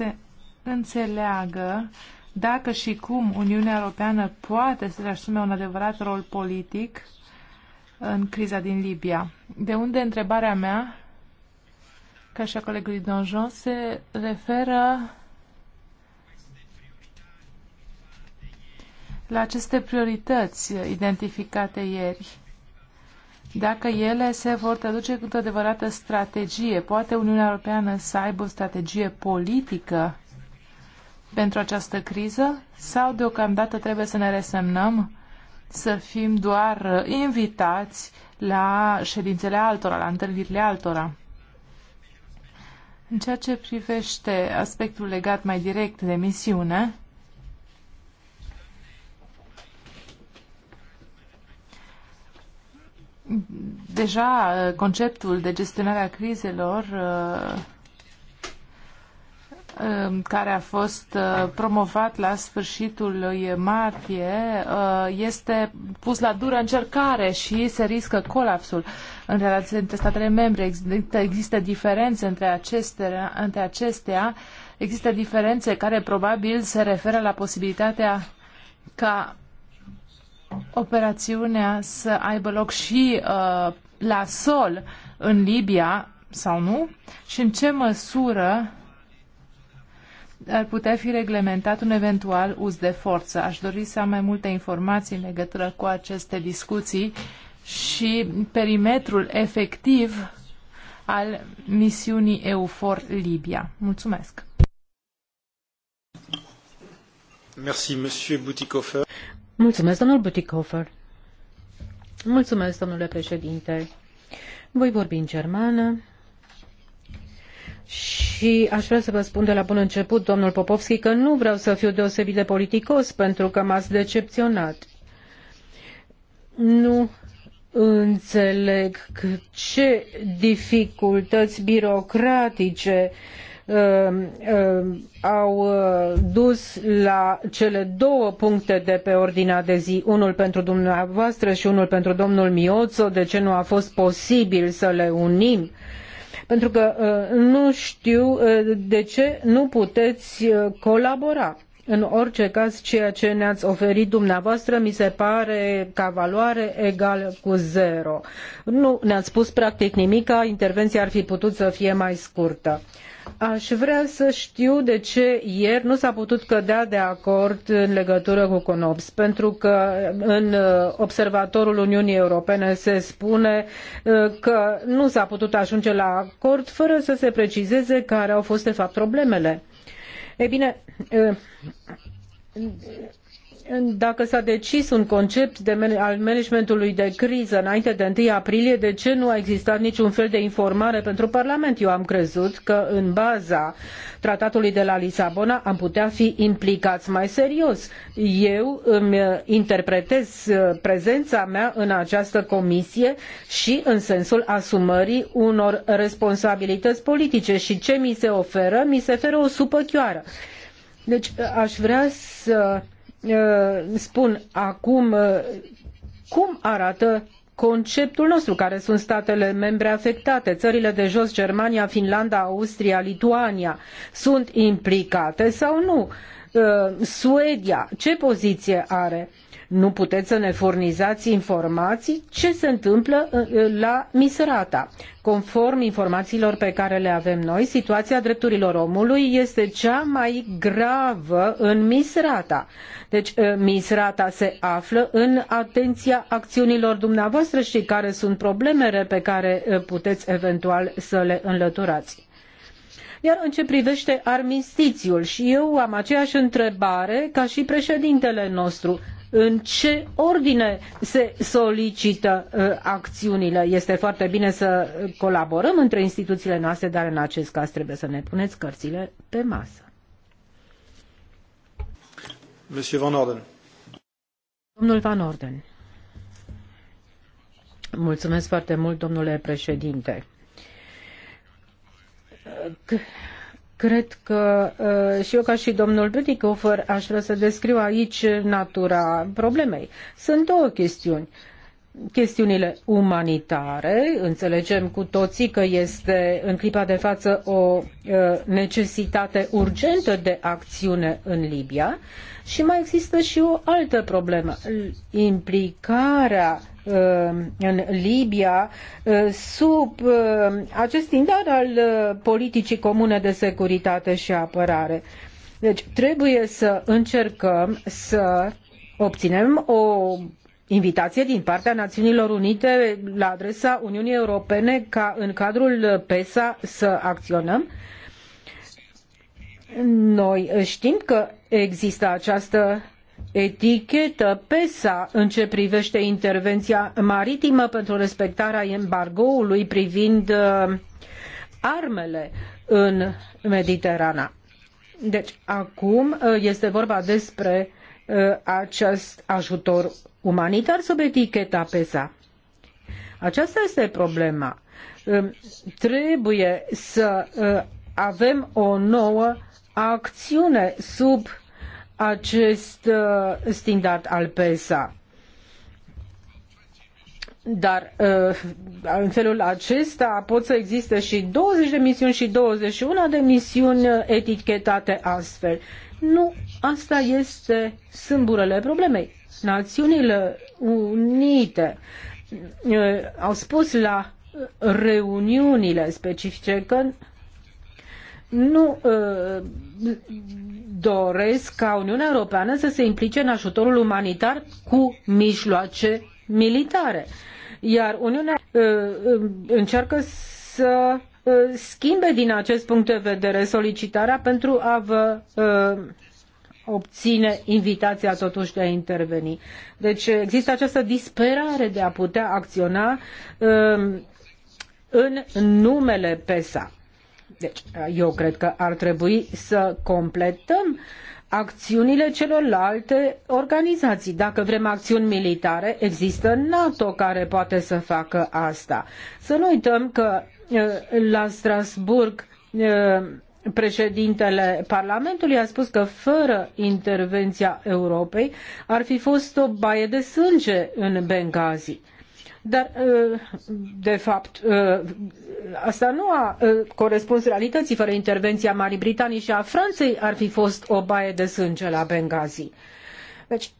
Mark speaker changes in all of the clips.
Speaker 1: se înțeleagă dacă și cum Uniunea Europeană poate să asume un adevărat rol politic în criza din Libia. De unde întrebarea mea, ca și a colegului Donjon, se referă la aceste priorități identificate ieri dacă ele se vor traduce cu adevărată strategie. Poate Uniunea Europeană să aibă o strategie politică pentru această criză sau deocamdată trebuie să ne resemnăm să fim doar invitați la ședințele altora, la întâlnirile altora. În ceea ce privește aspectul legat mai direct de misiune, deja uh, conceptul de gestionare a crizelor uh, um, care a fost uh, promovat la sfârșitul lui martie este pus la dură încercare și se riscă colapsul în relație între statele membre. Există diferențe între acestea, între acestea. Există diferențe care probabil se referă la posibilitatea ca operațiunea să aibă loc și uh, la sol în Libia sau nu și în ce măsură ar putea fi reglementat un eventual uz de forță. Aș dori să am mai multe informații în legătură cu aceste discuții și perimetrul efectiv al misiunii EUFOR Libia. Mulțumesc!
Speaker 2: Merci, Monsieur Butikofer
Speaker 3: președinte. Voi vorbi în germană. Și aș vrea să vă spun de la bun început, domnul Popovski, că nu vreau să fiu deosebit de politicos, pentru că m-ați decepționat. Nu înțeleg ce dificultăți birocratice uh, Um, um, au uh, dus la cele două puncte de pe ordinea de zi, unul pentru dumneavoastră și unul pentru domnul Mioțo, de ce nu a fost posibil să le unim? Pentru că uh, nu știu uh, de ce nu puteți colabora. În orice caz, ceea ce ne-ați oferit dumneavoastră mi se pare ca valoare egală cu zero. Nu ne-ați spus practic nimic, intervenția ar fi putut să fie mai scurtă. Uh, Aș vrea să știu de ce ieri nu s-a putut cădea de acord în legătură cu CONOPS, pentru că în uh, observatorul Uniunii Europene se spune uh, că nu s-a putut ajunge la acord fără să se precizeze care au fost de fapt problemele. Ei bine, uh, dacă s-a decis un concept de, al managementului de criză înainte de 1 aprilie, de ce nu a existat niciun fel de informare pentru Parlament? Eu am crezut că în baza tratatului de la Lisabona am putea fi implicați mai serios. Eu îmi uh, interpretez uh, prezența mea în această comisie și în sensul asumării unor responsabilități politice și ce mi se oferă? Mi se oferă o supăchioară. Deci uh, aș vrea să Uh, spun acum uh, cum arată conceptul nostru, care sunt statele membre afectate. Țările de jos, Germania, Finlanda, Austria, Lituania, sunt implicate sau nu? Uh, Suedia, ce poziție are? nu puteți să ne furnizați informații ce se întâmplă uh, uh, la Misrata. Conform informațiilor pe care le avem noi, situația drepturilor omului este cea mai gravă în Misrata. Deci uh, Misrata se află în atenția acțiunilor dumneavoastră și care sunt problemele pe care puteți eventual să le înlăturați. Iar în ce privește armistițiul, și eu am aceeași întrebare ca și președintele nostru în ce ordine se solicită uh, acțiunile. Este foarte bine să colaborăm între instituțiile noastre, dar în acest caz trebuie să ne puneți cărțile pe masă. Monsieur Van Orden. Domnul Van Orden. Mulțumesc foarte mult, domnule președinte Cred că uh, și eu ca și domnul Bütikofer aș vrea să descriu aici natura problemei. Sunt două chestiuni chestiunile umanitare. Înțelegem cu toții că este în clipa de față o uh, necesitate urgentă de acțiune în Libia și mai există și o altă problemă, implicarea Uh, în Libia uh, sub uh, acest standard al politicii comune de securitate și apărare. Deci trebuie să încercăm să obținem o invitație din partea Națiunilor Unite la adresa Uniunii Europene ca în cadrul PESA să acționăm. Noi știm că există această etichetă PESA în ce privește intervenția maritimă pentru respectarea embargoului privind uh, armele în Mediterana. Deci acum uh, este vorba despre uh, acest ajutor umanitar sub eticheta PESA. Aceasta este problema. Um, trebuie să avem o nouă acțiune sub acest uh, standard al PSA. Dar uh, în felul acesta pot să existe și 20 de misiuni și 21 de misiuni etichetate astfel. Nu, asta este sâmburele problemei. Națiunile Unite uh, au spus la reuniunile specifice că nu uh, doresc ca Uniunea Europeană să se implice în ajutorul umanitar cu mijloace militare. Iar Uniunea uh, uh, încearcă să schimbe din acest punct de vedere solicitarea pentru a vă obține invitația totuși de a interveni. Deci există această disperare de a putea acționa în numele PESA. Deci, eu cred că ar trebui să completăm acțiunile celorlalte organizații. Dacă vrem acțiuni militare, există NATO care poate să facă asta. Să nu uităm că la Strasburg președintele Parlamentului a spus că fără intervenția Europei ar fi fost o baie de sânge în Benghazi. Dar, uh, de fapt, uh, asta nu a uh, corespuns realității. Fără intervenția Marii Britanii și a Franței ar fi fost o baie de sânge la Benghazi. Deci,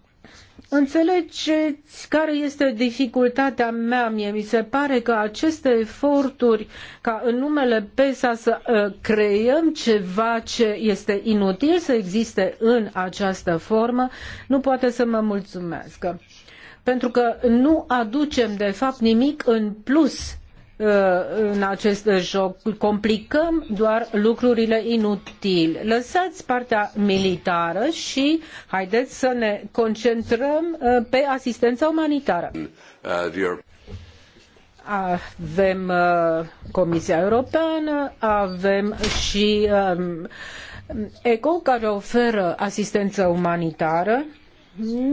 Speaker 3: Înțelegeți care este dificultatea mea? Mie mi se pare că aceste eforturi ca în numele PESA să creăm ceva ce este inutil să existe în această formă nu poate să mă mulțumesc pentru că nu aducem de fapt nimic în plus uh, în acest joc. Complicăm doar lucrurile inutile. Lăsați partea militară și haideți să ne concentrăm uh, pe asistența umanitară. Avem uh, Comisia Europeană, avem și um, ECO care oferă asistență umanitară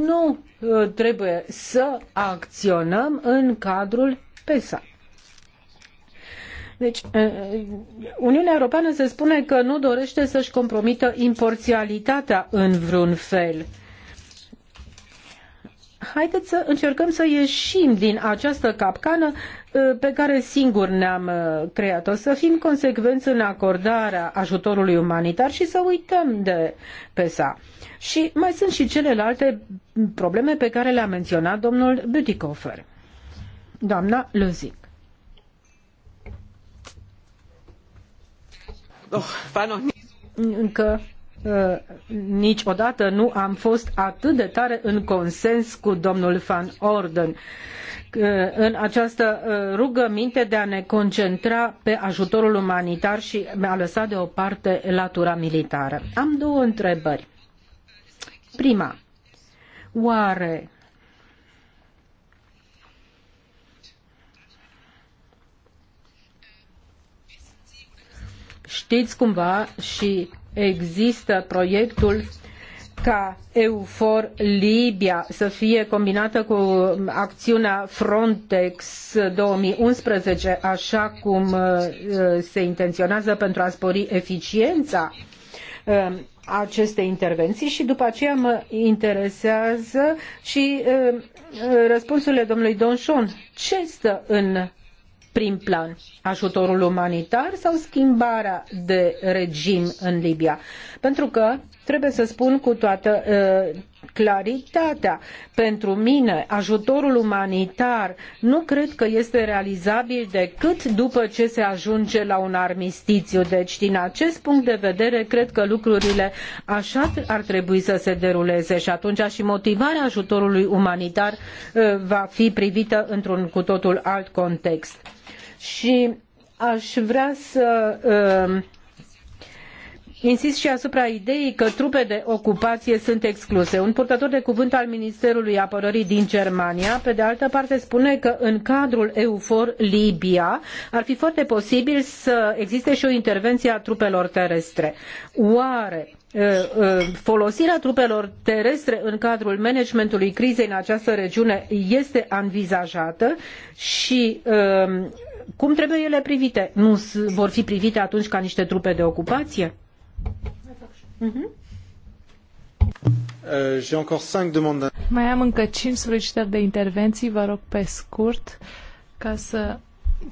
Speaker 3: nu uh, trebuie să acționăm în cadrul PESA. Deci, uh, Uniunea Europeană se spune că nu dorește să-și compromită imparțialitatea în vreun fel. Haideți să încercăm să ieșim din această capcană uh, pe care singur ne-am creat-o, să fim consecvenți în acordarea ajutorului umanitar și să uităm de PESA. Și mai sunt și celelalte probleme pe care le-a menționat domnul Bütikofer. Doamna Luzic. Oh, Încă uh, niciodată nu am fost atât de tare în consens cu domnul Van Orden uh, în această uh, rugăminte de a ne concentra pe ajutorul umanitar și a lăsa deoparte latura militară. Am două întrebări. Prima, oare știți cumva și există proiectul ca EUFOR Libia să fie combinată cu acțiunea Frontex 2011, așa cum uh, se intenționează pentru a spori eficiența uh, aceste intervenții și după aceea mă interesează și uh, răspunsurile domnului Donșon. Ce stă în prim plan? Ajutorul umanitar sau schimbarea de regim în Libia? Pentru că, trebuie să spun cu toată uh, claritatea. Pentru mine, ajutorul umanitar nu cred că este realizabil decât după ce se ajunge la un armistițiu. Deci, din acest punct de vedere, cred că lucrurile așa ar trebui să se deruleze și atunci și motivarea ajutorului umanitar uh, va fi privită într-un cu totul alt context. Și aș vrea să uh, Insist și asupra ideii că trupe de ocupație sunt excluse. Un purtător de cuvânt al Ministerului Apărării din Germania, pe de altă parte, spune că în cadrul EUFOR Libia ar fi foarte posibil să existe și o intervenție a trupelor terestre. Oare uh, uh, folosirea trupelor terestre în cadrul managementului crizei în această regiune este anvizajată și uh, cum trebuie ele privite? Nu vor fi privite atunci ca niște trupe de ocupație? Mhm. Euh,
Speaker 1: mai am încă 5 solicitări de intervenții, vă rog pe scurt, ca să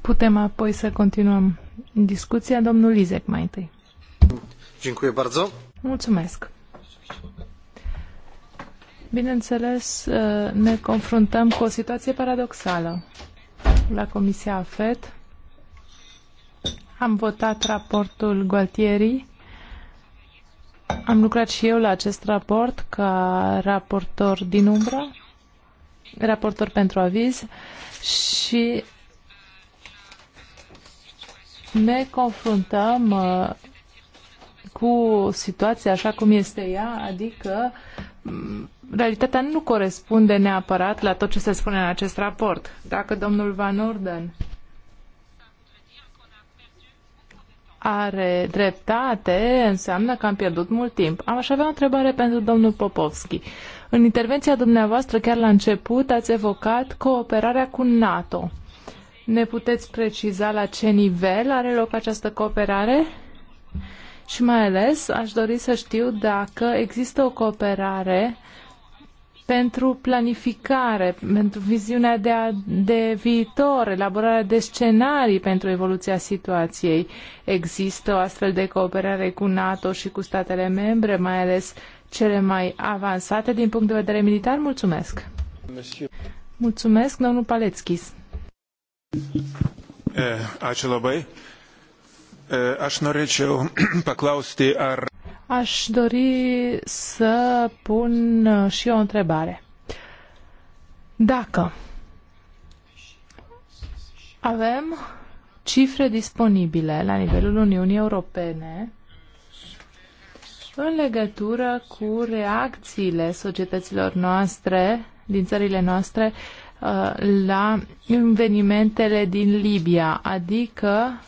Speaker 1: putem apoi să continuăm discuția. Domnul Lizec mai întâi.
Speaker 3: Dziękuję bardzo.
Speaker 1: Mulțumesc. Bineînțeles, uh, ne confruntăm cu o situație paradoxală. La Comisia AFET am votat raportul Gualtieri am lucrat și eu la acest raport ca raportor din umbră, raportor pentru aviz și ne confruntăm uh, cu situația așa cum este ea, adică mm, realitatea nu corespunde neapărat la tot ce se spune în acest raport. Dacă domnul Van Orden are dreptate, înseamnă că am pierdut mult timp. Am aș avea o întrebare pentru domnul Popovski. În intervenția dumneavoastră, chiar la început, ați evocat cooperarea cu NATO. Ne puteți preciza la ce nivel are loc această cooperare? Și mai ales, aș dori să știu dacă există o cooperare pentru planificare, pentru viziunea de, a, de viitor, elaborarea de scenarii pentru evoluția situației. Există o astfel de cooperare cu NATO și cu statele membre, mai ales cele mai avansate din punct de vedere militar? Mulțumesc! Monsieur. Mulțumesc, domnul Palețchis.
Speaker 2: Eh, Ačiū
Speaker 1: eh, aș Aš norėčiau paklausti, ar... Aș dori să pun uh, și eu o întrebare. Dacă avem cifre disponibile la nivelul Uniunii Europene în legătură cu reacțiile societăților noastre, din țările noastre, uh, la evenimentele din Libia, adică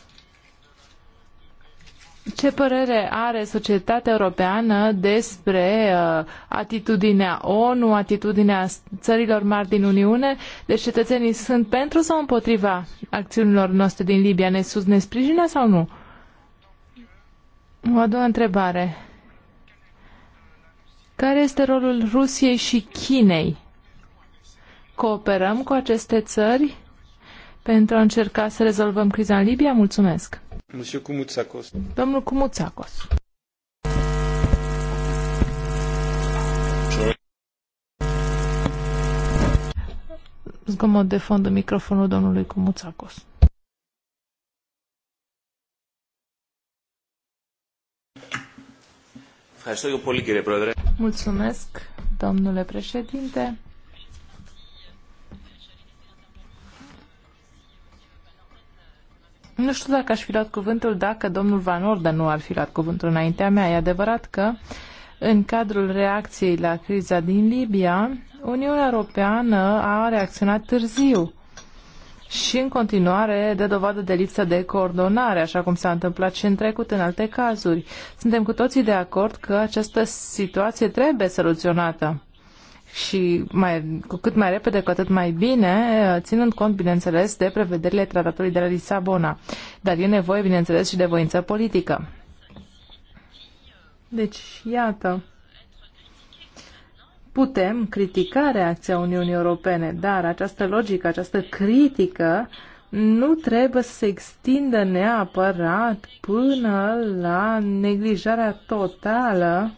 Speaker 1: ce părere are societatea europeană despre uh, atitudinea ONU, atitudinea țărilor mari din Uniune? Deci cetățenii sunt pentru sau împotriva acțiunilor noastre din Libia? Ne, sus, ne sprijină sau nu? O a doua întrebare. Care este rolul Rusiei și Chinei? Cooperăm cu aceste țări pentru a încerca să rezolvăm criza în Libia? Mulțumesc! Monsieur Cumuțacos. Domnul Cumuțacos. Zgomot de fond în microfonul domnului Cumuțacos. Mulțumesc, domnule președinte. Nu știu dacă aș fi luat cuvântul dacă domnul Van Orden nu ar fi luat cuvântul înaintea mea. E adevărat că în cadrul reacției la criza din Libia, Uniunea Europeană a reacționat târziu și în continuare dă dovadă de lipsă de coordonare, așa cum s-a întâmplat și în trecut în alte cazuri. Suntem cu toții de acord că această situație trebuie soluționată și mai, cu cât mai repede, cu atât mai bine, uh, ținând cont, bineînțeles, de prevederile tratatului de la Lisabona. Dar e nevoie, bineînțeles, și de voință politică. Deci, iată, putem critica reacția Uniunii Europene, dar această logică, această critică nu trebuie să se extindă neapărat până la neglijarea totală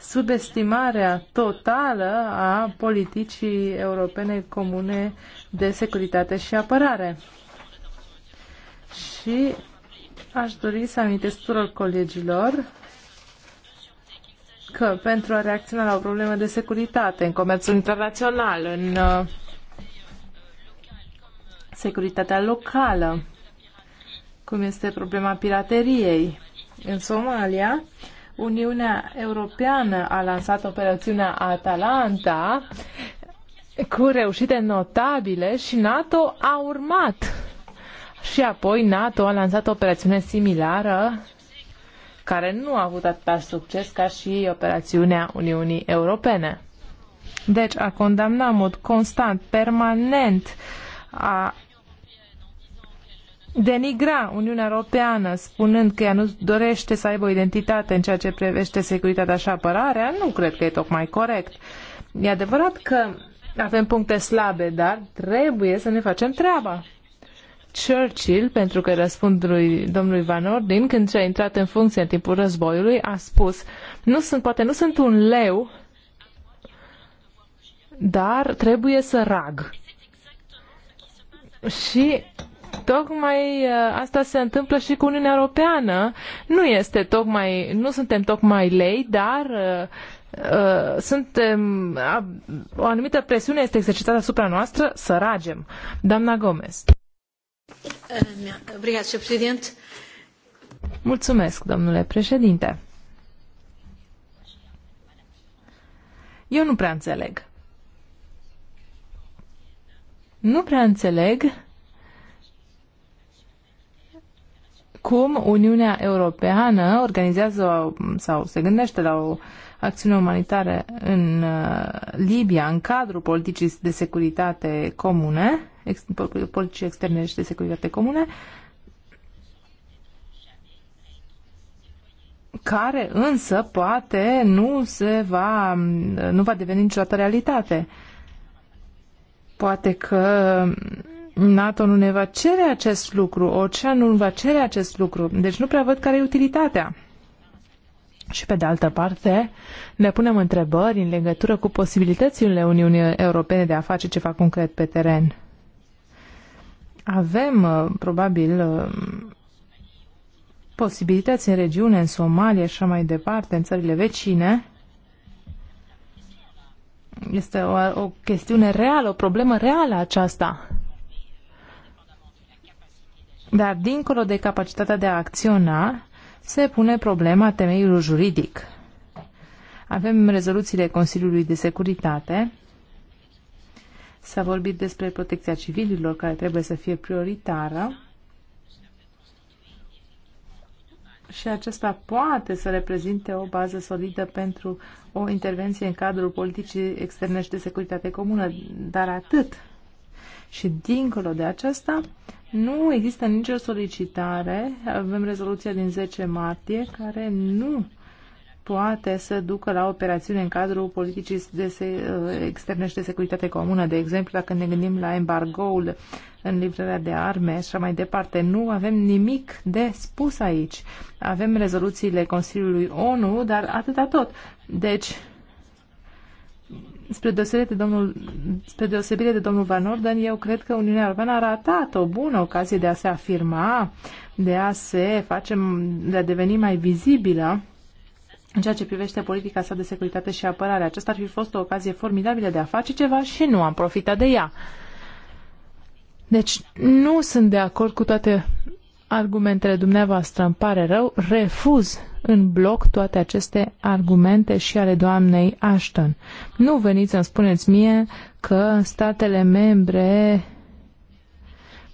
Speaker 1: subestimarea totală a politicii europene comune de securitate și apărare. Și aș dori să amintesc tuturor colegilor că pentru a reacționa la o problemă de securitate în comerțul internațional, în uh, securitatea locală, cum este problema pirateriei în Somalia, Uniunea Europeană a lansat operațiunea Atalanta cu reușite notabile și NATO a urmat. Și apoi NATO a lansat o operațiune similară care nu a avut atâta succes ca și operațiunea Uniunii Europene. Deci a condamnat în mod constant, permanent, a denigra Uniunea Europeană spunând că ea nu dorește să aibă o identitate în ceea ce privește securitatea și apărarea, nu cred că e tocmai corect. E adevărat că avem puncte slabe, dar trebuie să ne facem treaba. Churchill, pentru că răspund lui domnului Van Orden, când a intrat în funcție în timpul războiului, a spus, nu sunt, poate nu sunt un leu, dar trebuie să rag. Și tocmai uh, asta se întâmplă și cu Uniunea Europeană. Nu este tocmai, nu suntem tocmai lei, dar uh, uh suntem, uh, o anumită presiune este exercitată asupra noastră să ragem. Doamna Gomez. Mulțumesc, domnule președinte. Eu nu prea înțeleg. Nu prea înțeleg cum Uniunea Europeană organizează sau se gândește la o acțiune umanitară în uh, Libia, în cadrul politicii de securitate comune, ex, politicii externe și de securitate comune, care însă poate nu se va, nu va deveni niciodată realitate. Poate că NATO nu ne va cere acest lucru, OCEAN nu va cere acest lucru, deci nu prea văd care e utilitatea. Și pe de altă parte, ne punem întrebări în legătură cu posibilitățile Uniunii Europene de a face ceva concret pe teren. Avem, uh, probabil, uh, posibilități în regiune, în Somalia și așa mai departe, în țările vecine. Este o, o chestiune reală, o problemă reală aceasta. Dar dincolo de capacitatea de a acționa, se pune problema temeiului juridic. Avem rezoluțiile Consiliului de Securitate. S-a vorbit despre protecția civililor, care trebuie să fie prioritară. și acesta poate să reprezinte o bază solidă pentru o intervenție în cadrul politicii externe și de securitate comună, dar atât. Și dincolo de aceasta, nu există nicio solicitare. Avem rezoluția din 10 martie care nu poate să ducă la operațiune în cadrul politicii de se, uh, externe și de securitate comună. De exemplu, dacă ne gândim la embargoul în livrarea de arme și așa mai departe, nu avem nimic de spus aici. Avem rezoluțiile Consiliului ONU, dar atâta tot. Deci, spre deosebire de domnul, spre deosebire de domnul Van Orden, eu cred că Uniunea Europeană a ratat o bună ocazie de a se afirma, de a se face, de a deveni mai vizibilă în ceea ce privește politica sa de securitate și apărare. Aceasta ar fi fost o ocazie formidabilă de a face ceva și nu am profitat de ea. Deci nu sunt de acord cu toate argumentele dumneavoastră, îmi pare rău, refuz în bloc toate aceste argumente și ale doamnei Ashton. Nu veniți să-mi spuneți mie că statele membre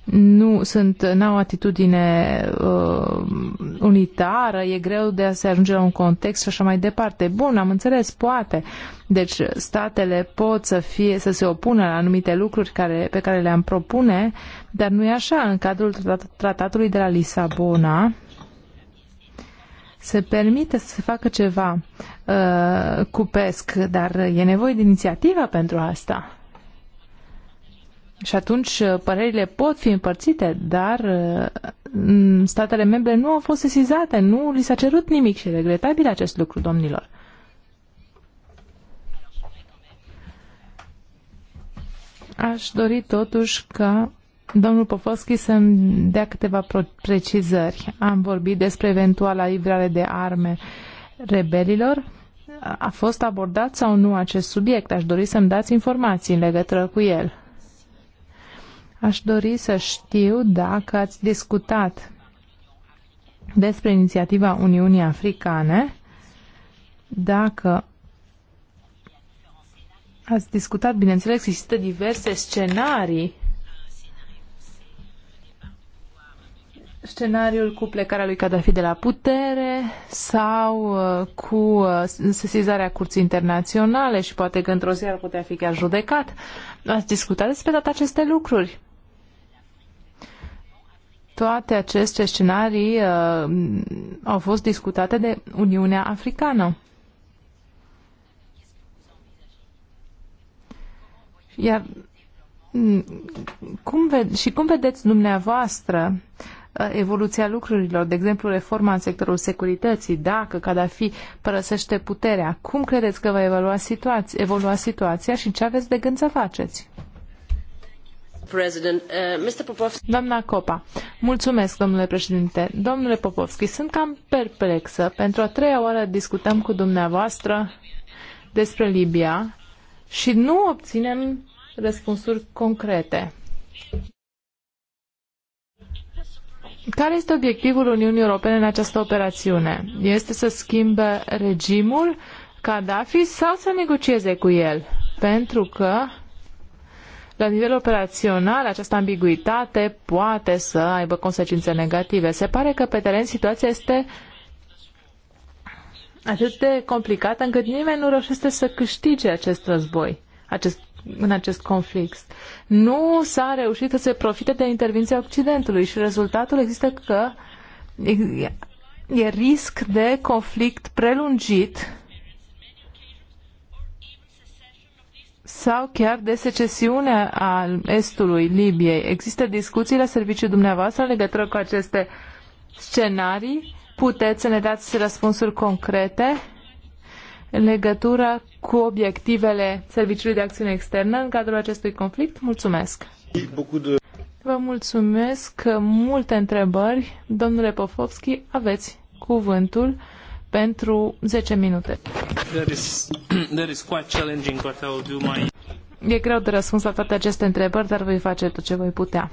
Speaker 1: nu sunt, n-au atitudine uh, unitară, e greu de a se ajunge la un context și așa mai departe. Bun, am înțeles, poate. Deci statele pot să fie, să se opună la anumite lucruri care, pe care le-am propune, dar nu e așa. În cadrul tratatului de la Lisabona, se permite să se facă ceva uh, cu dar e nevoie de inițiativă pentru asta. Și atunci uh, părerile pot fi împărțite, dar uh, statele membre nu au fost sesizate, nu li s-a cerut nimic și e regretabil acest lucru, domnilor. Aș dori totuși ca Domnul Popovski să-mi dea câteva precizări. Am vorbit despre eventuala livrare de arme rebelilor. A fost abordat sau nu acest subiect? Aș dori să-mi dați informații în legătură cu el. Aș dori să știu dacă ați discutat despre inițiativa Uniunii Africane, dacă ați discutat, bineînțeles, există diverse scenarii scenariul cu plecarea lui Gaddafi de la putere sau uh, cu uh, sesizarea curții internaționale și poate că într-o zi ar putea fi chiar judecat. Ați discutat despre toate aceste lucruri. Toate aceste scenarii uh, au fost discutate de Uniunea Africană. Iar mm, cum și cum vedeți dumneavoastră uh, Uh, evoluția lucrurilor, de exemplu reforma în sectorul securității, dacă Gaddafi părăsește puterea, cum credeți că va evolua, situația, evolua situația și ce aveți de gând să faceți? Uh, Doamna Copa, mulțumesc, domnule președinte. Domnule Popovski, sunt cam perplexă. Pentru a treia oară discutăm cu dumneavoastră despre Libia și nu obținem răspunsuri concrete. Care este obiectivul Uniunii Europene în această operațiune? Este să schimbe regimul Gaddafi sau să negocieze cu el? Pentru că la nivel operațional, această ambiguitate poate să aibă consecințe negative. Se pare că pe teren situația este atât de complicată încât nimeni nu reușește să câștige acest război, acest în acest conflict. Nu s-a reușit să se profite de intervenția Occidentului și rezultatul există că e risc de conflict prelungit sau chiar de secesiune al estului Libiei. Există discuții la serviciul dumneavoastră în legătură cu aceste scenarii? Puteți să ne dați răspunsuri concrete? în legătură cu obiectivele Serviciului de Acțiune Externă în cadrul acestui conflict? Mulțumesc! Vă mulțumesc! Multe întrebări. Domnule Pofovski, aveți cuvântul pentru 10 minute.
Speaker 2: That is, that is quite challenging, but do my...
Speaker 1: E greu de răspuns la toate aceste întrebări, dar voi face tot ce voi putea.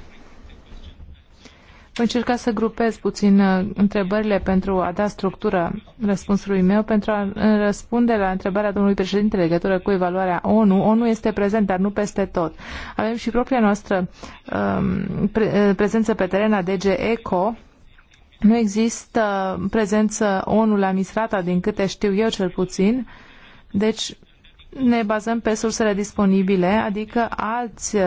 Speaker 1: Voi încerca să grupez puțin uh, întrebările pentru a da structură răspunsului meu, pentru a uh, răspunde la întrebarea domnului președinte legătură cu evaluarea ONU. ONU este prezent, dar nu peste tot. Avem și propria noastră um, pre- uh, prezență pe teren a DG ECO, nu există prezență ONU la Misrata, din câte știu eu cel puțin, deci ne bazăm pe sursele disponibile, adică alți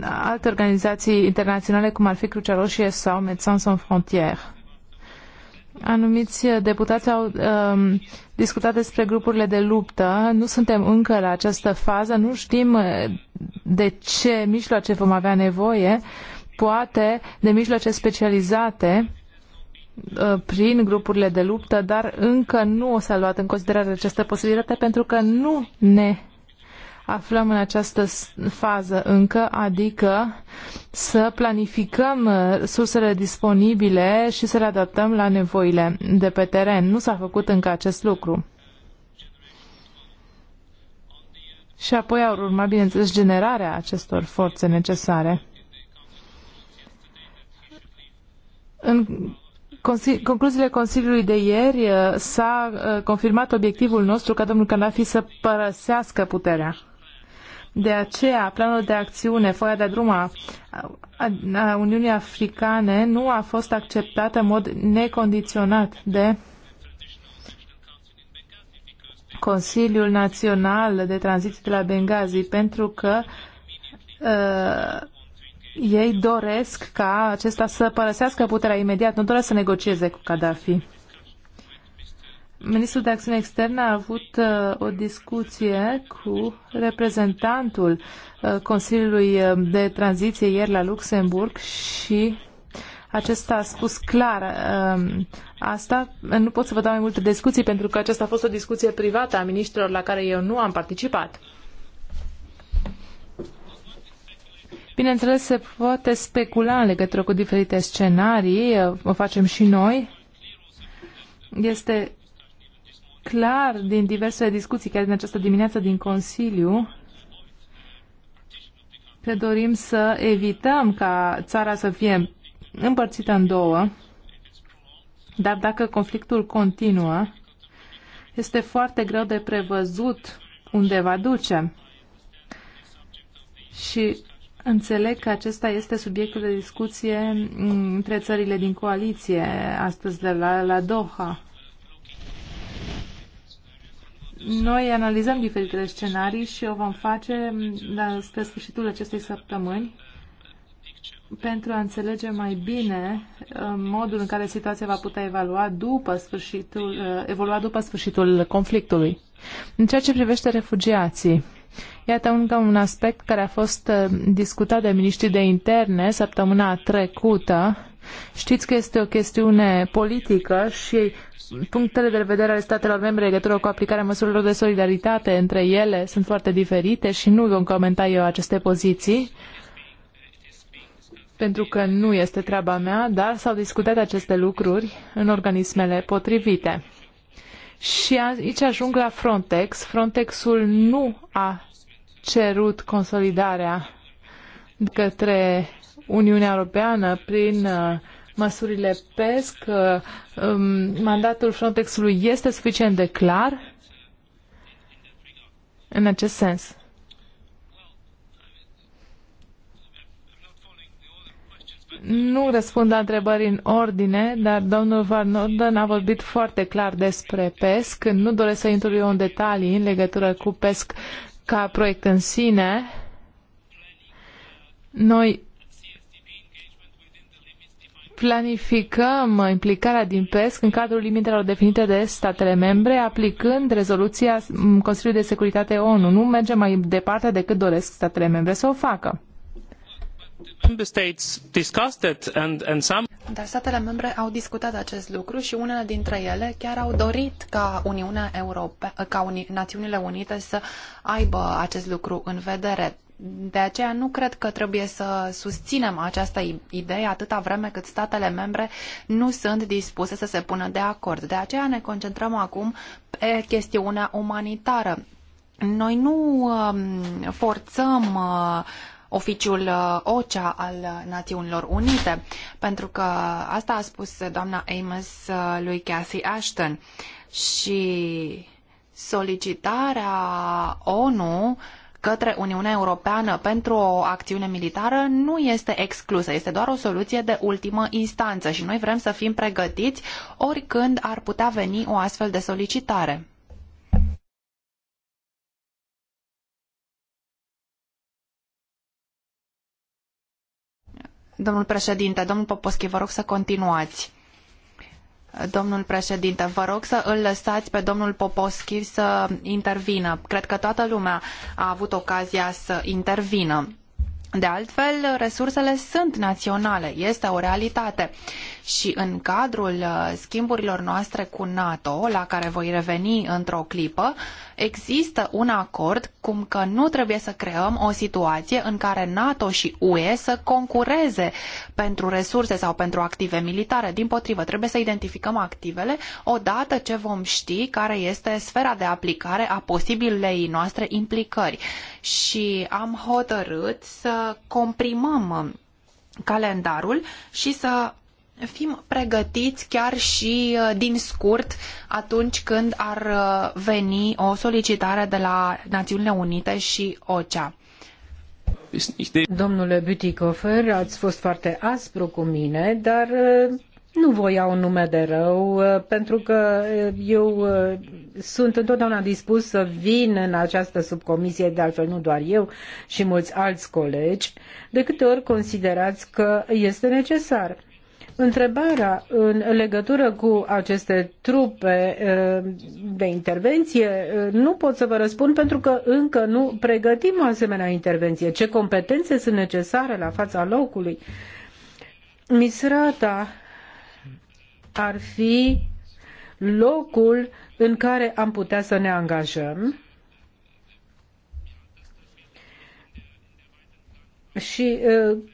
Speaker 1: alte organizații internaționale, cum ar fi Crucea Roșie sau Médecins Sans Frontières. Anumiți deputați au um, discutat despre grupurile de luptă. Nu suntem încă la această fază, nu știm uh, de ce mijloace vom avea nevoie, poate de mijloace specializate uh, prin grupurile de luptă, dar încă nu o s-a luat în considerare această posibilitate pentru că nu ne aflăm în această fază încă, adică să planificăm uh, sursele disponibile și să le adaptăm la nevoile de pe teren. Nu s-a făcut încă acest lucru. Și apoi au urma, bineînțeles, generarea acestor forțe necesare. În concluziile Consiliului de ieri uh, s-a uh, confirmat obiectivul nostru ca domnul Canafi să părăsească puterea. De aceea, planul de acțiune, foaia de drum a, a Uniunii Africane nu a fost acceptată în mod necondiționat de Consiliul Național de Tranziție de la Benghazi, pentru că uh, ei doresc ca acesta să părăsească puterea imediat, nu doresc să negocieze cu Gaddafi ministrul de acțiune externă a avut uh, o discuție cu reprezentantul uh, Consiliului uh, de Tranziție ieri la Luxemburg și acesta a spus clar um, asta. Nu pot să vă dau mai multe discuții pentru că aceasta a fost o discuție privată a ministrilor la care eu nu am participat. Bineînțeles, se poate specula în legătură cu diferite scenarii, o facem și noi. Este clar din diverse discuții, chiar din această dimineață din Consiliu, că dorim să evităm ca țara să fie împărțită în două, dar dacă conflictul continuă, este foarte greu de prevăzut unde va duce. Și înțeleg că acesta este subiectul de discuție între țările din coaliție astăzi de la, la Doha. Noi analizăm diferitele scenarii și o vom face mm, la, spre sfârșitul acestei săptămâni pentru a înțelege mai bine uh, modul în care situația va putea evalua după sfârșitul, uh, evolua după sfârșitul conflictului. În ceea ce privește refugiații, Iată încă un aspect care a fost uh, discutat de miniștrii de interne săptămâna trecută Știți că este o chestiune politică și punctele de vedere ale statelor membre legătură cu aplicarea măsurilor de solidaritate între ele sunt foarte diferite și nu vom comenta eu aceste poziții pentru că nu este treaba mea, dar s-au discutat aceste lucruri în organismele potrivite. Și aici ajung la Frontex. Frontexul nu a cerut consolidarea către Uniunea Europeană prin uh, măsurile PESC, uh, um, mandatul Frontexului este suficient de clar în acest sens. Nu răspund la întrebări în ordine, dar domnul Van Norden a vorbit foarte clar despre PESC. Nu doresc să intru eu în detalii în legătură cu PESC ca proiect în sine. Noi planificăm implicarea din PESC în cadrul limitelor definite de statele membre, aplicând rezoluția Consiliului de Securitate ONU. Nu mergem mai departe decât doresc statele membre să o facă.
Speaker 2: Dar statele membre au discutat acest lucru și unele dintre ele chiar au dorit ca Uniunea Europe, ca Uni, Națiunile Unite să aibă acest lucru în vedere. De aceea nu cred că trebuie să susținem această idee atâta vreme cât statele membre nu sunt dispuse să se pună de acord. De aceea ne concentrăm acum pe chestiunea umanitară. Noi nu um, forțăm uh, oficiul uh, OCHA al Națiunilor Unite, pentru că asta a spus doamna Amos uh, lui Cassie Ashton și solicitarea ONU uh, către Uniunea Europeană pentru o acțiune militară nu este exclusă, este doar o soluție de ultimă instanță și noi vrem să fim pregătiți oricând ar putea veni o astfel de solicitare. Domnul președinte, domnul Poposchi, vă rog să continuați. Domnul președinte, vă rog să îl lăsați pe domnul Poposchi să intervină. Cred că toată lumea a avut ocazia să intervină. De altfel, resursele sunt naționale, este o realitate. Uh, și în cadrul uh, schimburilor noastre cu NATO, la care voi reveni într-o clipă, există un acord cum că nu trebuie să creăm o situație în care NATO și UE să concureze pentru resurse sau pentru active militare. Din potrivă, trebuie să identificăm activele odată ce vom ști care este sfera de aplicare a posibilei noastre implicări. Și am hotărât să comprimăm calendarul și să fim pregătiți chiar și uh, din scurt atunci când ar uh, veni o solicitare de la Națiunile Unite și OCEA.
Speaker 3: Domnule Butikofer, ați fost foarte aspru cu mine, dar uh, nu voi iau nume de rău, pentru că eu sunt întotdeauna dispus să vin în această subcomisie, de altfel nu doar eu și mulți alți colegi, de câte ori considerați că este necesar. Întrebarea în legătură cu aceste trupe eh, de intervenție eh, nu pot să vă răspund pentru că încă nu pregătim o asemenea intervenție. Ce competențe sunt necesare la fața locului? Misrata ar fi locul în care am putea să ne angajăm și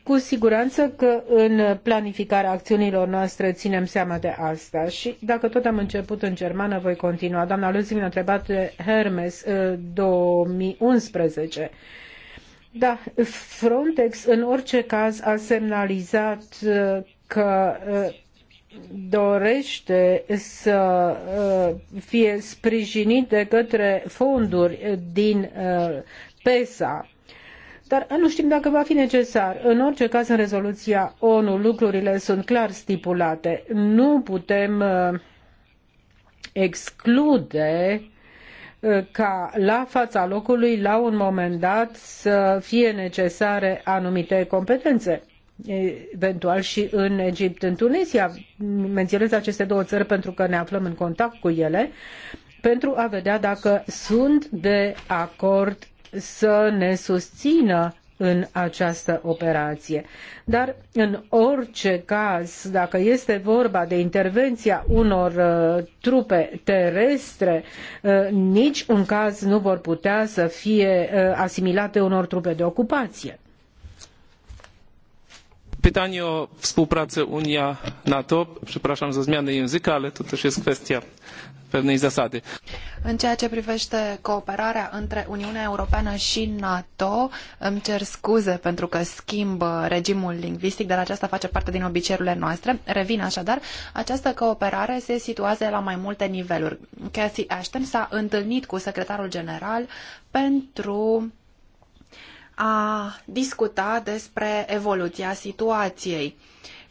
Speaker 3: cu siguranță că în planificarea acțiunilor noastre ținem seama de asta. Și dacă tot am început în germană, voi continua. Doamna Luzi mi-a întrebat de Hermes 2011. Da, Frontex în orice caz a semnalizat că dorește să fie sprijinit de către fonduri din PESA dar nu știm dacă va fi necesar. În orice caz, în rezoluția ONU lucrurile sunt clar stipulate. Nu putem uh, exclude uh, ca la fața locului, la un moment dat, să fie necesare anumite competențe eventual și în Egipt, în Tunisia. Menționez aceste două țări pentru că ne aflăm în contact cu ele, pentru a vedea dacă sunt de acord să ne susțină în această operație. Dar, în orice caz, dacă este vorba de intervenția unor uh, trupe terestre, uh, nici un caz nu vor putea să fie uh, asimilate unor trupe de ocupație.
Speaker 1: Pytanie o współpracę Unia-NATO. Przepraszam za zmianę języka, ale to też jest kwestia zasady.
Speaker 2: În ceea ce privește cooperarea între Uniunea Europeană și NATO, îmi cer scuze pentru că schimb uh, regimul lingvistic, dar aceasta face parte din obiceiurile noastre. Revin așadar, această cooperare se situează la mai multe niveluri. Cathy Ashton s-a întâlnit cu secretarul general pentru a discuta despre evoluția situației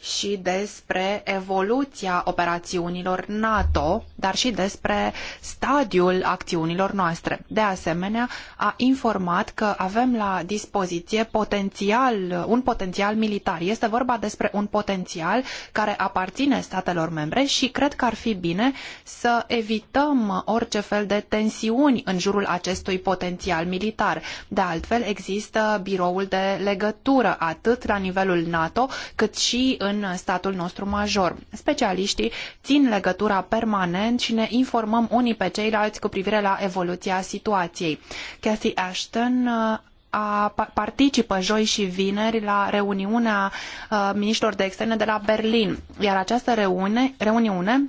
Speaker 2: și despre evoluția operațiunilor NATO, dar și despre stadiul acțiunilor noastre. De asemenea, a informat că avem la dispoziție potențial, un potențial militar. Este vorba despre un potențial care aparține statelor membre și cred că ar fi bine să evităm orice fel de tensiuni în jurul acestui potențial militar. De altfel, există biroul de legătură atât la nivelul NATO cât și în în statul nostru major. Specialiștii țin legătura permanent și ne informăm unii pe ceilalți cu privire la evoluția situației. Cathy Ashton uh, a, participă joi și vineri la reuniunea uh, miniștrilor de externe de la Berlin, iar această reune, reuniune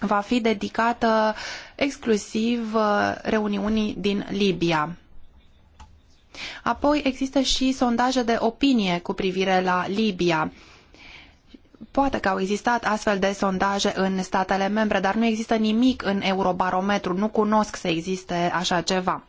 Speaker 2: va fi dedicată exclusiv uh, reuniunii din Libia. Apoi există și sondaje de opinie cu privire la Libia Poate că au existat astfel de sondaje în statele membre, dar nu există nimic în Eurobarometru. Nu cunosc să existe așa ceva.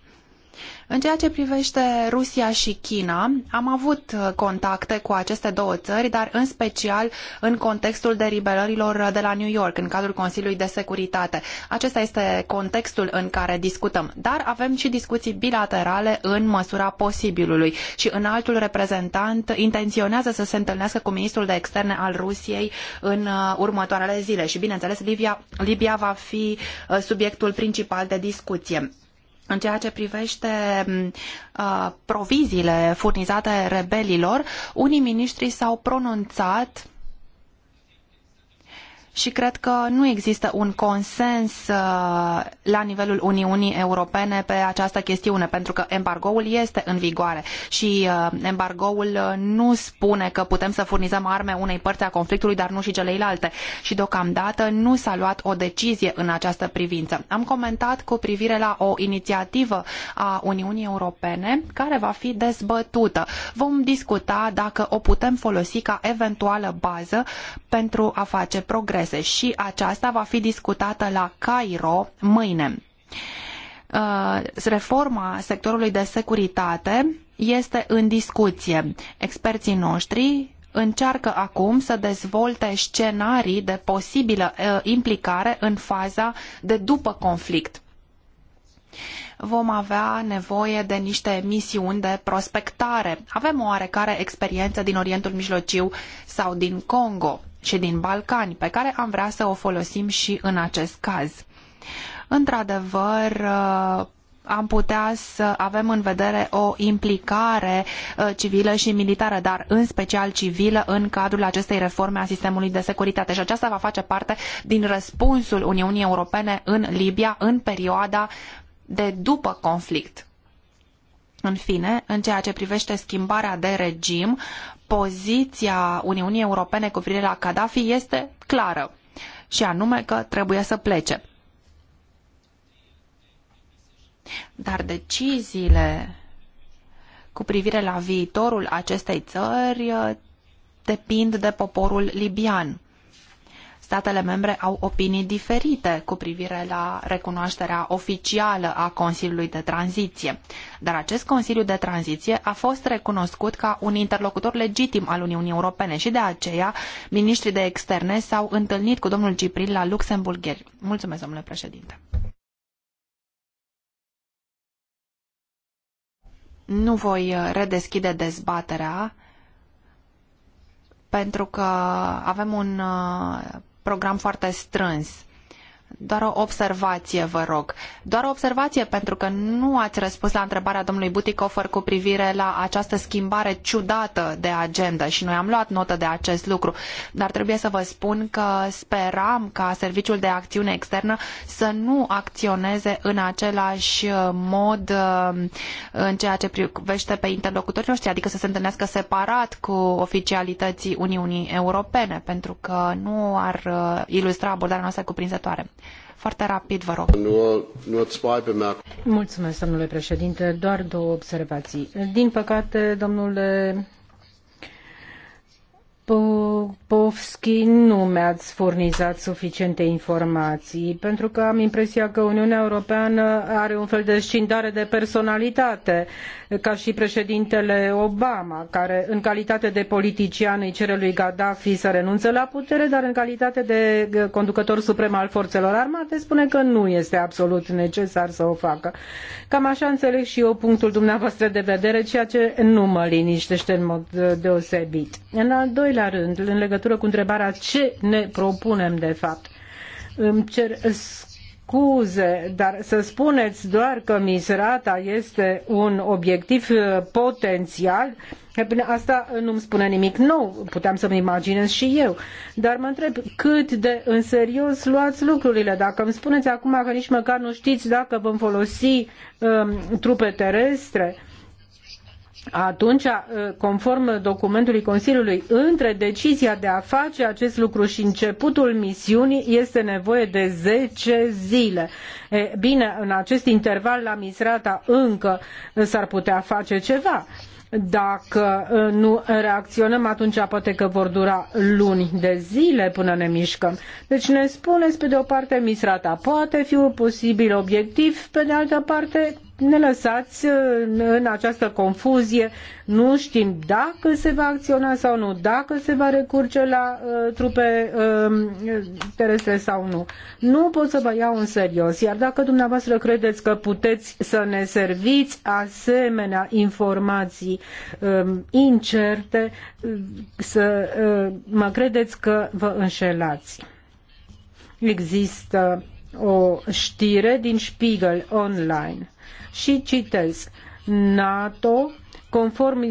Speaker 2: În ceea ce privește Rusia și China, am avut uh, contacte cu aceste două țări, dar în special în contextul deliberărilor de la New York, în cadrul Consiliului de Securitate. Acesta este contextul în care discutăm. Dar avem și discuții bilaterale în măsura posibilului și în altul reprezentant intenționează să se întâlnească cu ministrul de externe al Rusiei în uh, următoarele zile și, bineînțeles, Libia, Libia va fi uh, subiectul principal de discuție în ceea ce privește mm, uh, proviziile furnizate rebelilor, unii miniștri s-au pronunțat și cred că nu există un consens uh, la nivelul Uniunii Europene pe această chestiune, pentru că embargoul este în vigoare și uh, embargoul uh, nu spune că putem să furnizăm arme unei părți a conflictului, dar nu și celeilalte. Și deocamdată nu s-a luat o decizie în această privință. Am comentat cu privire la o inițiativă a Uniunii Europene care va fi dezbătută. Vom discuta dacă o putem folosi ca eventuală bază pentru a face progres progrese și aceasta va fi discutată la Cairo mâine. Uh, reforma sectorului de securitate este în discuție. Experții noștri încearcă acum să dezvolte scenarii de posibilă uh, implicare în faza de după conflict. Vom avea nevoie de niște misiuni de prospectare. Avem o oarecare experiență din Orientul Mijlociu sau din Congo și din Balcani, pe care am vrea să o folosim și în acest caz. Într-adevăr, uh, am putea să avem în vedere o implicare uh, civilă și militară, dar în special civilă în cadrul acestei reforme a sistemului de securitate. Și aceasta va face parte din răspunsul Uniunii Europene în Libia în perioada de după conflict. În fine, în ceea ce privește schimbarea de regim, poziția Uniunii Europene cu privire la Gaddafi este clară și anume că trebuie să plece. Dar deciziile cu privire la viitorul acestei țări uh, depind de poporul libian statele membre au opinii diferite cu privire la recunoașterea oficială a Consiliului de Tranziție. Dar acest Consiliu de Tranziție a fost recunoscut ca un interlocutor legitim al Uniunii Europene și de aceea ministrii de externe s-au întâlnit cu domnul Cipril la Luxemburg. Mulțumesc, domnule președinte. Nu voi uh, redeschide dezbaterea pentru că avem un uh, program foarte strâns doar o observație, vă rog. Doar o observație, pentru că nu ați răspuns la întrebarea domnului Butikofer cu privire la această schimbare ciudată de agenda și noi am luat notă de acest lucru. Dar trebuie să vă spun că speram ca Serviciul de Acțiune Externă să nu acționeze în același uh, mod uh, în ceea ce privește pe interlocutorii noștri, adică să se întâlnească separat cu oficialității Uniunii Europene, pentru că nu ar uh, ilustra abordarea noastră cuprinzătoare. Foarte rapid, vă rog. Mulțumesc, domnule președinte. Doar două observații. Din păcate, domnule
Speaker 3: Popovski, nu mi-ați furnizat suficiente informații, pentru că am impresia că Uniunea Europeană are un fel de scindare de personalitate, ca și președintele Obama, care în calitate de politician îi cere lui Gaddafi să renunțe la putere, dar în calitate de conducător suprem al forțelor armate spune că nu este absolut necesar să o facă. Cam așa înțeleg și eu punctul dumneavoastră de vedere, ceea ce nu mă liniștește în mod deosebit. În al doilea doilea rând, în legătură cu întrebarea ce ne propunem de fapt, îmi cer scuze, dar să spuneți doar că misrata este un obiectiv uh, potențial, bine, asta nu-mi spune nimic nou, puteam să-mi imaginez și eu, dar mă întreb cât de în serios luați lucrurile. Dacă îmi spuneți acum că nici măcar nu știți dacă vom folosi um, trupe terestre, uh, atunci, conform documentului Consiliului, între decizia de a face acest lucru și începutul misiunii este nevoie de zece zile. E, bine, în acest interval la Misrata încă s-ar putea face ceva. Dacă nu reacționăm, atunci poate că vor dura luni de zile până ne mișcăm. Deci ne spuneți, pe de o parte, Misrata poate fi un posibil obiectiv, pe de altă parte, ne lăsați uh, în această confuzie, nu știm dacă se va acționa sau nu, dacă se va recurge la uh, trupe uh, terestre sau nu. Nu pot să vă iau în serios, iar dacă dumneavoastră credeți că puteți să ne serviți asemenea informații uh, incerte, uh, să uh, mă credeți că vă înșelați. Există o știre din Spiegel online și citez. NATO conform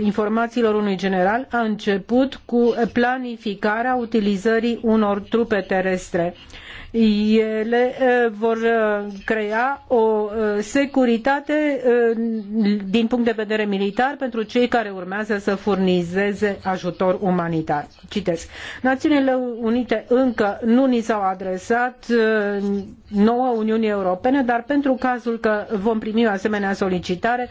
Speaker 3: informațiilor unui general, a început cu planificarea utilizării unor trupe terestre. Ele eh, vor eh, crea o eh, securitate din punct de vedere militar pentru cei care urmează să furnizeze ajutor umanitar. Citesc. Națiunile Unite încă nu ni s-au adresat nouă Uniunii Europene, dar pentru cazul că vom primi o asemenea solicitare,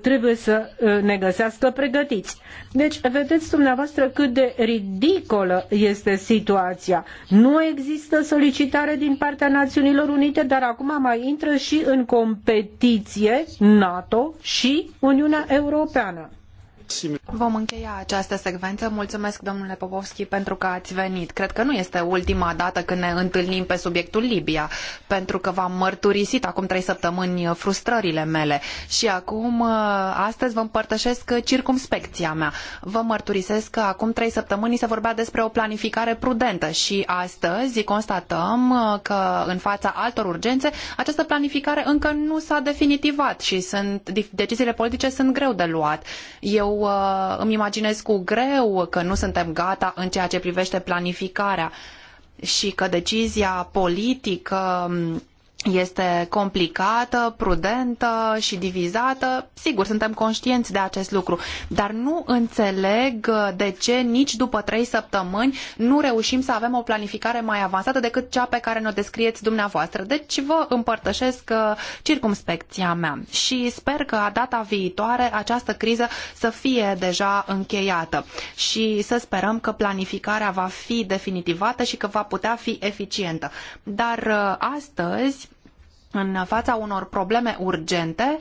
Speaker 3: trebuie să ne găsească pregătiți. Deci, vedeți dumneavoastră cât de ridicolă este situația. Nu există solicitare solicitare din partea Națiunilor Unite, dar acum mai intră și în competiție NATO și Uniunea Europeană.
Speaker 2: Vom încheia această secvență. Mulțumesc, domnule Popovski, pentru că ați venit. Cred că nu este ultima dată când ne întâlnim pe subiectul Libia, pentru că v-am mărturisit acum trei săptămâni frustrările mele și acum, uh, astăzi, vă împărtășesc circumspecția mea. Vă mărturisesc că acum trei săptămâni se vorbea despre o planificare prudentă și astăzi constatăm uh, că în fața altor urgențe această planificare încă nu s-a definitivat și sunt, deciziile politice sunt greu de luat. Eu eu uh, îmi imaginez cu greu că nu suntem gata în ceea ce privește planificarea și că decizia politică um, este complicată, prudentă și divizată. Sigur, suntem conștienți de acest lucru, dar nu înțeleg de ce nici după trei săptămâni nu reușim să avem o planificare mai avansată decât cea pe care ne-o descrieți dumneavoastră. Deci vă împărtășesc uh, circumspecția mea și sper că data viitoare această criză să fie deja încheiată și să sperăm că planificarea va fi definitivată și că va putea fi eficientă. Dar uh, astăzi în fața unor probleme urgente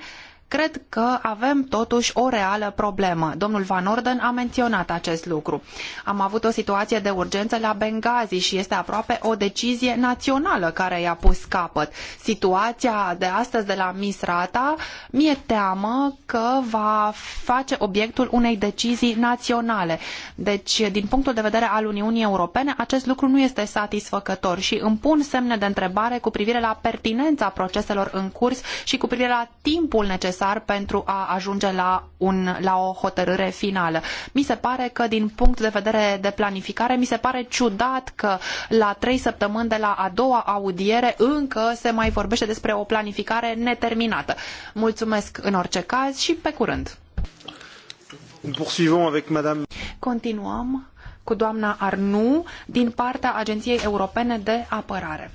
Speaker 2: Cred că avem totuși o reală problemă. Domnul Van Orden a menționat acest lucru. Am avut o situație de urgență la Benghazi și este aproape o decizie națională care i-a pus capăt. Situația de astăzi de la Misrata mi-e teamă că va face obiectul unei decizii naționale. Deci, din punctul de vedere al Uniunii Europene, acest lucru nu este satisfăcător și îmi pun semne de întrebare cu privire la pertinența proceselor în curs și cu privire la timpul necesar necesar pentru a ajunge la, un, la o hotărâre finală. Mi se pare că din punct de vedere de planificare, mi se pare ciudat că la trei săptămâni de la a doua audiere încă se mai vorbește despre o planificare neterminată. Mulțumesc în orice caz și pe curând. Continuăm cu doamna Arnu din partea Agenției Europene de Apărare.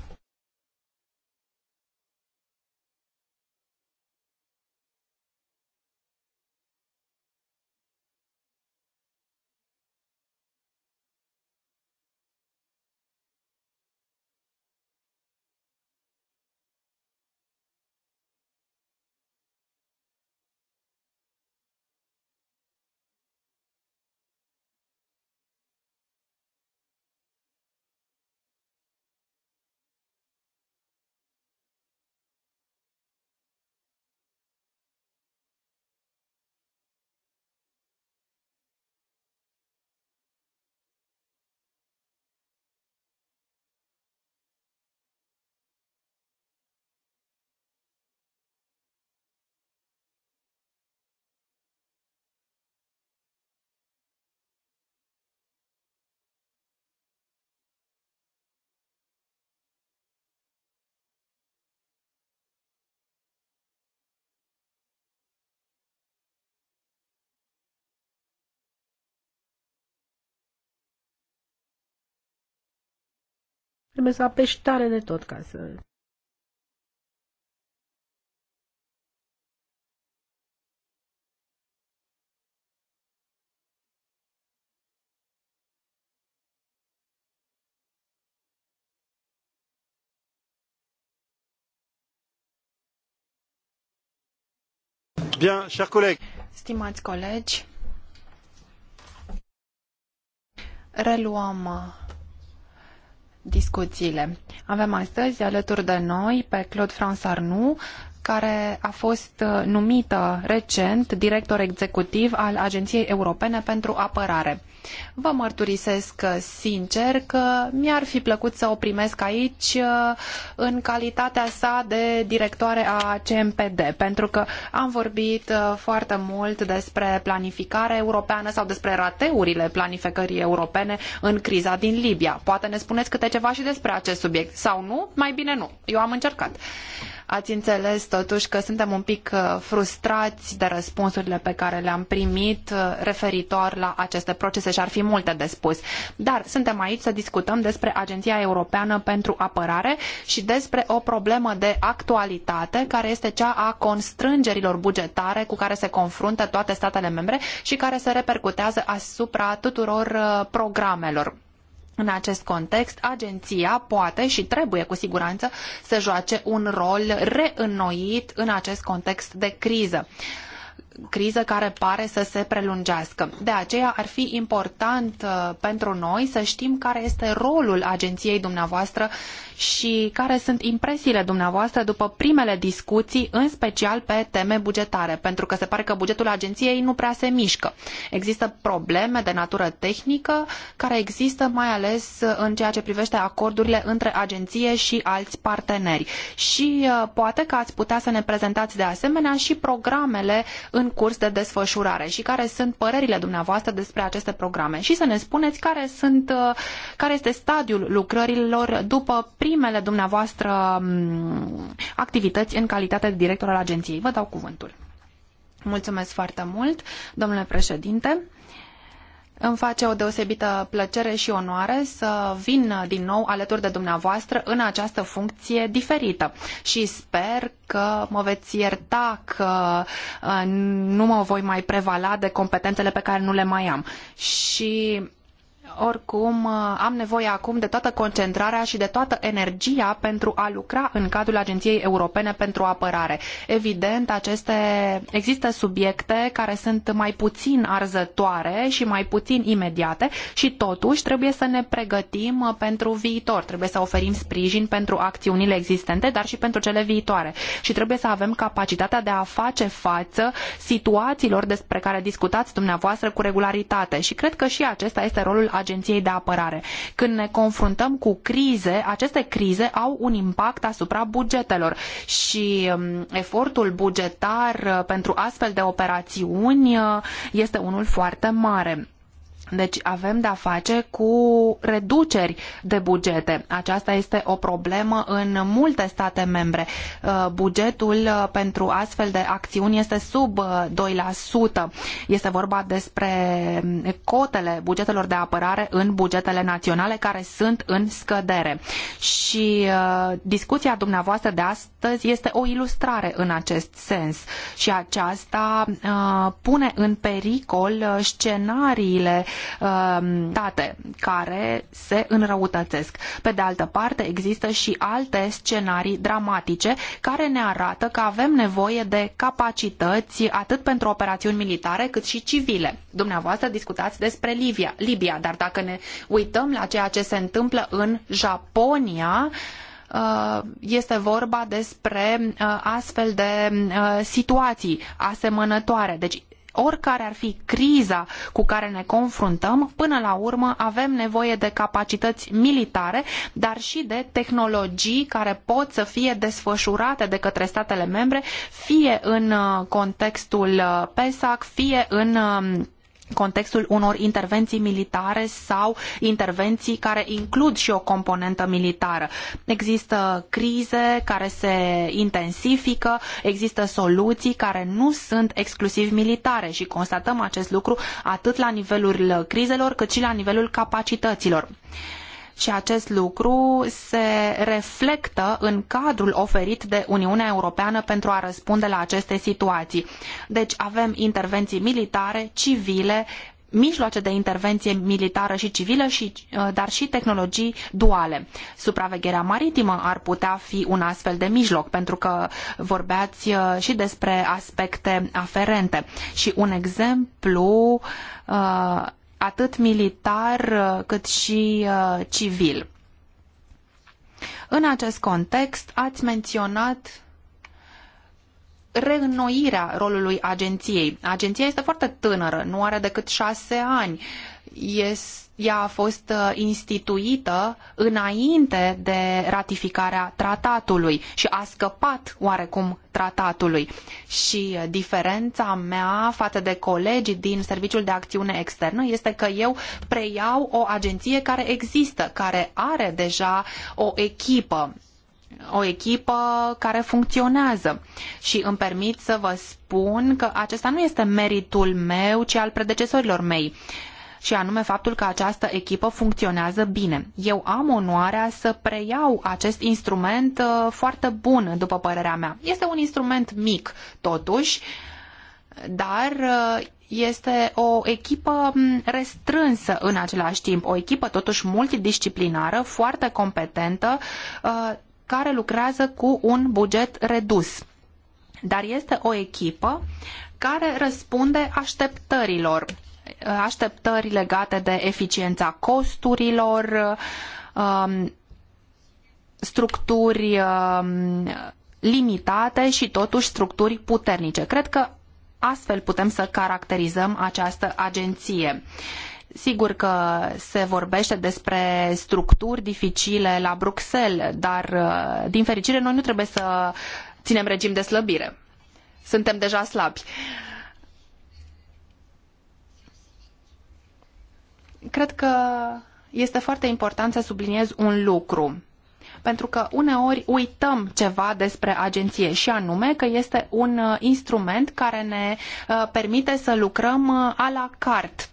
Speaker 3: Trebuie să apeși tare de tot ca să...
Speaker 2: Bien, chers collègues. Stimați colegi, reluăm discuțiile. Avem astăzi alături de noi pe Claude François Arnoux, care a fost uh, numită recent director executiv al Agenției Europene pentru Apărare. Vă mărturisesc uh, sincer că mi-ar fi plăcut să o primesc aici uh, în calitatea sa de directoare a CMPD, pentru că am vorbit foarte mult despre planificare europeană sau despre rateurile planificării europene în criza din Libia. Poate ne spuneți câte ceva și despre acest subiect, sau nu? Mai bine nu. Eu am încercat. Ați înțeles totuși că suntem un pic uh, frustrați de răspunsurile pe care le-am primit uh, referitor la aceste procese și ar fi multe de spus. Dar suntem aici să discutăm despre Agenția Europeană pentru Apărare și despre o problemă de actualitate care este cea a constrângerilor bugetare cu care se confruntă toate statele membre și care se repercutează asupra tuturor uh, programelor în acest context, agenția poate și trebuie cu siguranță să joace un rol reînnoit în acest context de criză criză care pare să se prelungească. De aceea ar fi important uh, pentru noi să știm care este rolul agenției dumneavoastră și care sunt impresiile dumneavoastră după primele discuții, în special pe teme bugetare, pentru că se pare că bugetul agenției nu prea se mișcă. Există probleme de natură tehnică care există mai ales uh, în ceea ce privește acordurile între agenție și alți parteneri. Și uh, poate că ați putea să ne prezentați de asemenea și programele în în curs de desfășurare și care sunt părerile dumneavoastră despre aceste programe și să ne spuneți care, sunt, uh, care este stadiul lucrărilor după primele dumneavoastră mm, activități în calitate de director al agenției. Vă dau cuvântul. Mulțumesc foarte mult, domnule președinte. Îmi face o deosebită plăcere și onoare să vin din nou alături de dumneavoastră în această funcție diferită și sper că mă veți ierta că uh, nu mă voi mai prevala de competențele pe care nu le mai am. Și oricum, uh, am nevoie acum de toată concentrarea și de toată energia pentru a lucra în cadrul Agenției Europene pentru Apărare. Evident, aceste există subiecte care sunt mai puțin arzătoare și mai puțin imediate și totuși trebuie să ne pregătim uh, pentru viitor. Trebuie să oferim sprijin pentru acțiunile existente, dar și pentru cele viitoare. Și trebuie să avem capacitatea de a face față situațiilor despre care discutați dumneavoastră cu regularitate. Și cred că și acesta este rolul Agenției de Apărare. Când ne confruntăm cu crize, aceste crize au un impact asupra bugetelor și um, efortul bugetar uh, pentru astfel de operațiuni uh, este unul foarte mare. Deci avem de-a face cu reduceri de bugete. Aceasta este o problemă în multe state membre. Uh, bugetul uh, pentru astfel de acțiuni este sub 2%. Uh, este vorba despre um, cotele bugetelor de apărare în bugetele naționale care sunt în scădere. Și discuția dumneavoastră de astăzi este o ilustrare în acest sens. Și aceasta pune în pericol scenariile uh, Um, date care se înrăutățesc. Pe de altă parte, există și alte scenarii dramatice care ne arată că avem nevoie de capacități atât pentru operațiuni militare cât și civile. Dumneavoastră discutați despre Libia, Libia dar dacă ne uităm la ceea ce se întâmplă în Japonia, uh, este vorba despre uh, astfel de uh, situații asemănătoare. Deci oricare ar fi criza cu care ne confruntăm, până la urmă avem nevoie de capacități militare, dar și de tehnologii care pot să fie desfășurate de către statele membre, fie în uh, contextul uh, PESAC, fie în um, contextul unor intervenții militare sau intervenții care includ și o componentă militară. Există crize care se intensifică, există soluții care nu sunt exclusiv militare și constatăm acest lucru atât la nivelul crizelor cât și la nivelul capacităților și acest lucru se reflectă în cadrul oferit de Uniunea Europeană pentru a răspunde la aceste situații. Deci avem intervenții militare, civile, mijloace de intervenție militară și civilă, și, uh, dar și tehnologii duale. Supravegherea maritimă ar putea fi un astfel de mijloc, pentru că vorbeați uh, și despre aspecte aferente. Și un exemplu uh, atât militar uh, cât și uh, civil. În acest context, ați menționat reînnoirea rolului agenției. Agenția este foarte tânără, nu are decât șase ani. Este ea a fost uh, instituită înainte de ratificarea tratatului și a scăpat oarecum tratatului. Și diferența mea față de colegii din Serviciul de Acțiune Externă este că eu preiau o agenție care există, care are deja o echipă o echipă care funcționează și îmi permit să vă spun că acesta nu este meritul meu, ci al predecesorilor mei și anume faptul că această echipă funcționează bine. Eu am onoarea să preiau acest instrument uh, foarte bun, după părerea mea. Este un instrument mic, totuși, dar uh, este o echipă mm, restrânsă în același timp, o echipă totuși multidisciplinară, foarte competentă, uh, care lucrează cu un buget redus. Dar este o echipă care răspunde așteptărilor așteptări legate de eficiența costurilor, um, structuri um, limitate și totuși structuri puternice. Cred că astfel putem să caracterizăm această agenție. Sigur că se vorbește despre structuri dificile la Bruxelles, dar uh, din fericire noi nu trebuie să ținem regim de slăbire. Suntem deja slabi. Uh, cred că este foarte important să subliniez un lucru. Pentru că uneori uităm ceva despre agenție și anume că este un uh, instrument care ne uh, permite să lucrăm uh, a la carte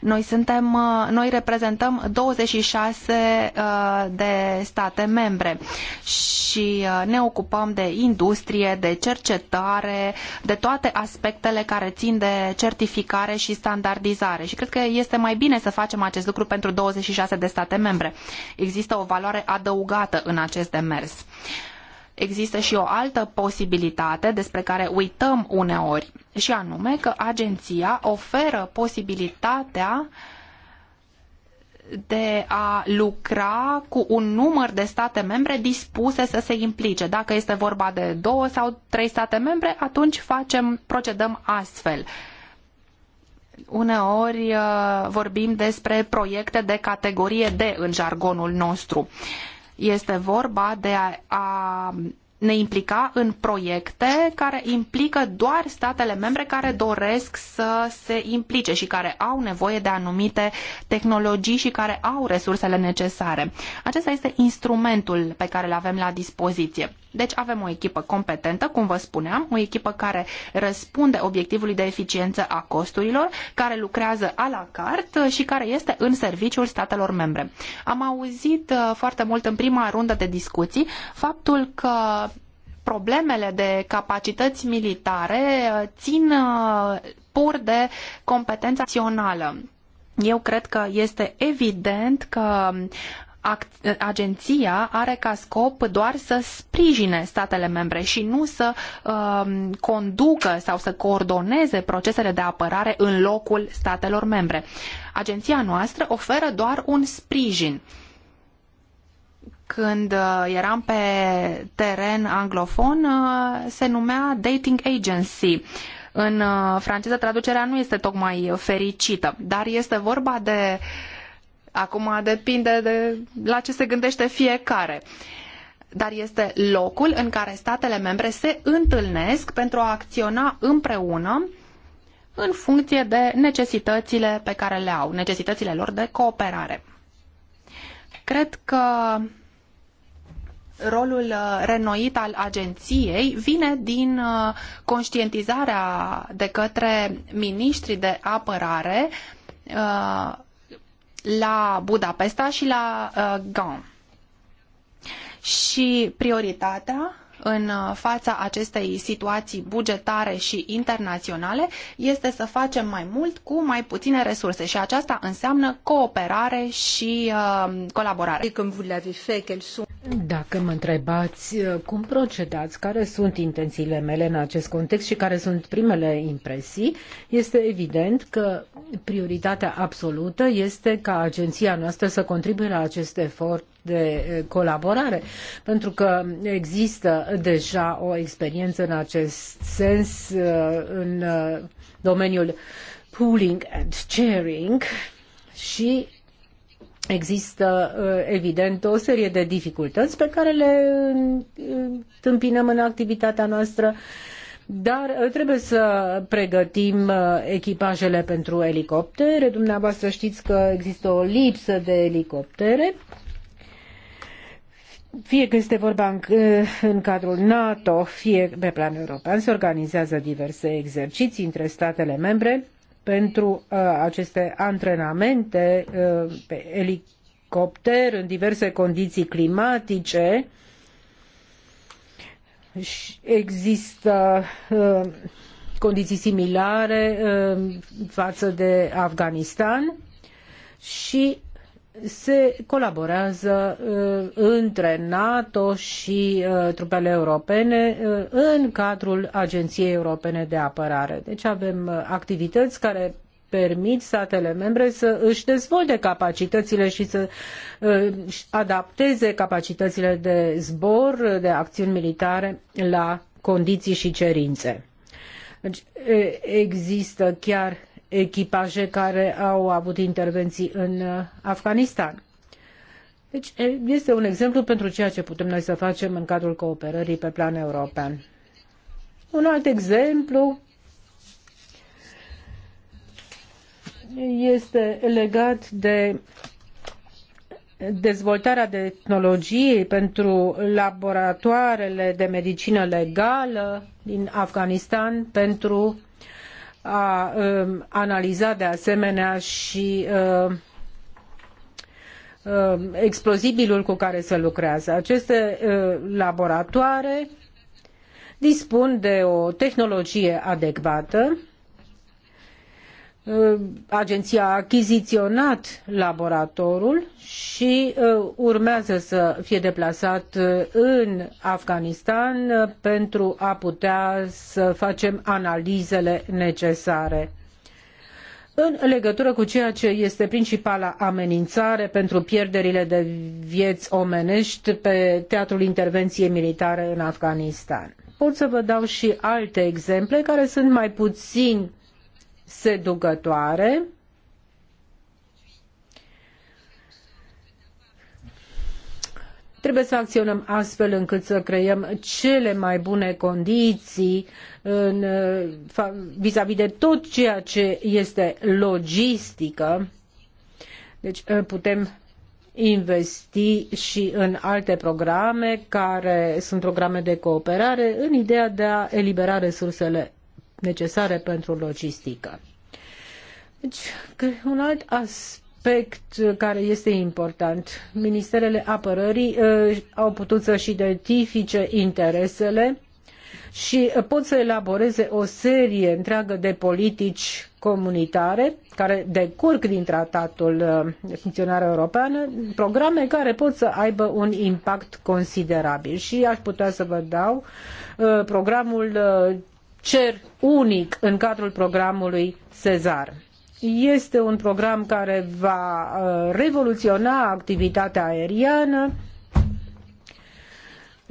Speaker 2: noi suntem, uh, noi reprezentăm 26 uh, de state membre și uh, ne ocupăm de industrie, de cercetare, de toate aspectele care țin de certificare și standardizare. Și cred că este mai bine să facem acest lucru pentru 26 de state membre. Există o valoare adăugată în acest demers. Există și o altă posibilitate despre care uităm uneori, și anume că agenția oferă posibilitatea de a lucra cu un număr de state membre dispuse să se implice. Dacă este vorba de două sau trei state membre, atunci facem, procedăm astfel uneori uh, vorbim despre proiecte de categorie D în jargonul nostru. Este vorba de a, a ne implica în proiecte care implică doar statele membre care doresc să se implice și care au nevoie de anumite tehnologii și care au resursele necesare. Acesta este instrumentul pe care îl avem la dispoziție. Deci avem o echipă competentă, cum vă spuneam, o echipă care răspunde obiectivului de eficiență a costurilor, care lucrează a la carte și care este în serviciul statelor membre. Am auzit uh, foarte mult în prima rundă de discuții faptul că problemele de capacități militare uh, țin uh, pur de competența națională. Eu cred că este evident că um, uh, agenția are ca scop doar să sprijine statele membre și nu să um, conducă sau să coordoneze procesele de apărare în locul statelor membre. Agenția noastră oferă doar un sprijin. Uh, când uh, eram pe teren anglofon, uh, se numea dating agency. În uh, franceză traducerea nu este tocmai fericită, dar este vorba de. Acum depinde de la ce se gândește fiecare. Dar este locul în care statele membre se întâlnesc pentru a acționa împreună în funcție de necesitățile pe care le au, necesitățile lor de cooperare. Cred că rolul uh, renoit al agenției vine din uh, conștientizarea de către miniștrii de apărare uh, la Budapesta și la Gand. Și prioritatea în uh, fața acestei situații bugetare și internaționale este să facem mai mult cu mai puține resurse și aceasta înseamnă cooperare și uh, colaborare.
Speaker 3: Dacă mă întrebați uh, cum procedați, care sunt intențiile mele în acest context și care sunt primele impresii, este evident că prioritatea absolută este ca agenția noastră să contribuie la acest efort de colaborare, pentru că există deja o experiență în acest sens în domeniul pooling and sharing și Există, evident, o serie de dificultăți pe care le întâmpinăm în activitatea noastră, dar trebuie să pregătim echipajele pentru elicoptere. Dumneavoastră știți că există o lipsă de elicoptere fie că este vorba în, în cadrul NATO, fie pe plan european, se organizează diverse exerciții între statele membre pentru uh, aceste antrenamente uh, pe elicopter în diverse condiții climatice. Există uh, condiții similare uh, față de Afganistan și se colaborează uh, între NATO și uh, trupele europene uh, în cadrul Agenției Europene de Apărare. Deci avem activități care permit statele membre să își dezvolte capacitățile și să uh, adapteze capacitățile de zbor, de acțiuni militare la condiții și cerințe. Deci există chiar echipaje care au avut intervenții în uh, Afganistan. Deci este un exemplu pentru ceea ce putem noi să facem în cadrul cooperării pe plan european. Un alt exemplu este legat de dezvoltarea de tehnologiei pentru laboratoarele de medicină legală din Afganistan pentru a um, analizat de asemenea și um, um, explozibilul cu care se lucrează. Aceste uh, laboratoare dispun de o tehnologie adecvată Uh, agenția a achiziționat laboratorul și uh, urmează să fie deplasat uh, în Afganistan pentru a putea să facem analizele necesare. În legătură cu ceea ce este principala amenințare pentru pierderile de vieți omenești pe teatrul intervenției militare în Afganistan. Pot să vă dau și alte exemple care sunt mai puțin seducătoare. Trebuie să acționăm astfel încât să creăm cele mai bune condiții vis-a-vis -vis de tot ceea ce este logistică. Deci putem investi și în alte programe care sunt programe de cooperare în ideea de a elibera resursele necesare pentru logistică. Deci, un alt aspect care este important, ministerele apărării uh, au putut să-și identifice interesele și pot să elaboreze o serie întreagă de politici comunitare care decurg din tratatul de uh, funcționare europeană, programe care pot să aibă un impact considerabil. Și aș putea să vă dau uh, programul cer unic în cadrul programului Cezar. Este un program care va uh, revoluționa activitatea aeriană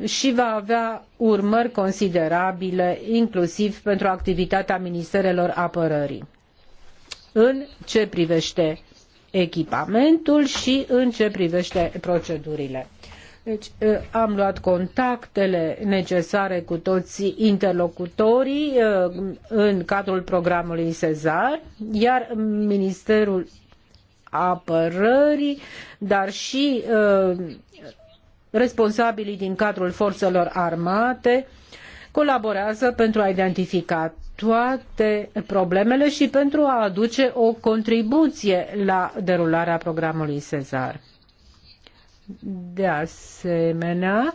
Speaker 3: și va avea urmări considerabile, inclusiv pentru activitatea Ministerelor Apărării. În ce privește echipamentul și în ce privește procedurile. Deci ă, am luat contactele necesare cu toți interlocutorii ă, în cadrul programului Sezar, iar Ministerul Apărării, dar și ă, responsabilii din cadrul forțelor armate colaborează pentru a identifica toate problemele și pentru a aduce o contribuție la derularea programului Sezar. De asemenea,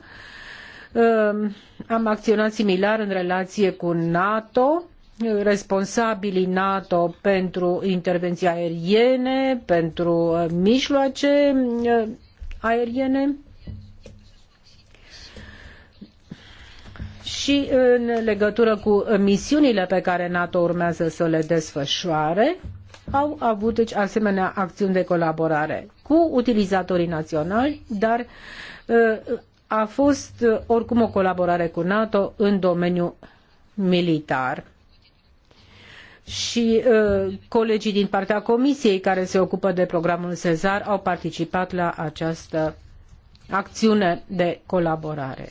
Speaker 3: um, am acționat similar în relație cu NATO, responsabilii NATO pentru intervenții aeriene, pentru uh, mijloace uh, aeriene și în legătură cu misiunile pe care NATO urmează să le desfășoare au avut deci asemenea acțiuni de colaborare cu utilizatorii naționali, dar uh, a fost uh, oricum o colaborare cu NATO în domeniul militar și uh, colegii din partea comisiei care se ocupă de programul Sezar au participat la această acțiune de colaborare.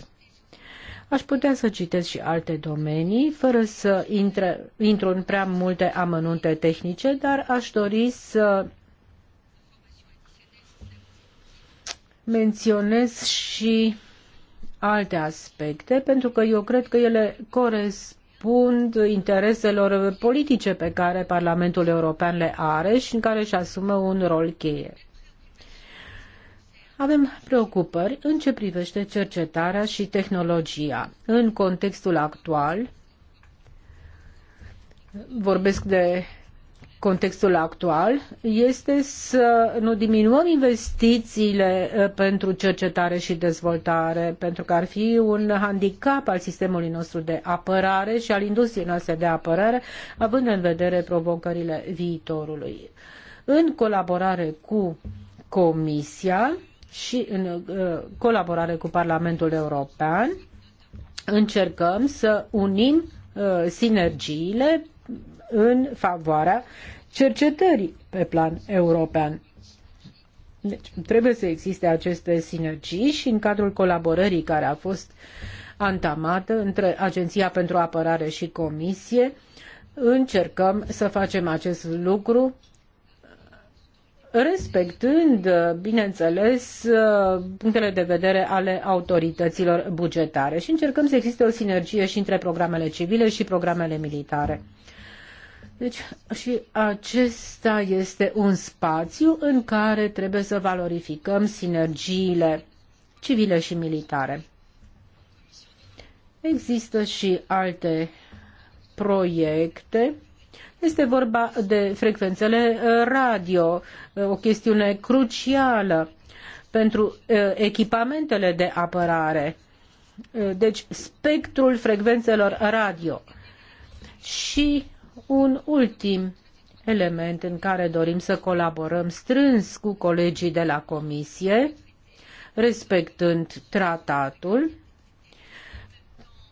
Speaker 3: Aș putea să citesc și alte domenii, fără să intre, intru în prea multe amănunte tehnice, dar aș dori să menționez și alte aspecte, pentru că eu cred că ele corespund intereselor politice pe care Parlamentul European le are și în care își asumă un rol cheie. Avem preocupări în ce privește cercetarea și tehnologia. În contextul actual, vorbesc de contextul actual, este să nu diminuăm investițiile uh, pentru cercetare și dezvoltare, pentru că ar fi un handicap al sistemului nostru de apărare și al industriei noastre de apărare, având în vedere provocările viitorului. În colaborare cu Comisia, și în uh, colaborare cu Parlamentul European încercăm să unim uh, sinergiile în favoarea cercetării pe plan european. Deci, trebuie să existe aceste sinergii și în cadrul colaborării care a fost antamată între Agenția pentru Apărare și Comisie, încercăm să facem acest lucru respectând, bineînțeles, punctele de vedere ale autorităților bugetare și încercăm să existe o sinergie și între programele civile și programele militare. Deci și acesta este un spațiu în care trebuie să valorificăm sinergiile civile și militare. Există și alte proiecte este vorba de frecvențele eh, radio, eh, o chestiune crucială pentru eh, echipamentele de apărare. Deci spectrul frecvențelor radio. Și un ultim element în care dorim să colaborăm strâns cu colegii de la Comisie, respectând tratatul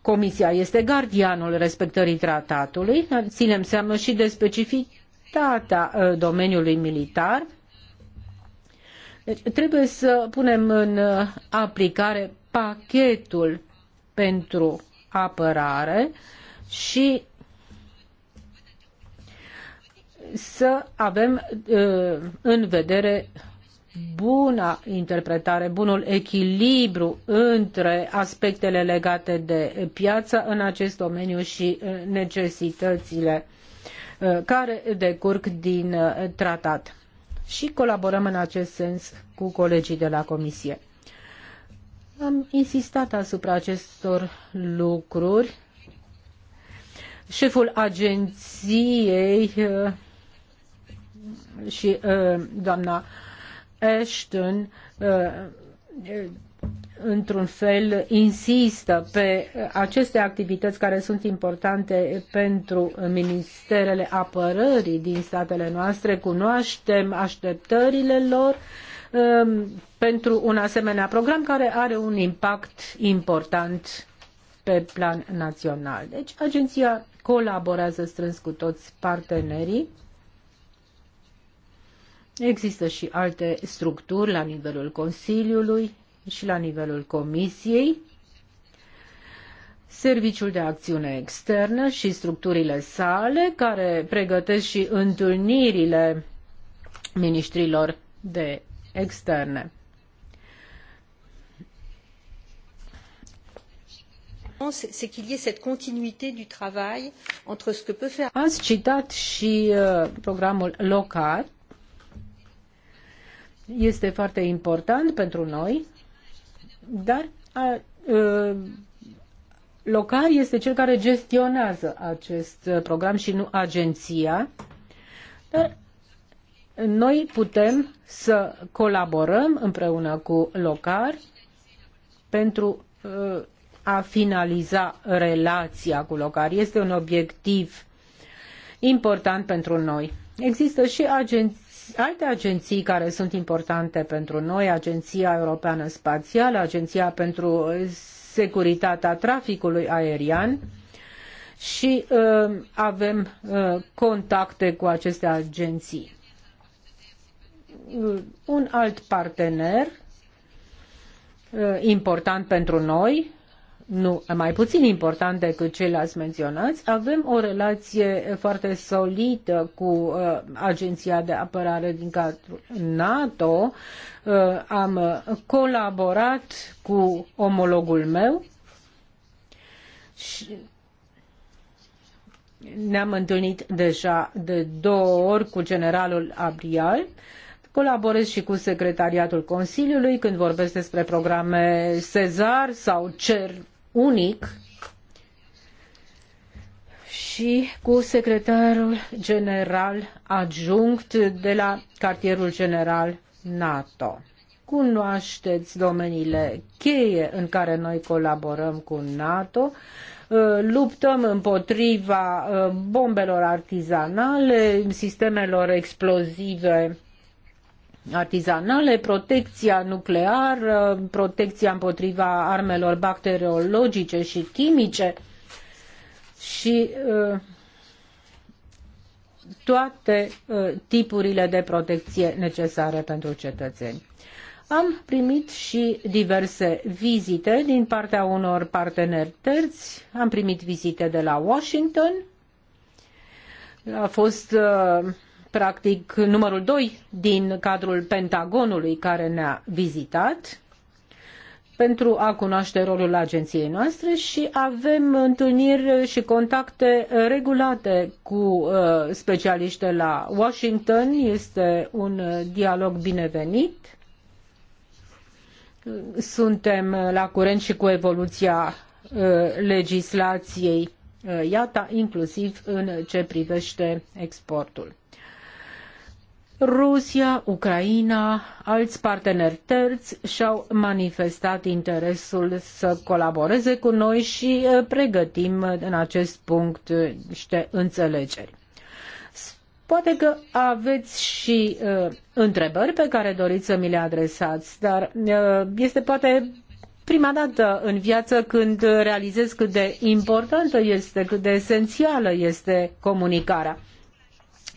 Speaker 3: Comisia este gardianul respectării tratatului, ținem seama și de specificitatea uh, domeniului militar. Deci, trebuie să punem în uh, aplicare pachetul pentru apărare și să avem uh, în vedere buna interpretare, bunul echilibru între aspectele legate de piață în acest domeniu și uh, necesitățile uh, care decurg din uh, tratat. Și colaborăm în acest sens cu colegii de la Comisie. Am insistat asupra acestor lucruri. Șeful agenției și doamna Ashton uh, uh, într-un fel insistă pe aceste activități care sunt importante pentru ministerele apărării din statele noastre, cunoaștem așteptările lor um, pentru un asemenea program care are un impact important pe plan național. Deci agenția colaborează strâns cu toți partenerii Există și alte structuri la nivelul Consiliului și la nivelul Comisiei. Serviciul de Acțiune Externă și structurile sale care pregătesc și întâlnirile ministrilor de externe. ce Ați citat și uh, programul local este foarte important pentru noi, dar a, a, ă, locar este cel care gestionează acest program și nu agenția. Dar noi putem să colaborăm împreună cu locar pentru ă, a finaliza relația cu locar. Este un obiectiv important pentru noi. Există și agenții Alte agenții care sunt importante pentru noi, Agenția Europeană Spațială, Agenția pentru uh, Securitatea Traficului Aerian, și uh, avem uh, contacte cu aceste agenții. Uh, un alt partener uh, important pentru noi nu mai puțin important decât ceilalți menționați, avem o relație foarte solidă cu uh, Agenția de Apărare din cadrul NATO. Uh, am colaborat cu omologul meu și ne-am întâlnit deja de două ori cu generalul Abrial colaborez și cu secretariatul Consiliului când vorbesc despre programe Cezar sau CER unic și cu secretarul general adjunct de la cartierul general NATO. Cunoașteți domeniile cheie în care noi colaborăm cu NATO, luptăm împotriva uh, bombelor artizanale, sistemelor explozive artizanale, protecția nucleară, protecția împotriva armelor bacteriologice și chimice și uh, toate uh, tipurile de protecție necesare pentru cetățeni. Am primit și diverse vizite din partea unor parteneri terți. Am primit vizite de la Washington. A fost uh, practic numărul doi din cadrul Pentagonului care ne-a vizitat pentru a cunoaște rolul agenției noastre și avem întâlniri și contacte regulate cu uh, specialiști la Washington. Este un dialog binevenit. Suntem la curent și cu evoluția uh, legislației, uh, iată, inclusiv în ce privește exportul. Rusia, Ucraina, alți parteneri terți și-au manifestat interesul să colaboreze cu noi și eh, pregătim eh, în acest punct eh, niște înțelegeri. Poate că aveți și uh, întrebări pe care doriți să mi le adresați, dar uh, este poate prima dată în viață când realizez cât de importantă este, cât de esențială este comunicarea.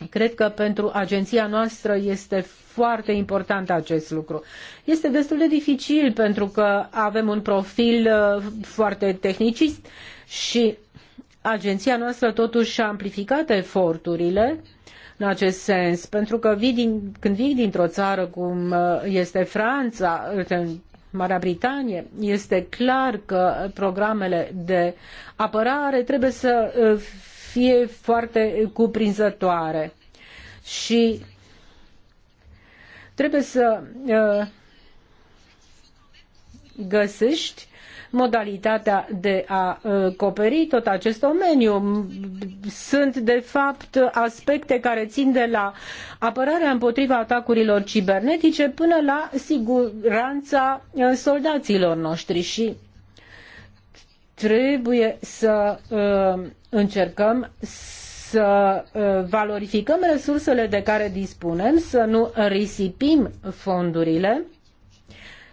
Speaker 3: Cred că pentru agenția noastră este foarte important acest lucru. Este destul de dificil pentru că avem un profil uh, foarte tehnicist și agenția noastră totuși a amplificat eforturile în acest sens, pentru că vii din, când vii dintr-o țară cum uh, este Franța, uh, Marea Britanie, este clar că programele de apărare trebuie să fie foarte cuprinzătoare. Și trebuie să uh, găsești modalitatea de a uh, acoperi tot acest domeniu. Sunt, de fapt, aspecte care țin de la apărarea împotriva atacurilor cibernetice până la siguranța uh, soldaților noștri și trebuie să uh, încercăm să uh, valorificăm resursele de care dispunem, să nu risipim fondurile.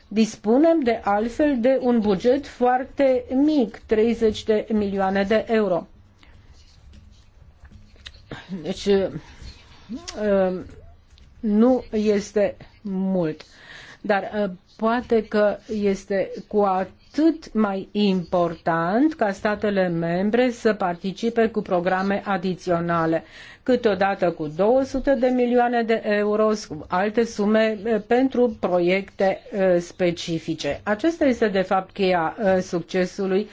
Speaker 3: Dispunem de altfel de un buget foarte mic, 30 de milioane de euro. Deci uh, nu este mult. Dar uh, poate că este cu atât atât mai important ca statele membre să participe cu programe adiționale, câteodată cu 200 de milioane de euro, cu alte sume eh, pentru proiecte eh, specifice. Acesta este, de fapt, cheia eh, succesului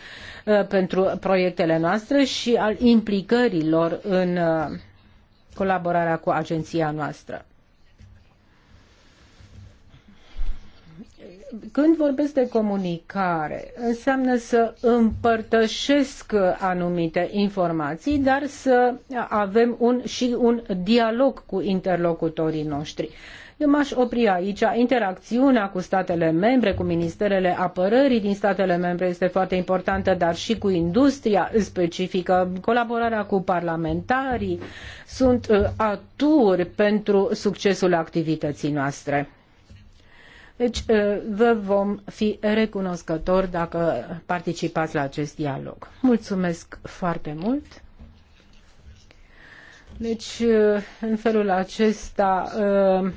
Speaker 3: pentru proiectele noastre și al implicărilor în colaborarea cu agenția noastră. când vorbesc de comunicare, înseamnă să împărtășesc anumite informații, dar să avem un, și un dialog cu interlocutorii noștri. Eu m-aș opri aici. Interacțiunea cu statele membre, cu ministerele apărării din statele membre este foarte importantă, dar și cu industria specifică, colaborarea cu parlamentarii sunt uh, aturi pentru succesul activității noastre. Deci uh, vă vom fi recunoscători dacă participați la acest dialog. Mulțumesc foarte mult! Deci, uh, în felul acesta uh,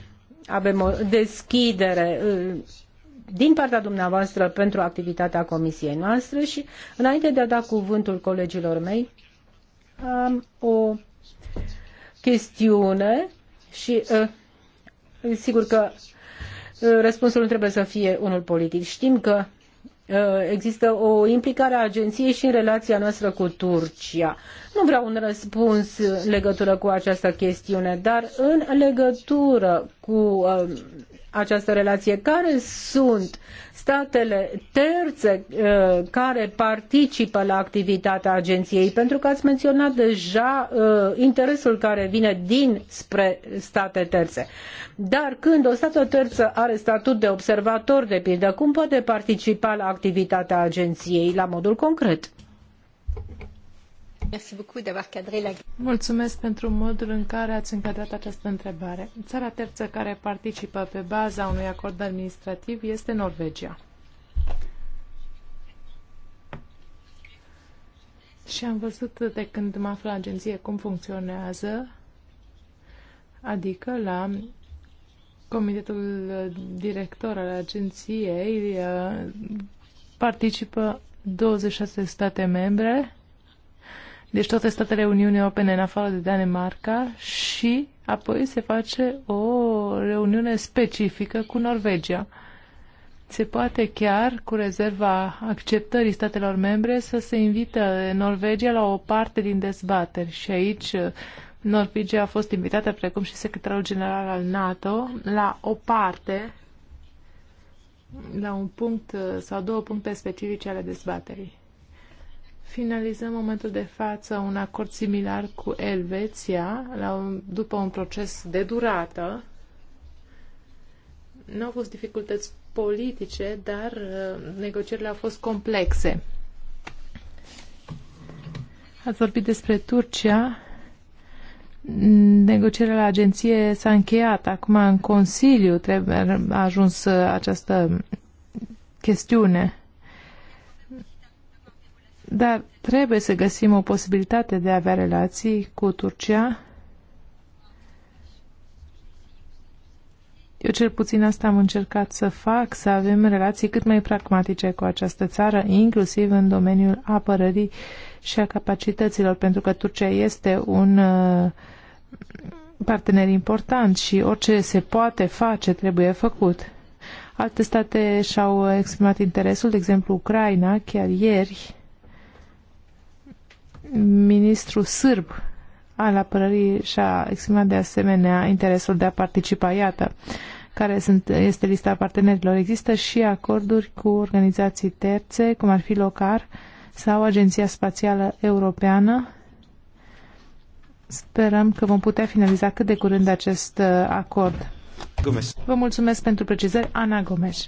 Speaker 3: avem o deschidere din partea dumneavoastră pentru activitatea comisiei noastre și înainte de a da cuvântul colegilor mei, am o chestiune și sigur că răspunsul nu trebuie să fie unul politic. Știm că uh, există o implicare a agenției și în relația noastră cu Turcia. Nu vreau un răspuns în legătură cu această chestiune, dar în legătură cu uh, această relație, care sunt statele terțe uh, care participă la activitatea agenției, pentru că ați menționat deja uh, interesul care vine din spre state terțe. Dar când o stată terță are statut de observator, de pildă, cum poate participa la activitatea agenției la modul concret?
Speaker 1: Mulțumesc pentru modul în care ați încadrat această întrebare. Țara terță care participă pe baza unui acord administrativ este Norvegia. Și am văzut de când mă aflu la agenție cum funcționează, adică la comitetul director al agenției eh, participă 26 state membre deci toate statele Uniunii Europene în afară de Danemarca și apoi se face o reuniune specifică cu Norvegia. Se poate chiar, cu rezerva acceptării statelor membre, să se invită Norvegia la o parte din dezbateri și aici uh, Norvegia a fost invitată, precum și secretarul general al NATO, la o parte, la un punct uh, sau două puncte specifice ale dezbaterii finalizăm momentul de față un acord similar cu Elveția la un, după un proces de durată. Nu au fost dificultăți politice, dar uh, negocierile au fost complexe. Ați vorbit despre Turcia. Negocierea la agenție s-a încheiat. Acum în Consiliu trebuie a ajuns uh, această chestiune. Dar trebuie să găsim o posibilitate de a avea relații cu Turcia. Eu cel puțin asta am încercat să fac, să avem relații cât mai pragmatice cu această țară, inclusiv în domeniul apărării și a capacităților, pentru că Turcia este un uh, partener important și orice se poate face trebuie făcut. Alte state și-au exprimat interesul, de exemplu Ucraina, chiar ieri, ministru sârb al apărării și-a exprimat de asemenea interesul de a participa. Iată, care sunt, este lista partenerilor. Există și acorduri cu organizații terțe, cum ar fi LOCAR sau Agenția Spațială Europeană. Sperăm că vom putea finaliza cât de curând acest uh, acord. Gomes. Vă mulțumesc pentru precizări, Ana Gomes.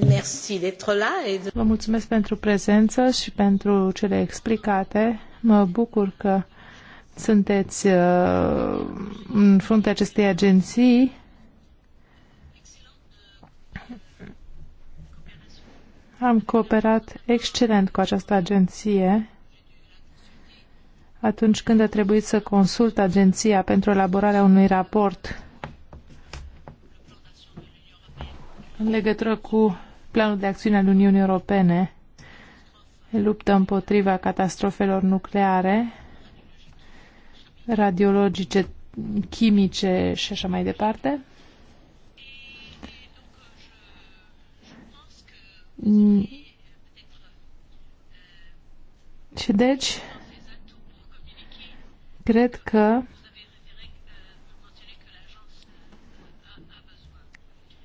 Speaker 1: Merci là et Vă mulțumesc pentru prezență și pentru cele explicate Mă bucur că sunteți uh, în fruntea acestei agenții. Am cooperat excelent cu această agenție atunci când a trebuit să consult agenția pentru elaborarea unui raport în legătură cu planul de acțiune al Uniunii Europene luptă împotriva catastrofelor nucleare, radiologice, chimice și așa mai departe. Și deci, cred că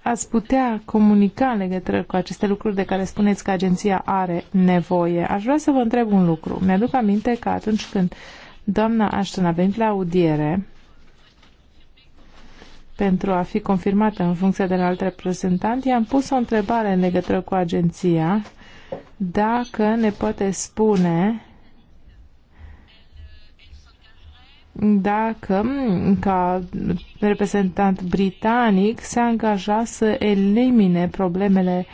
Speaker 1: ați putea comunica în legătură cu aceste lucruri de care spuneți că agenția are nevoie? Aș vrea să vă întreb un lucru. Mi-aduc aminte că atunci când doamna Ashton a venit la audiere pentru a fi confirmată în funcție de la alt reprezentant, i-am pus o întrebare în legătură cu agenția dacă ne poate spune dacă, ca reprezentant britanic, se angaja să elimine problemele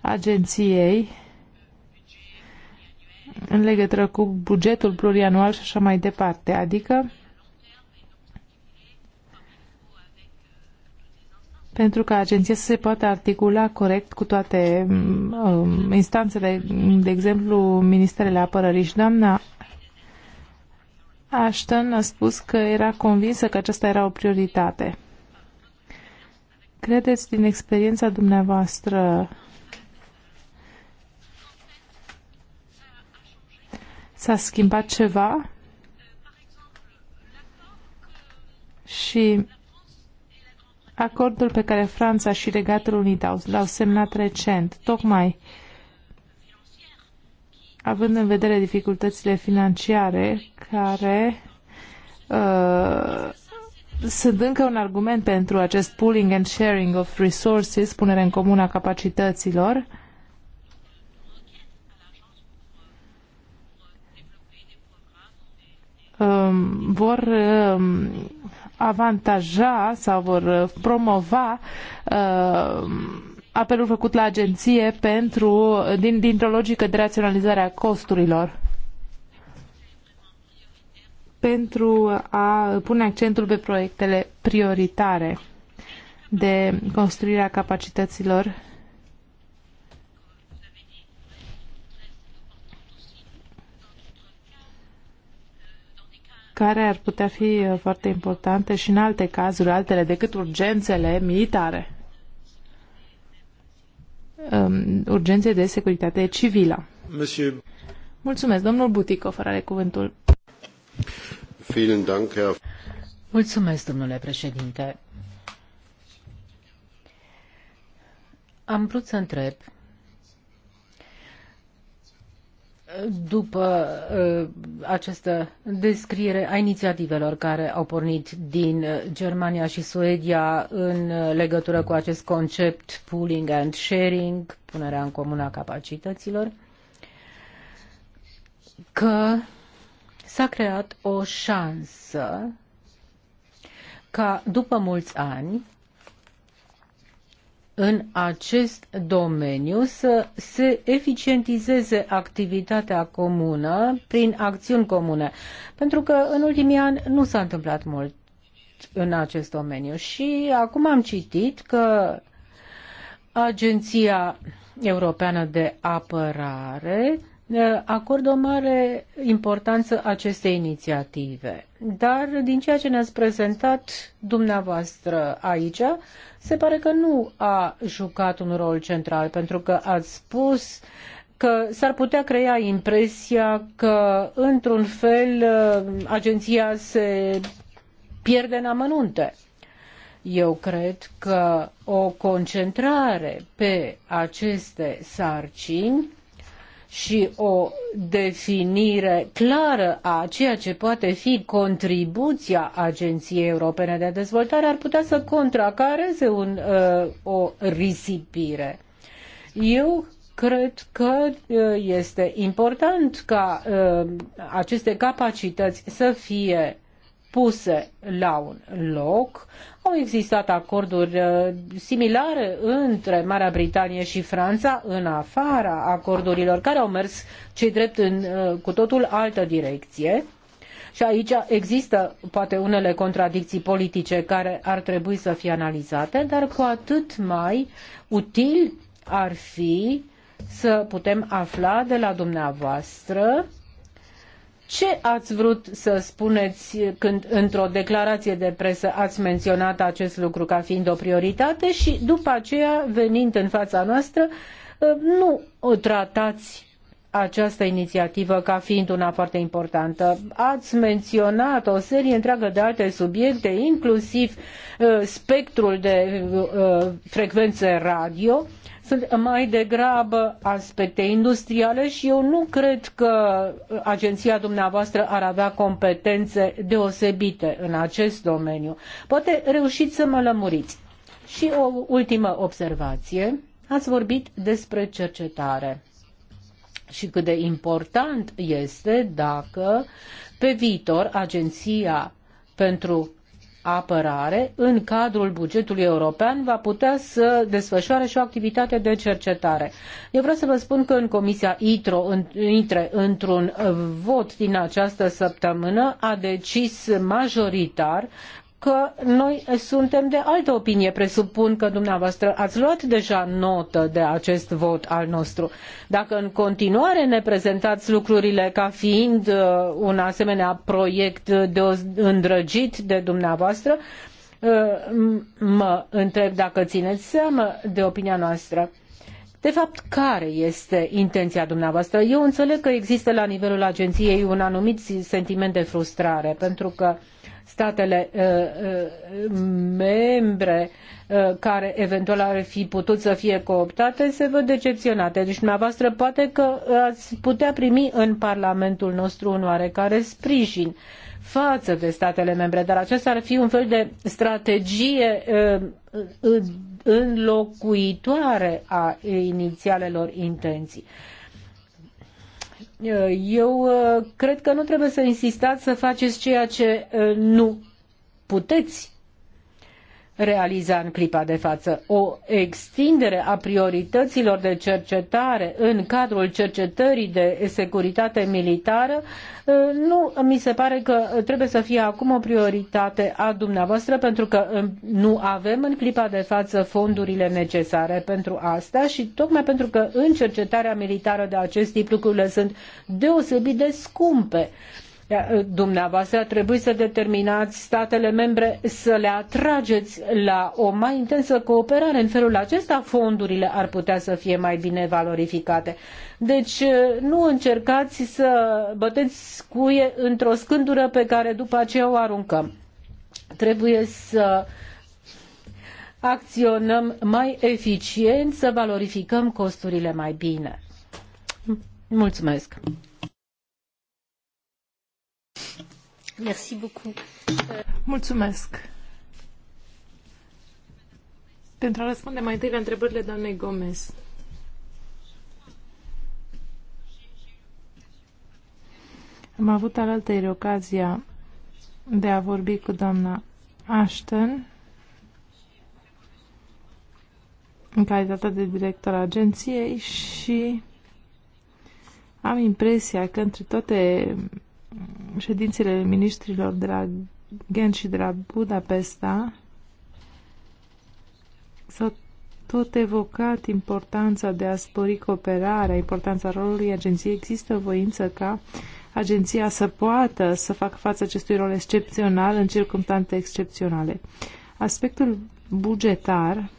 Speaker 1: agenției în legătură cu bugetul plurianual și așa mai departe. Adică, pentru ca agenția să se poată articula corect cu toate um, instanțele, de exemplu, Ministerele Apărării și doamna Ashton a spus că era convinsă că aceasta era o prioritate. Credeți din experiența dumneavoastră s-a schimbat ceva? Și acordul pe care Franța și Regatul Unit l-au semnat recent, tocmai uh, având în vedere dificultățile financiare care uh, sunt încă un argument pentru acest pooling and sharing of resources, punere în comun a capacităților, um, vor um, avantaja sau vor promova uh, apelul făcut la agenție pentru, din, dintr-o logică de raționalizare a costurilor pentru a pune accentul pe proiectele prioritare de construirea capacităților care ar putea fi foarte importante și în alte cazuri, altele decât urgențele militare um, de securitate civilă. Monsieur. Mulțumesc. Domnul fără are cuvântul. Dank, Herr... Mulțumesc, domnule președinte.
Speaker 3: Am vrut să întreb după uh, această descriere a inițiativelor care au pornit din uh, Germania și Suedia în uh, legătură cu acest concept pooling and sharing, punerea în comună a capacităților, că s-a creat o șansă ca după mulți ani în acest domeniu să se eficientizeze activitatea comună prin acțiuni comune, pentru că în ultimii ani nu s-a întâmplat mult în acest domeniu. Și acum am citit că Agenția Europeană de Apărare Eh, acord o mare importanță acestei inițiative. Dar din ceea ce ne-ați prezentat dumneavoastră aici, se pare că nu a jucat un rol central, pentru că ați spus că s-ar putea crea impresia că, într-un fel, eh, agenția se pierde în amănunte. Eu cred că o concentrare pe aceste sarcini și o definire clară a ceea ce poate fi contribuția Agenției Europene de Dezvoltare ar putea să contracareze un, uh, o risipire. Eu cred că uh, este important ca uh, aceste capacități să fie puse la un loc, au existat acorduri uh, similare între Marea Britanie și Franța în afara acordurilor care au mers cei drept în uh, cu totul altă direcție. Și aici există poate unele contradicții politice care ar trebui să fie analizate, dar cu atât mai util ar fi să putem afla de la dumneavoastră ce ați vrut să spuneți când într-o declarație de presă ați menționat acest lucru ca fiind o prioritate și după aceea, venind în fața noastră, ă, nu o tratați această inițiativă ca fiind una foarte importantă. Ați menționat o serie întreagă de alte subiecte, inclusiv ă, spectrul de ă, frecvențe radio sunt mai degrabă aspecte industriale și eu nu cred că agenția dumneavoastră ar avea competențe deosebite în acest domeniu. Poate reușiți să mă lămuriți. Și o ultimă observație. Ați vorbit despre cercetare și cât de important este dacă pe viitor agenția pentru apărare, în cadrul bugetului european, va putea să desfășoare și o activitate de cercetare. Eu vreau să vă spun că în Comisia ITRO, în, într-un vot din această săptămână, a decis majoritar că noi suntem de altă opinie. Presupun că dumneavoastră ați luat deja notă de acest vot al nostru. Dacă în continuare ne prezentați lucrurile ca fiind uh, un asemenea proiect de îndrăgit de dumneavoastră, uh, mă întreb dacă țineți seama de opinia noastră. De fapt, care este intenția dumneavoastră? Eu înțeleg că există la nivelul agenției un anumit sentiment de frustrare, pentru că uh, statele uh, uh, membre uh, care eventual ar fi putut să fie cooptate se văd decepționate. Deci dumneavoastră poate că ați putea primi în Parlamentul nostru un oarecare sprijin față de statele membre, dar acesta ar fi un fel de strategie înlocuitoare a inițialelor intenții. Eh, eu eh, cred că nu trebuie să insistați să faceți ceea ce eh, nu puteți realiza în clipa de față. O extindere a priorităților de cercetare în cadrul cercetării de securitate militară uh, nu mi se pare că trebuie să fie acum o prioritate a dumneavoastră pentru că uh, nu avem în clipa de față fondurile necesare pentru asta și tocmai pentru că în cercetarea militară de acest tip lucrurile sunt deosebit de scumpe. Ă, dumneavoastră trebuie să determinați statele membre să le atrageți la o mai intensă cooperare. În felul acesta fondurile ar putea să fie mai bine valorificate. Deci ă, nu încercați să băteți cuie într-o scândură pe care după aceea o aruncăm. Trebuie să acționăm mai eficient, să valorificăm costurile mai bine. Mulțumesc!
Speaker 1: Merci beaucoup. Mulțumesc. Pentru a răspunde mai întâi la întrebările doamnei Gomez. Am avut alaltă ocazia de a vorbi cu doamna Ashton în calitate de director al agenției și am impresia că între toate ședințele ministrilor de la Gent și de la Budapesta s-a tot evocat importanța de a spori cooperarea, importanța rolului agenției. Există voință ca agenția să poată să facă față acestui rol excepțional în circumstanțe excepționale. Aspectul bugetar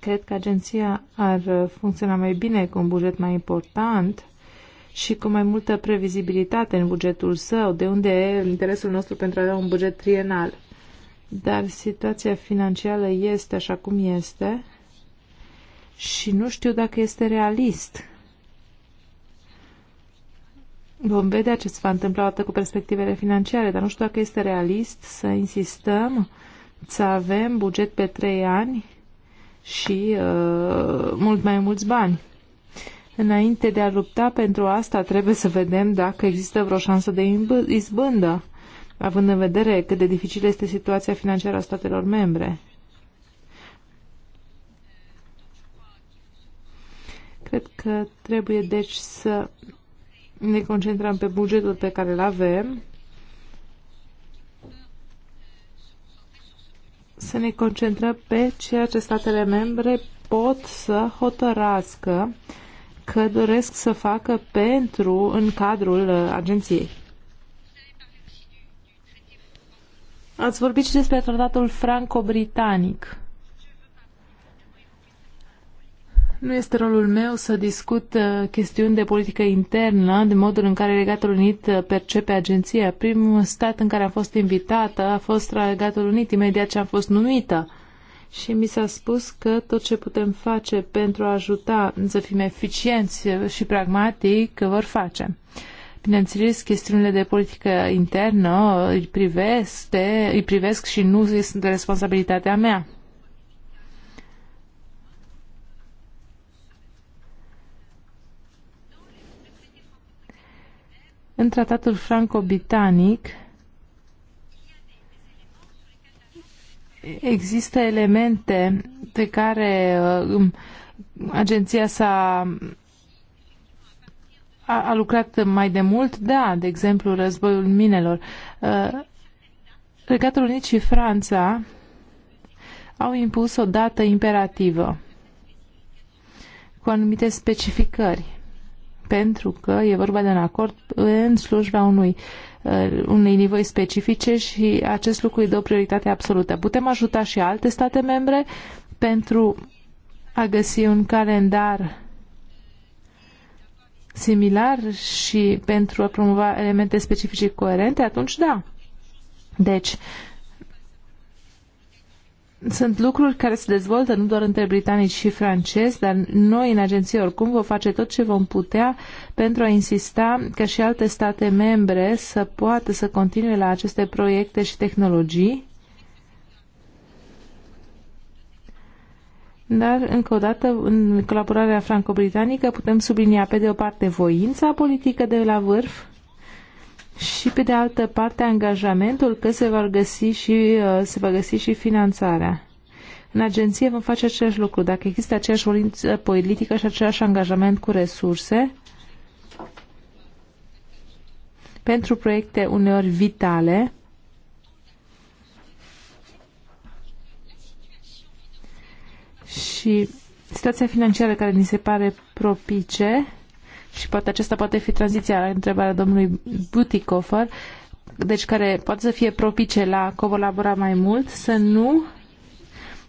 Speaker 1: cred că agenția ar funcționa mai bine cu un buget mai important și cu mai multă previzibilitate în bugetul său, de unde e interesul nostru pentru a avea un buget trienal. Dar situația financiară este așa cum este și nu știu dacă este realist. Vom vedea ce se va întâmpla dată cu perspectivele financiare, dar nu știu dacă este realist să insistăm să avem buget pe trei ani și uh, mult mai mulți bani. Înainte de a lupta pentru asta, trebuie să vedem dacă există vreo șansă de izbândă, având în vedere cât de dificilă este situația financiară a statelor membre. Cred că trebuie deci să ne concentrăm pe bugetul pe care îl avem, să ne concentrăm pe ceea ce statele membre pot să hotărască că doresc să facă pentru, în cadrul uh, agenției. Ați vorbit și despre tratatul franco-britanic. Nu este rolul meu să discut uh, chestiuni de politică internă, de modul în care Regatul Unit uh, percepe agenția. Primul stat în care am fost invitată a fost Regatul Unit, imediat ce am fost numită și mi s-a spus că tot ce putem face pentru a ajuta să fim eficienți și pragmatic, vor face. Bineînțeles, chestiunile de politică internă îi privesc, de, îi privesc și nu sunt de responsabilitatea mea. În tratatul franco-britanic, există elemente pe care uh, agenția s-a a, a lucrat mai de mult, da, de exemplu, războiul minelor. Uh, Regatul Unit și Franța au impus o dată imperativă cu anumite specificări, pentru că e vorba de un acord în slujba unui uh, Uh, unei nivoi specifice și acest lucru îi dă o prioritate absolută. Putem ajuta și alte state membre pentru a găsi un calendar similar și pentru a promova elemente specifice coerente, atunci da. Deci, sunt lucruri care se dezvoltă nu doar între britanici și francezi, dar noi în agenție oricum vom face tot ce vom putea pentru a insista ca și alte state membre să poată să continue la aceste proiecte și tehnologii. Dar, încă o dată, în colaborarea franco-britanică putem sublinia pe de o parte voința politică de la vârf, și pe de altă parte angajamentul că se va găsi și, uh, se va găsi și finanțarea. În agenție vom face același lucru. Dacă există aceeași voință politică și același angajament cu resurse, pentru proiecte uneori vitale, și situația financiară care ni se pare propice, și poate acesta poate fi tranziția la întrebarea domnului Butikofer, deci care poate să fie propice la colabora mai mult, să nu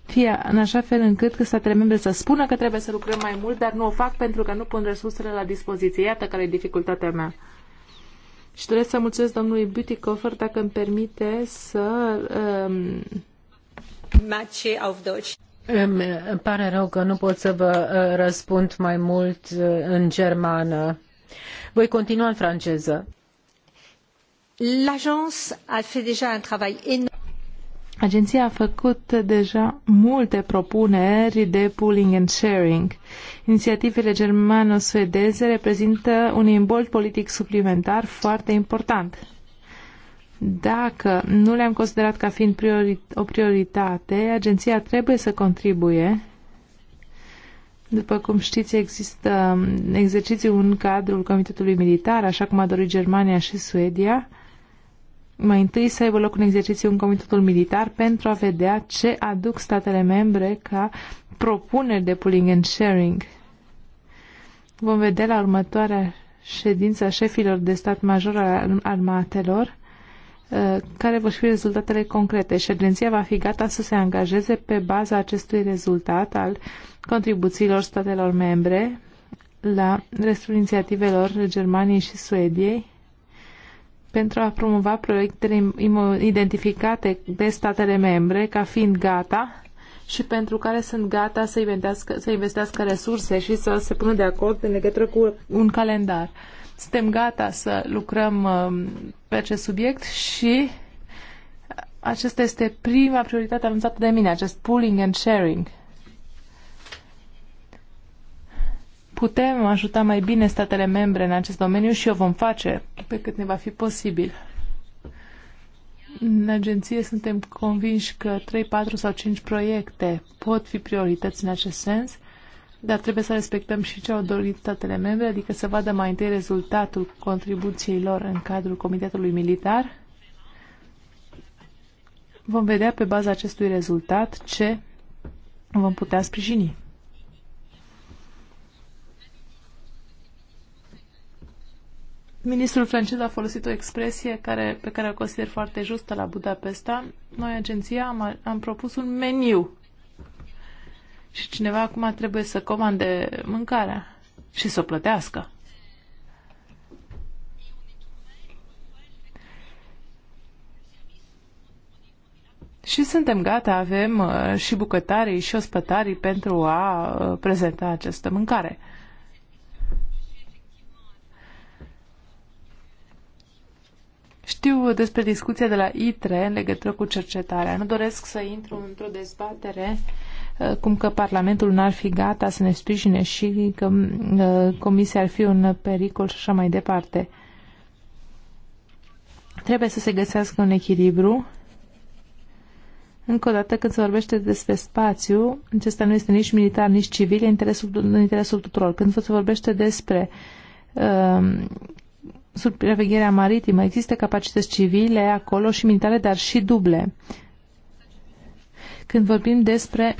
Speaker 1: fie în așa fel încât că statele membre să spună că trebuie să lucrăm mai mult, dar nu o fac pentru că nu pun resursele la dispoziție. Iată care e dificultatea mea. Și doresc să mulțumesc domnului Butikofer dacă îmi permite să um,
Speaker 3: matche auf Deutsch.
Speaker 1: Îmi pare rău
Speaker 3: că nu pot să vă uh, răspund mai mult uh, în germană. Voi continua în franceză. L'agence a fait déjà un travail énorme.
Speaker 1: Agenția a făcut deja multe propuneri de pooling and sharing. Inițiativele germano-suedeze reprezintă un imbold politic suplimentar foarte important. Dacă nu le-am considerat ca fiind priori o prioritate, agenția trebuie să contribuie după cum știți, există exerciții în cadrul Comitetului Militar, așa cum a dorit Germania și Suedia. Mai întâi să aibă loc un exercițiu în Comitetul Militar pentru a vedea ce aduc statele membre ca propuneri de pooling and sharing. Vom vedea la următoarea ședință a șefilor de stat major al armatelor Uh, care vor fi rezultatele concrete și agenția va fi gata să se angajeze pe baza acestui rezultat al contribuțiilor statelor membre la restul inițiativelor Germaniei și Suediei pentru a promova proiectele identificate de statele membre ca fiind gata și pentru care sunt gata să investească, să investească resurse și să se pună de acord în legătură cu un calendar. Suntem gata să lucrăm um, pe acest subiect și acesta este prima prioritate anunțată de mine, acest pooling and sharing. Putem ajuta mai bine statele membre în acest domeniu și o vom face pe cât ne va fi posibil. În agenție suntem convinși că 3, 4 sau 5 proiecte pot fi priorități în acest sens dar trebuie să respectăm și ce au dorit statele membre, adică să vadă mai întâi rezultatul contribuției lor în cadrul Comitetului Militar. Vom vedea pe baza acestui rezultat ce vom putea sprijini. Ministrul francez a folosit o expresie care, pe care o consider foarte justă la Budapesta. Noi, agenția, am, am propus un meniu și cineva acum trebuie să comande mâncarea și să o plătească. Și suntem gata, avem uh, și bucătarii și ospătarii pentru a uh, prezenta această mâncare. Știu despre discuția de la ITRE în legătură cu cercetarea. Nu doresc să intru într-o dezbatere uh, Uh, cum că Parlamentul n-ar fi gata să ne sprijine și că uh, Comisia ar fi un pericol și așa mai departe. Trebuie să se găsească un echilibru. Încă o dată, când se vorbește despre spațiu, acesta nu este nici militar, nici civil, e interesul, în interesul tuturor. Când se vorbește despre uh, supravegherea maritimă, există capacități civile acolo și militare, dar și duble. Uh, când vorbim despre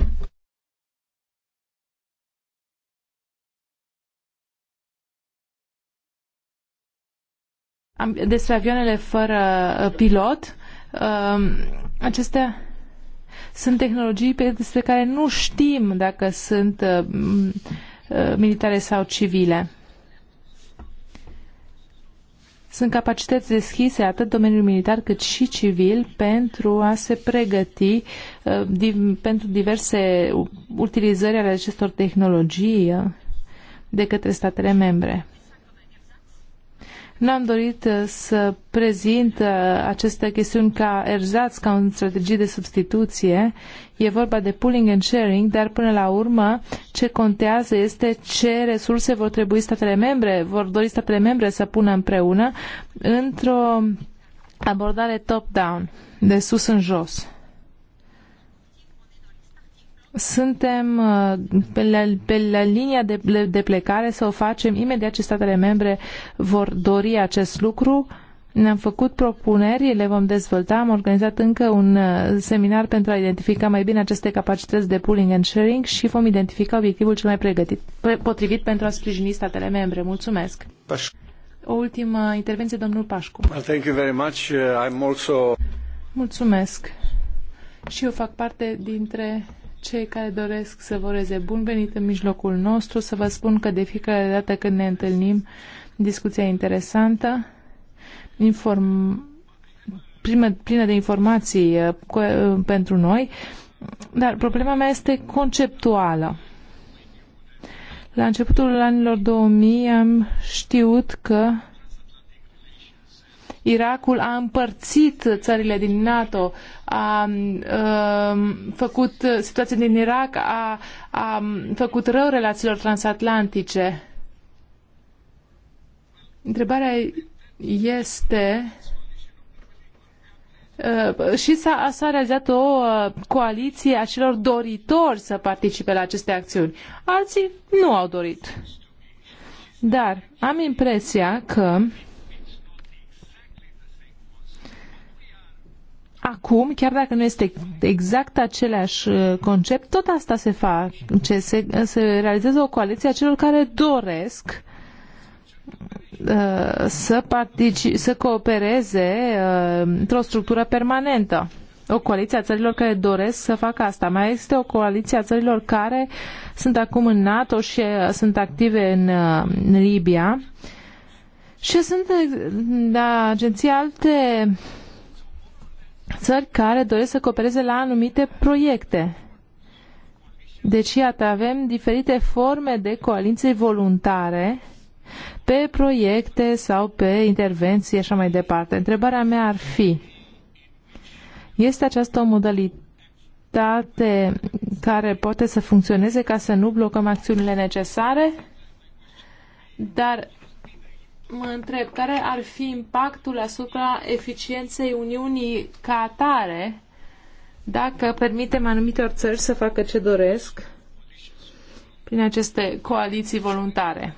Speaker 1: despre avioanele fără uh, pilot, um, acestea sunt tehnologii despre care nu știm dacă sunt uh, uh, militare sau civile. Sunt capacități deschise atât domeniul militar cât și civil pentru a se pregăti uh, div, pentru diverse utilizări ale acestor tehnologii uh, de către statele membre. N-am dorit uh, să prezint uh, aceste chestiuni ca erzați, ca un strategie de substituție. E vorba de pooling and sharing, dar până la urmă ce contează este ce resurse vor trebui statele membre, vor dori statele membre să pună împreună într-o abordare top-down, de sus în jos suntem uh, pe la, pe la linia de, de plecare să o facem imediat ce statele membre vor dori acest lucru. Ne-am făcut propuneri, le vom dezvolta. Am organizat încă un uh, seminar pentru a identifica mai bine aceste capacități de pooling and sharing și vom identifica obiectivul cel mai pregătit, potrivit pentru a sprijini statele membre. Mulțumesc! Paș- o ultimă intervenție, domnul Pașcu.
Speaker 2: Well, thank you very much. Uh, I'm also...
Speaker 1: Mulțumesc! Și eu fac parte dintre cei care doresc să voreze bun venit în mijlocul nostru, să vă spun că de fiecare dată când ne întâlnim, discuția interesantă, inform, plină, plină de informații uh, uh, pentru noi, dar problema mea este conceptuală. La începutul anilor 2000 am știut că Irakul a împărțit țările din NATO, a, a um, făcut situația din Irak, a, a făcut rău relațiilor transatlantice. Întrebarea este uh, și s-a, s-a realizat o uh, coaliție a celor doritori să participe la aceste acțiuni. Alții nu au dorit. Dar am impresia că acum, chiar dacă nu este exact același uh, concept, tot asta se face, se, se realizează o coaliție a celor care doresc uh, să, partici, să coopereze uh, într-o structură permanentă. O coaliție a țărilor care doresc să facă asta. Mai este o coaliție a țărilor care sunt acum în NATO și uh, sunt active în, uh, în Libia. Și sunt da, agenții alte țări care doresc să coopereze la anumite proiecte. Deci, iată, avem diferite forme de coaliții voluntare pe proiecte sau pe intervenții, așa mai departe. Întrebarea mea ar fi, este această o modalitate care poate să funcționeze ca să nu blocăm acțiunile necesare? Dar mă întreb care ar fi impactul asupra eficienței Uniunii ca atare dacă permitem anumitor țări să facă ce doresc prin aceste coaliții voluntare.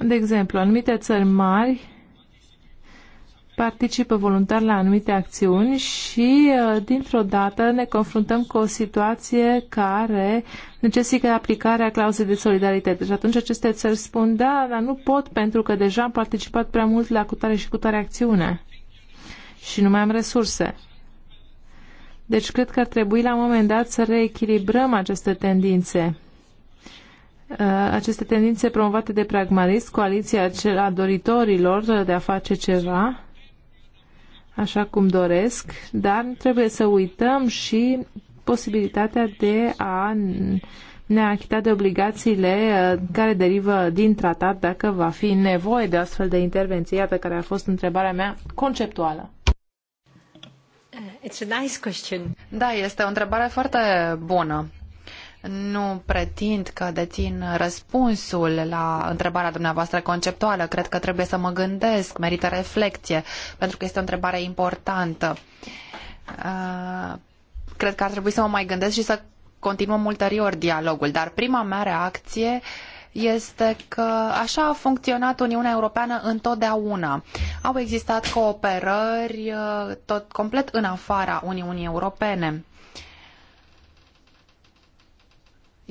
Speaker 1: De exemplu, anumite țări mari participă voluntar la anumite acțiuni și uh, dintr-o dată ne confruntăm cu o situație care necesită aplicarea clauzei de solidaritate. Și atunci aceste țări spun, da, dar nu pot pentru că deja am participat prea mult la cutare și cutare acțiune și nu mai am resurse. Deci cred că ar trebui la un moment dat să reechilibrăm aceste tendințe uh, aceste tendințe promovate de pragmatism, coaliția a doritorilor de a face ceva, așa cum doresc, dar trebuie să uităm și posibilitatea de a ne achita de obligațiile uh, care derivă din tratat dacă va fi nevoie de astfel de intervenție. Iată care a fost întrebarea mea conceptuală.
Speaker 2: It's a nice question. Da, este o întrebare foarte bună. Nu pretind că dețin răspunsul la întrebarea dumneavoastră conceptuală. Cred că trebuie să mă gândesc, merită reflexie, pentru că este o întrebare importantă. Uh, cred că ar trebui să mă mai gândesc și să continuăm ulterior dialogul, dar prima mea reacție este că așa a funcționat Uniunea Europeană întotdeauna. Au existat cooperări uh, tot complet în afara Uniunii Europene.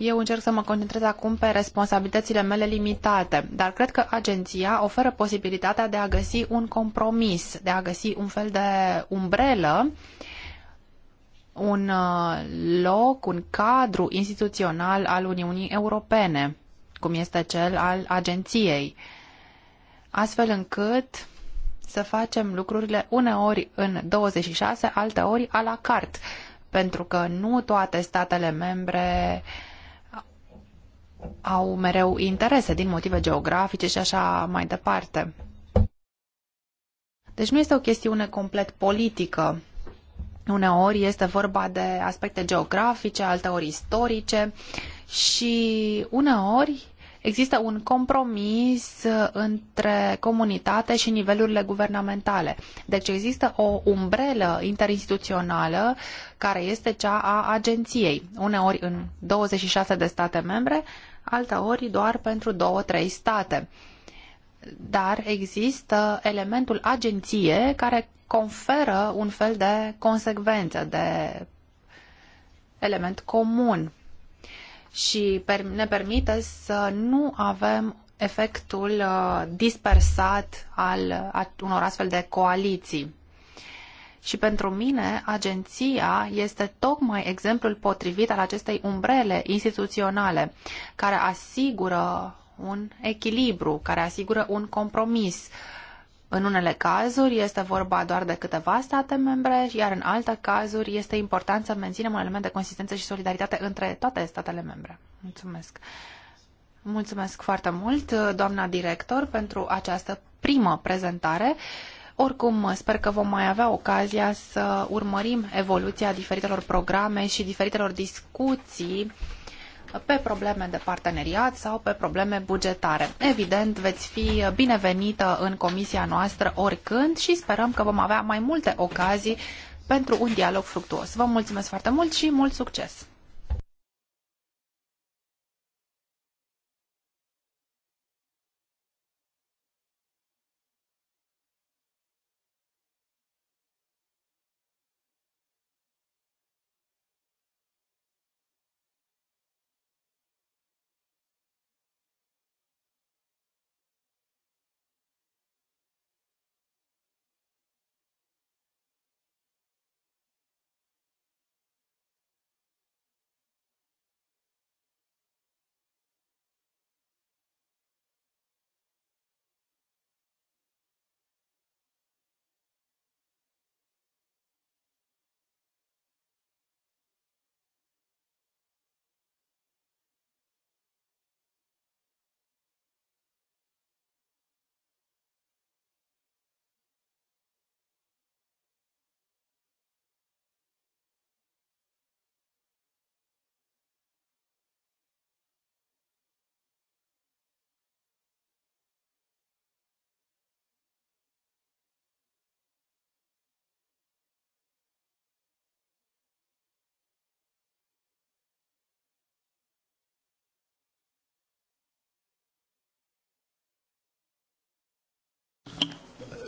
Speaker 2: Eu încerc să mă concentrez acum pe responsabilitățile mele limitate, dar cred că agenția oferă posibilitatea de a găsi un compromis, de a găsi un fel de umbrelă, un uh, loc, un cadru instituțional al Uniunii Europene, cum este cel al agenției, astfel încât să facem lucrurile uneori în 26, alteori a la carte, pentru că nu toate statele membre uh, au mereu interese din motive geografice și așa mai departe. Deci nu este o chestiune complet politică. Uneori este vorba de aspecte geografice, alteori istorice și uneori există un compromis între comunitate și nivelurile guvernamentale. Deci există o umbrelă interinstituțională care este cea a agenției, uneori în 26 de state membre alteori doar pentru două-trei state. Dar există elementul agenție care conferă un fel de consecvență, de element comun și ne permite să nu avem efectul uh, dispersat al unor astfel de coaliții. Și pentru mine, agenția este tocmai exemplul potrivit al acestei umbrele instituționale, care asigură un echilibru, care asigură un compromis. În unele cazuri este vorba doar de câteva state membre, iar în alte cazuri este important să menținem un element de consistență și solidaritate între toate statele membre. Mulțumesc! Mulțumesc foarte mult, doamna director, pentru această primă prezentare oricum, sper că vom mai avea ocazia să urmărim evoluția diferitelor programe și diferitelor discuții pe probleme de parteneriat sau pe probleme bugetare. Evident, veți fi binevenită în comisia noastră oricând și sperăm că vom avea mai multe ocazii pentru un dialog fructuos. Vă mulțumesc foarte mult și mult succes!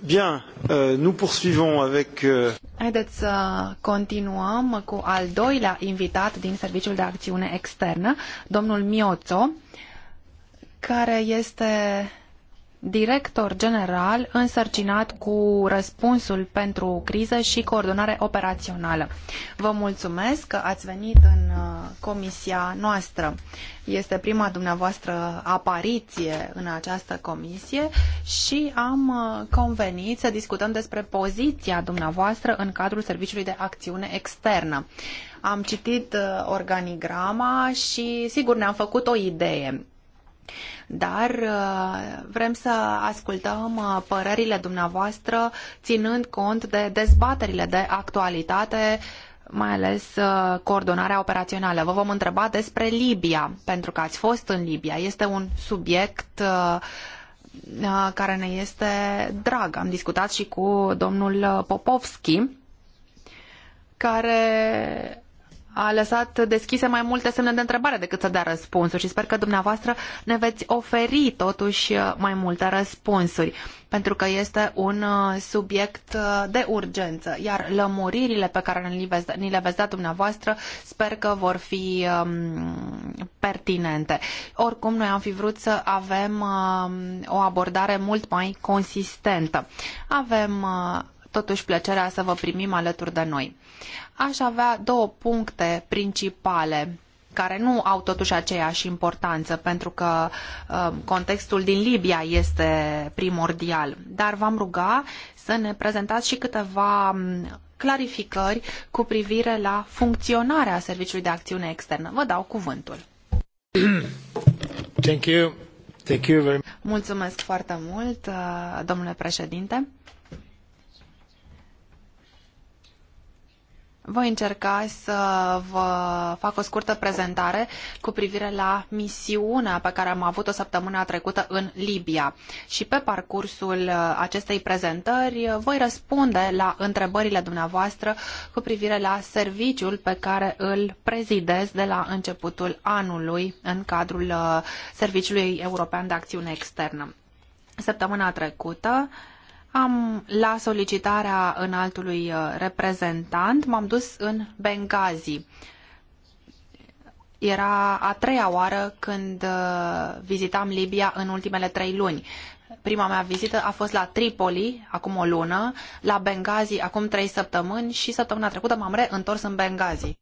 Speaker 3: Bien, euh, nous poursuivons avec... Euh,
Speaker 2: Haideți să continuăm cu al doilea invitat din Serviciul de Acțiune Externă, domnul Mioțo, care este director general însărcinat cu răspunsul pentru criză și coordonare operațională. Vă mulțumesc că ați venit în uh, comisia noastră. Este prima dumneavoastră apariție în această comisie și am uh, convenit să discutăm despre poziția dumneavoastră în cadrul Serviciului de Acțiune Externă am citit uh, organigrama și sigur ne-am făcut o idee. Dar uh, vrem să ascultăm uh, părerile dumneavoastră ținând cont de dezbaterile de actualitate mai ales uh, coordonarea operațională. Vă vom întreba despre Libia, pentru că ați fost în Libia. Este un subiect care ne este drag. Am discutat și cu domnul Popovski, care a lăsat deschise mai multe semne de întrebare decât să dea răspunsuri și sper că dumneavoastră ne veți oferi totuși uh, mai multe răspunsuri, pentru că este un uh, subiect uh, de urgență, iar lămuririle pe care ni le veți da, da dumneavoastră sper că vor fi um, pertinente. Oricum, noi am fi vrut să avem um, o abordare mult mai consistentă. Avem totuși plăcerea să vă primim alături de noi. Aș avea două puncte principale care nu au totuși aceeași importanță, pentru că uh, contextul din Libia este primordial. Dar v-am ruga să ne prezentați și câteva um, clarificări cu privire la funcționarea Serviciului de Acțiune Externă. Vă dau cuvântul.
Speaker 1: Thank you. Thank you very much.
Speaker 2: Mulțumesc foarte mult, uh, domnule președinte. Voi încerca să vă fac o scurtă prezentare cu privire la misiunea pe care am avut-o săptămâna trecută în Libia. Și pe parcursul uh, acestei prezentări uh, voi răspunde la întrebările dumneavoastră cu privire la serviciul pe care îl prezidez de la începutul anului în cadrul uh, Serviciului European de Acțiune Externă. Săptămâna trecută am, la solicitarea înaltului uh, reprezentant, m-am dus în Benghazi. Era a treia oară când uh, vizitam Libia în ultimele trei luni. Prima mea vizită a fost la Tripoli, acum o lună, la Benghazi, acum trei săptămâni și săptămâna trecută m-am reîntors în Benghazi.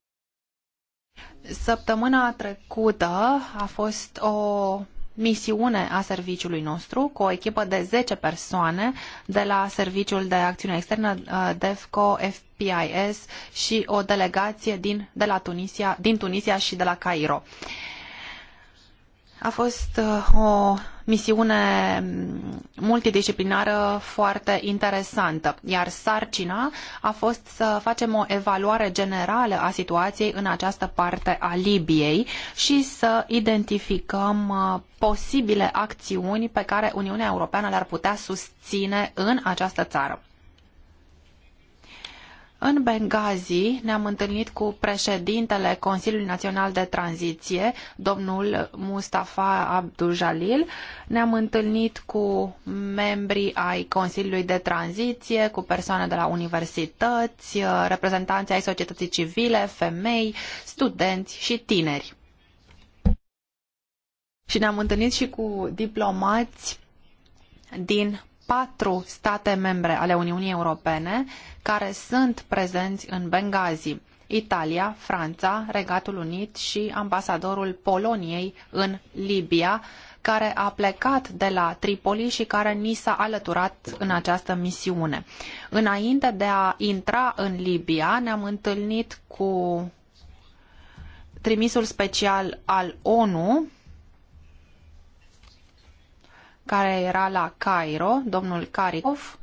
Speaker 2: Săptămâna trecută a fost o misiune a serviciului nostru cu o echipă de 10 persoane de la Serviciul de Acțiune Externă, uh, DEFCO, FPIS și o delegație din, de la Tunisia, din Tunisia și de la Cairo. A fost uh, o misiune mm, multidisciplinară foarte interesantă, iar sarcina a fost să facem o evaluare generală a situației în această parte a Libiei și să identificăm uh, posibile acțiuni pe care Uniunea Europeană le-ar putea susține în această țară. În Benghazi ne-am întâlnit cu președintele Consiliului Național de Tranziție, domnul Mustafa Jalil. Ne-am întâlnit cu membrii ai Consiliului de Tranziție, cu persoane de la universități, reprezentanții ai societății civile, femei, studenți și tineri. Și ne-am întâlnit și cu diplomați din patru state membre ale Uniunii Europene care sunt prezenți în Benghazi. Italia, Franța, Regatul Unit și ambasadorul Poloniei în Libia, care a plecat de la Tripoli și care ni s-a alăturat în această misiune. Înainte de a intra în Libia, ne-am întâlnit cu trimisul special al ONU care era la Cairo, domnul Karikov,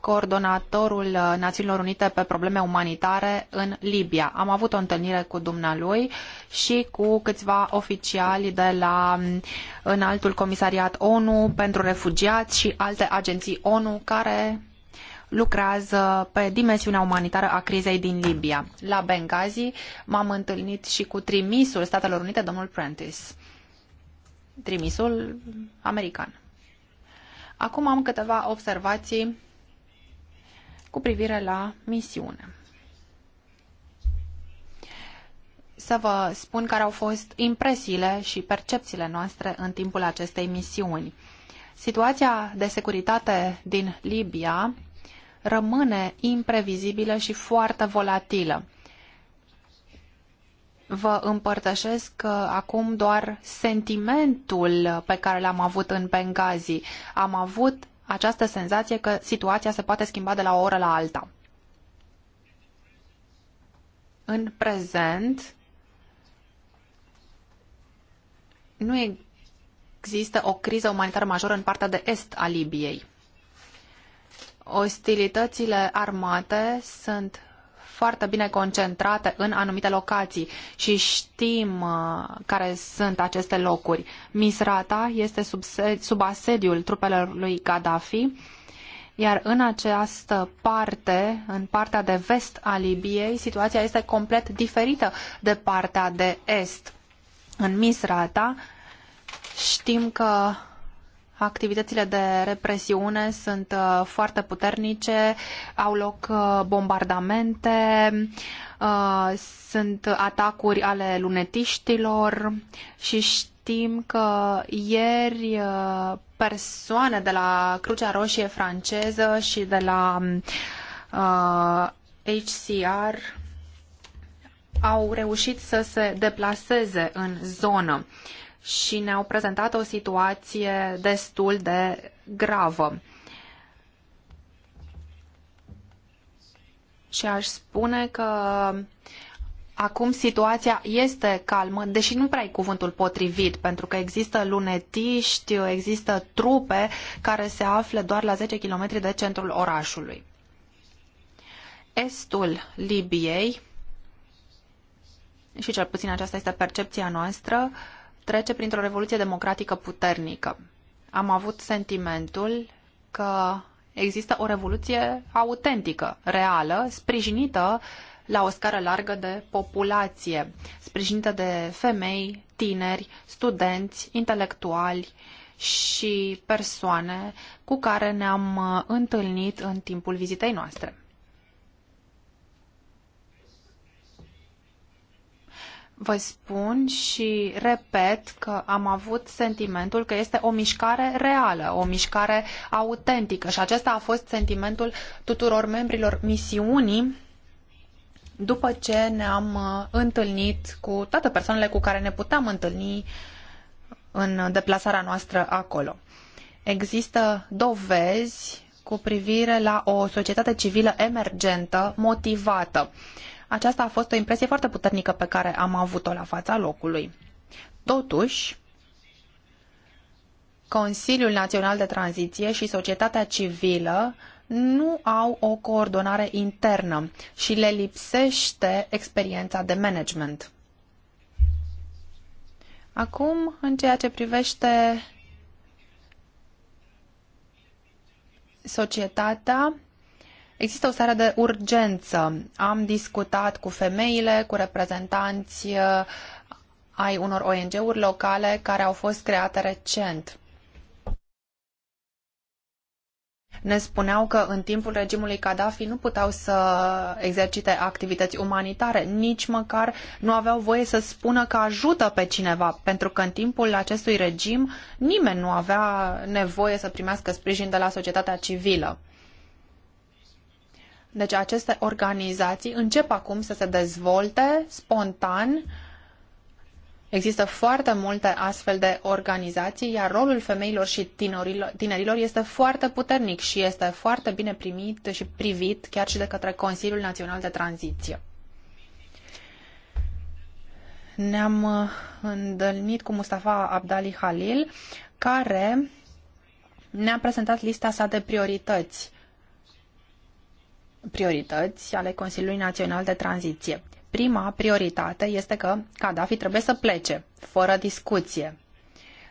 Speaker 2: coordonatorul uh, Națiunilor Unite pe probleme umanitare în Libia. Am avut o întâlnire cu dumnealui și cu câțiva oficiali de la mm, înaltul comisariat ONU pentru refugiați și alte agenții ONU care lucrează pe dimensiunea umanitară a crizei din Libia. La Benghazi m-am întâlnit și cu trimisul Statelor Unite, domnul Prentice, trimisul american. Acum am câteva observații cu privire la misiune. Să vă spun care au fost impresiile și percepțiile noastre în timpul acestei misiuni. Situația de securitate din Libia rămâne imprevizibilă și foarte volatilă vă împărtășesc acum doar sentimentul pe care l-am avut în Benghazi. Am avut această senzație că situația se poate schimba de la o oră la alta. În prezent nu există o criză umanitară majoră în partea de est a Libiei. Ostilitățile armate sunt foarte bine concentrate în anumite locații și știm uh, care sunt aceste locuri. Misrata este sub, sub asediul trupelor lui Gaddafi, iar în această parte, în partea de vest a Libiei, situația este complet diferită de partea de est. În Misrata știm că Activitățile de represiune sunt uh, foarte puternice, au loc uh, bombardamente, uh, sunt atacuri ale lunetiștilor și știm că ieri persoane de la Crucea Roșie franceză și de la HCR au reușit să se deplaseze în zonă. Uh, și ne-au prezentat o situație destul de gravă. Și aș spune că acum situația este calmă, deși nu prea e cuvântul potrivit, pentru că există lunetiști, există trupe care se află doar la 10 km de centrul orașului. Estul Libiei, și cel puțin aceasta este percepția noastră, trece printr-o revoluție democratică puternică. Am avut sentimentul că există o revoluție autentică, reală, sprijinită la o scară largă de populație, sprijinită de femei, tineri, studenți, intelectuali și persoane cu care ne-am uh, întâlnit în timpul vizitei noastre. Vă spun și repet că am avut sentimentul că este o mișcare reală, o mișcare autentică și acesta a fost sentimentul tuturor membrilor misiunii după ce ne-am uh, întâlnit cu toate persoanele cu care ne puteam întâlni în deplasarea noastră acolo. Există dovezi cu privire la o societate civilă emergentă, motivată. Uh, aceasta a fost o impresie foarte puternică pe care am avut-o la fața locului. Totuși, Consiliul Național de Tranziție și societatea civilă nu au o coordonare internă și le lipsește experiența de management. Acum, în ceea ce privește societatea, Există o stare de urgență. Am discutat cu femeile, cu reprezentanți uh, ai unor ONG-uri locale care au fost create recent. ne spuneau că în timpul regimului Gaddafi nu puteau să exercite activități umanitare, nici măcar nu aveau voie să spună că ajută pe cineva, pentru că în timpul acestui regim nimeni nu avea nevoie să primească sprijin de la societatea civilă. Deci aceste organizații încep acum să se dezvolte spontan. Există foarte multe astfel de organizații, iar rolul femeilor și tinerilor este foarte puternic și este foarte bine primit și privit chiar și de către Consiliul Național de Tranziție. Ne-am uh, întâlnit cu Mustafa Abdali Halil, care ne-a prezentat lista sa de priorități priorități ale Consiliului Național de Tranziție. Prima prioritate este că Gaddafi trebuie să plece, fără discuție.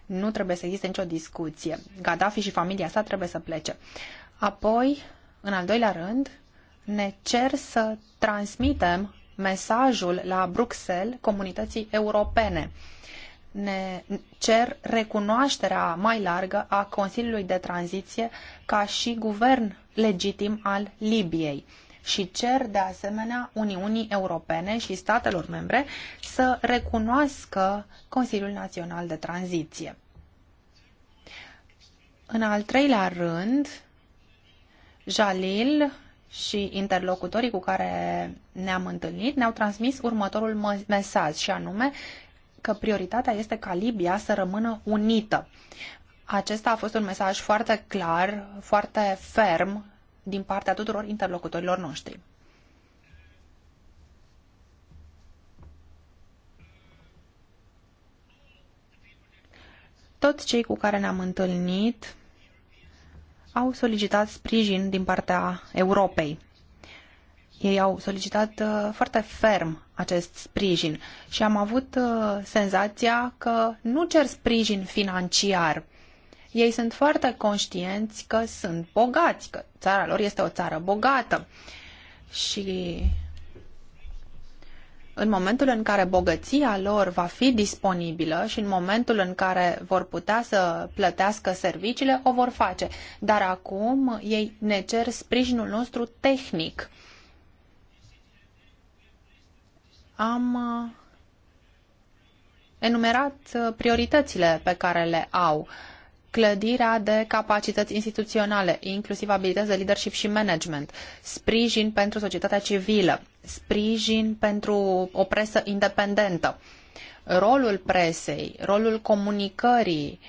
Speaker 2: Nu trebuie să existe nicio discuție. Gaddafi și familia sa trebuie să plece. Apoi, în al doilea rând, ne cer să transmitem mesajul la Bruxelles comunității europene. Ne cer recunoașterea mai largă a Consiliului de Tranziție ca și guvern legitim al Libiei și cer de asemenea Uniunii Europene și statelor membre să recunoască Consiliul Național de Tranziție. În al treilea rând, Jalil și interlocutorii cu care ne-am întâlnit ne-au transmis următorul mesaj și anume că prioritatea este ca Libia să rămână unită. Acesta a fost un mesaj foarte clar, foarte ferm din partea tuturor interlocutorilor noștri. Toți cei cu care ne-am întâlnit au solicitat sprijin din partea Europei. Ei au solicitat uh, foarte ferm acest sprijin și am avut uh, senzația că nu cer sprijin financiar, ei sunt foarte conștienți că sunt bogați, că țara lor este o țară bogată. Și în momentul în care bogăția lor va fi disponibilă și în momentul în care vor putea să plătească serviciile, o vor face. Dar acum ei ne cer sprijinul nostru tehnic. Am uh, enumerat uh, prioritățile pe care le au clădirea de capacități instituționale, inclusiv abilități de leadership și management, sprijin pentru societatea civilă, sprijin pentru o presă independentă. Rolul presei, rolul comunicării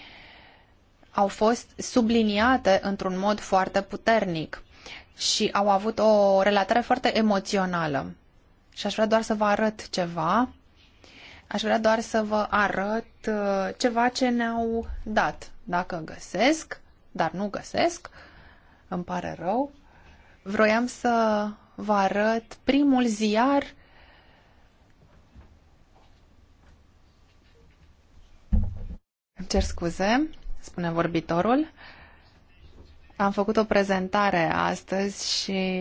Speaker 2: au fost subliniate într-un mod foarte puternic și au avut o relatare foarte emoțională. Și aș vrea doar să vă arăt ceva. Aș vrea doar să vă arăt uh, ceva ce ne-au dat dacă găsesc, dar nu găsesc, îmi pare rău, vroiam să vă arăt primul ziar Îmi cer scuze, spune vorbitorul. Am făcut o prezentare astăzi și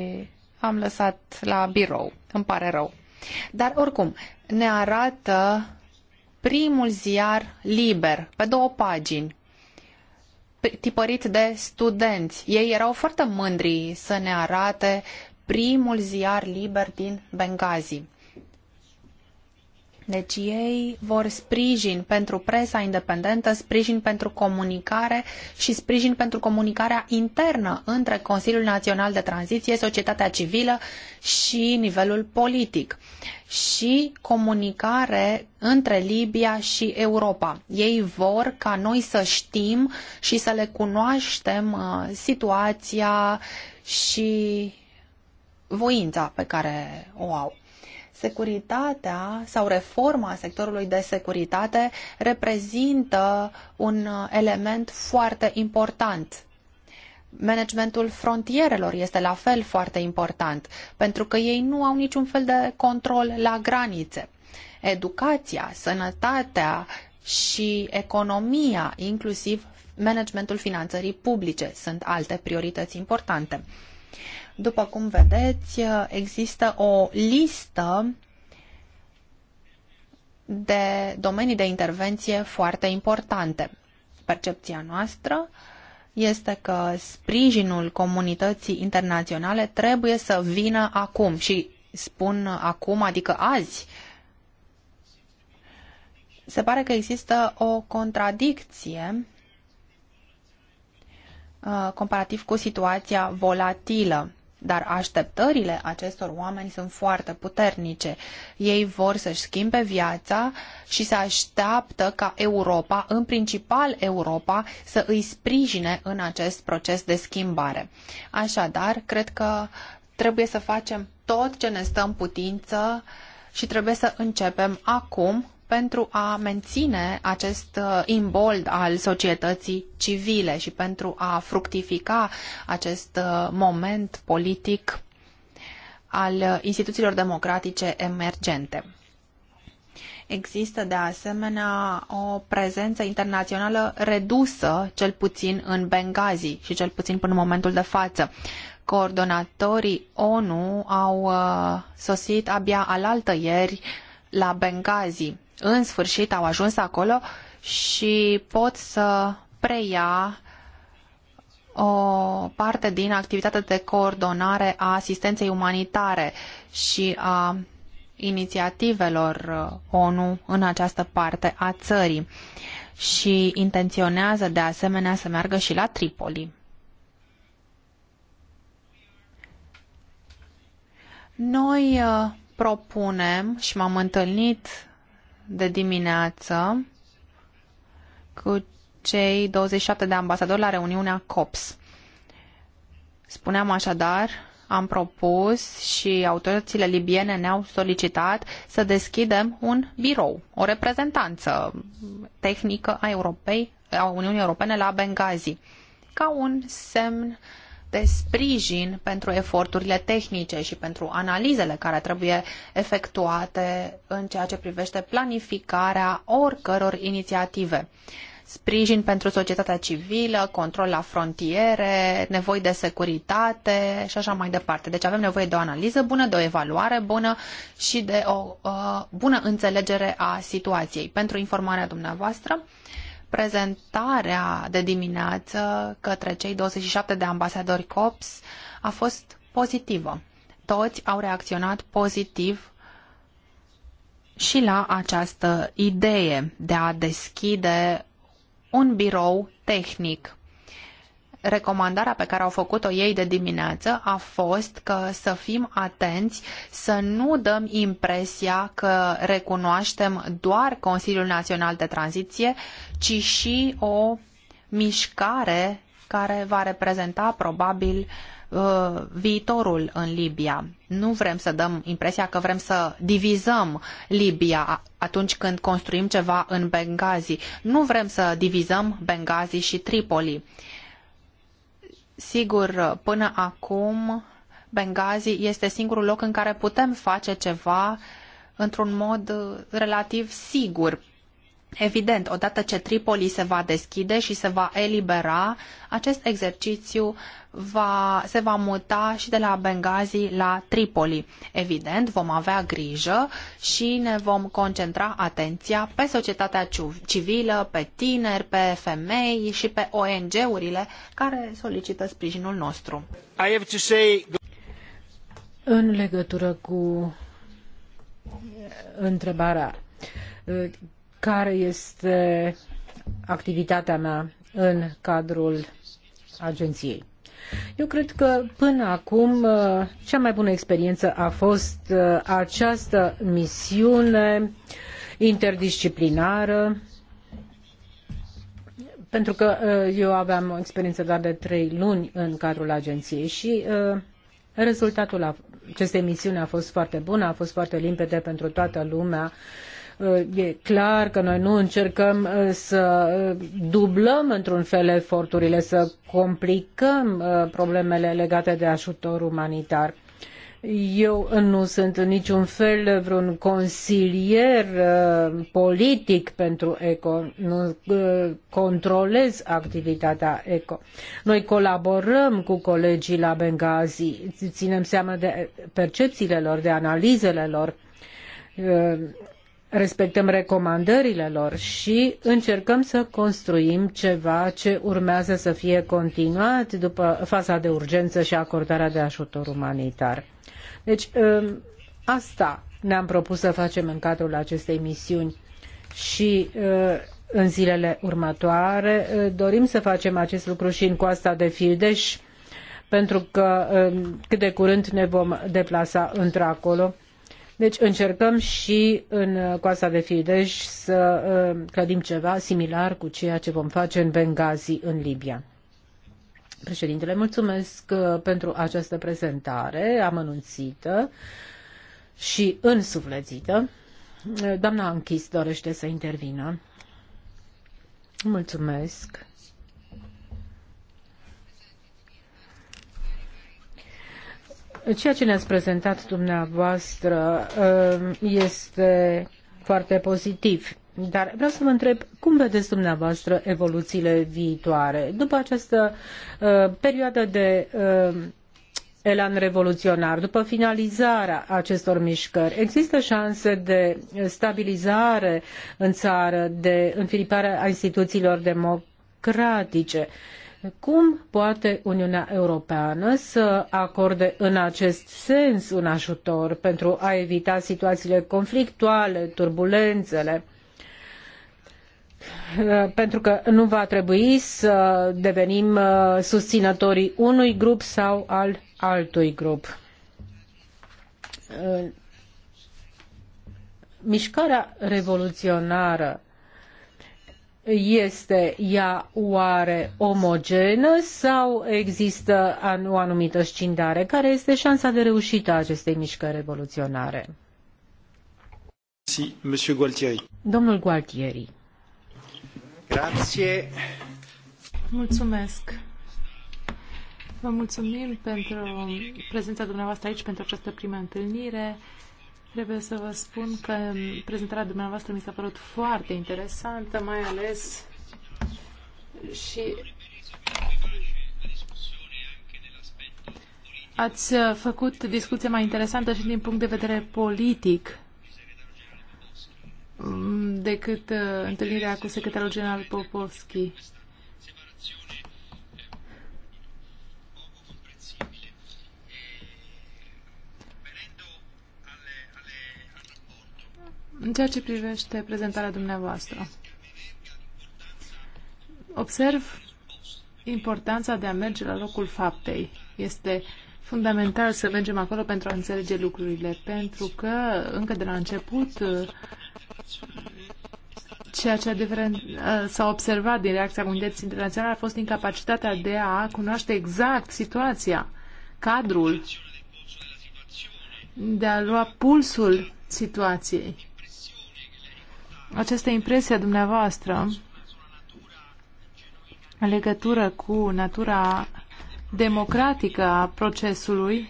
Speaker 2: am lăsat la birou. Îmi pare rău. Dar oricum, ne arată primul ziar liber, pe două pagini tipărit de studenți. Ei erau foarte mândri să ne arate primul ziar liber din Benghazi. Deci ei vor sprijin pentru presa independentă, sprijin pentru comunicare și sprijin pentru comunicarea internă între Consiliul Național de Tranziție, societatea civilă și nivelul politic și comunicare între Libia și Europa. Ei vor ca noi să știm și să le cunoaștem uh, situația și voința pe care o au securitatea sau reforma sectorului de securitate reprezintă un element foarte important. Managementul frontierelor este la fel foarte important, pentru că ei nu au niciun fel de control la granițe. Educația, sănătatea și economia, inclusiv managementul finanțării publice, sunt alte priorități importante. După cum vedeți, există o listă de domenii de intervenție foarte importante. Percepția noastră este că sprijinul comunității internaționale trebuie să vină acum și spun acum, adică azi. Se pare că există o contradicție uh, comparativ cu situația volatilă dar așteptările acestor oameni sunt foarte puternice. Ei vor să-și schimbe viața și se așteaptă ca Europa, în principal Europa, să îi sprijine în acest proces de schimbare. Așadar, cred că trebuie să facem tot ce ne stă în putință și trebuie să începem acum pentru a menține acest uh, imbold al societății civile și pentru a fructifica acest uh, moment politic al uh, instituțiilor democratice emergente. Există de asemenea o prezență internațională redusă, cel puțin în Benghazi și cel puțin până în momentul de față. Coordonatorii ONU au sosit abia alaltă ieri la Benghazi în sfârșit au ajuns acolo și pot să preia o parte din activitatea de coordonare a asistenței umanitare și a inițiativelor uh, ONU în această parte a țării și intenționează de asemenea să meargă și la Tripoli. Noi uh, propunem și m-am întâlnit de dimineață cu cei 27 de ambasadori la reuniunea COPS. Spuneam așadar, am propus și autoritățile libiene ne-au solicitat să deschidem un birou, o reprezentanță tehnică a, Europei, a Uniunii Europene la Benghazi, ca un semn uh, de sprijin pentru eforturile tehnice și pentru analizele care trebuie efectuate în ceea ce privește planificarea oricăror inițiative. Sprijin pentru societatea civilă, control la frontiere, nevoi de securitate și așa mai departe. Deci avem nevoie de o analiză bună, de o evaluare bună și de o uh, bună înțelegere a situației. Pentru informarea dumneavoastră, uh, prezentarea de dimineață către cei 27 de ambasadori COPS a fost pozitivă. Toți au reacționat pozitiv și la această idee de a deschide un birou tehnic recomandarea pe care au făcut-o ei de dimineață a fost că să fim atenți, să nu dăm impresia că recunoaștem doar Consiliul Național de Tranziție, ci și o mișcare care va reprezenta probabil uh, viitorul în Libia. Nu vrem să dăm impresia că vrem să divizăm Libia atunci când construim ceva în Benghazi. Nu vrem să divizăm Benghazi și Tripoli. Uh, Sigur, până acum Benghazi este singurul loc în care putem face ceva într-un mod uh, relativ sigur. Evident, odată ce Tripoli se va deschide și se va elibera, acest exercițiu va, se va muta și de la Benghazi la Tripoli. Evident, vom avea grijă și ne vom concentra atenția pe societatea civilă, pe tineri, pe femei și pe ONG-urile care solicită sprijinul nostru. Say... În legătură cu
Speaker 1: uh,
Speaker 3: întrebarea uh, care este activitatea mea în cadrul agenției. Eu cred că până acum uh, cea mai bună experiență a fost uh, această misiune interdisciplinară pentru că uh, eu aveam o experiență doar de trei luni în cadrul agenției și rezultatul acestei misiuni a fost foarte bun, a fost foarte limpede pentru toată lumea E clar că noi nu încercăm uh, să uh, dublăm într-un fel eforturile, să complicăm uh, problemele legate de ajutor umanitar. Eu nu sunt în niciun fel vreun consilier politic pentru ECO, nu controlez activitatea ECO. Noi colaborăm cu colegii la Benghazi, ținem seama de percepțiile lor, de analizele lor respectăm recomandările lor și încercăm să construim ceva ce urmează să fie continuat după faza de urgență și acordarea de ajutor umanitar. Deci um, asta ne-am propus să facem în cadrul acestei misiuni și uh, în zilele următoare uh, dorim să facem acest lucru și în coasta de Fildeș pentru că um, cât de curând ne vom deplasa într-acolo deci încercăm și în coasta de Fildeș să uh, clădim ceva similar cu ceea ce vom face în Benghazi, în Libia. Președintele, mulțumesc uh, pentru această prezentare amănunțită și însuflețită. Uh, doamna Anchis dorește să intervină. Mulțumesc. Ceea ce ne-ați prezentat dumneavoastră um, este foarte pozitiv. Dar vreau să vă întreb, cum vedeți dumneavoastră evoluțiile viitoare după această uh, perioadă de uh, elan revoluționar, după finalizarea acestor mișcări? Există șanse de stabilizare în țară, de înfilipare a instituțiilor democratice? Uh, cum poate Uniunea Europeană să acorde în acest sens un ajutor pentru a evita situațiile conflictuale, turbulențele? Pentru că nu va trebui să devenim uh, susținătorii unui grup sau al altui grup. Uh, mișcarea revoluționară este ea oare omogenă sau există o anumită scindare? Care este șansa de reușită a acestei mișcări revoluționare?
Speaker 1: Monsieur Gualtieri. Domnul
Speaker 3: Gualtieri.
Speaker 1: Grazie. Mulțumesc. Vă mulțumim pentru prezența dumneavoastră aici, pentru această primă întâlnire. Trebuie să vă spun că prezentarea dumneavoastră mi s-a părut foarte interesantă, mai ales și ați făcut discuția mai interesantă și din punct de vedere politic decât uh, întâlnirea cu secretarul general Popovski. În ceea ce privește prezentarea dumneavoastră, observ importanța de a merge la locul faptei. Este fundamental să mergem acolo pentru a înțelege lucrurile, pentru că încă de la început ceea ce s-a observat din reacția comunității internaționale a fost incapacitatea de a cunoaște exact situația, cadrul, de a lua pulsul situației această impresie a dumneavoastră în legătură cu natura democratică a procesului.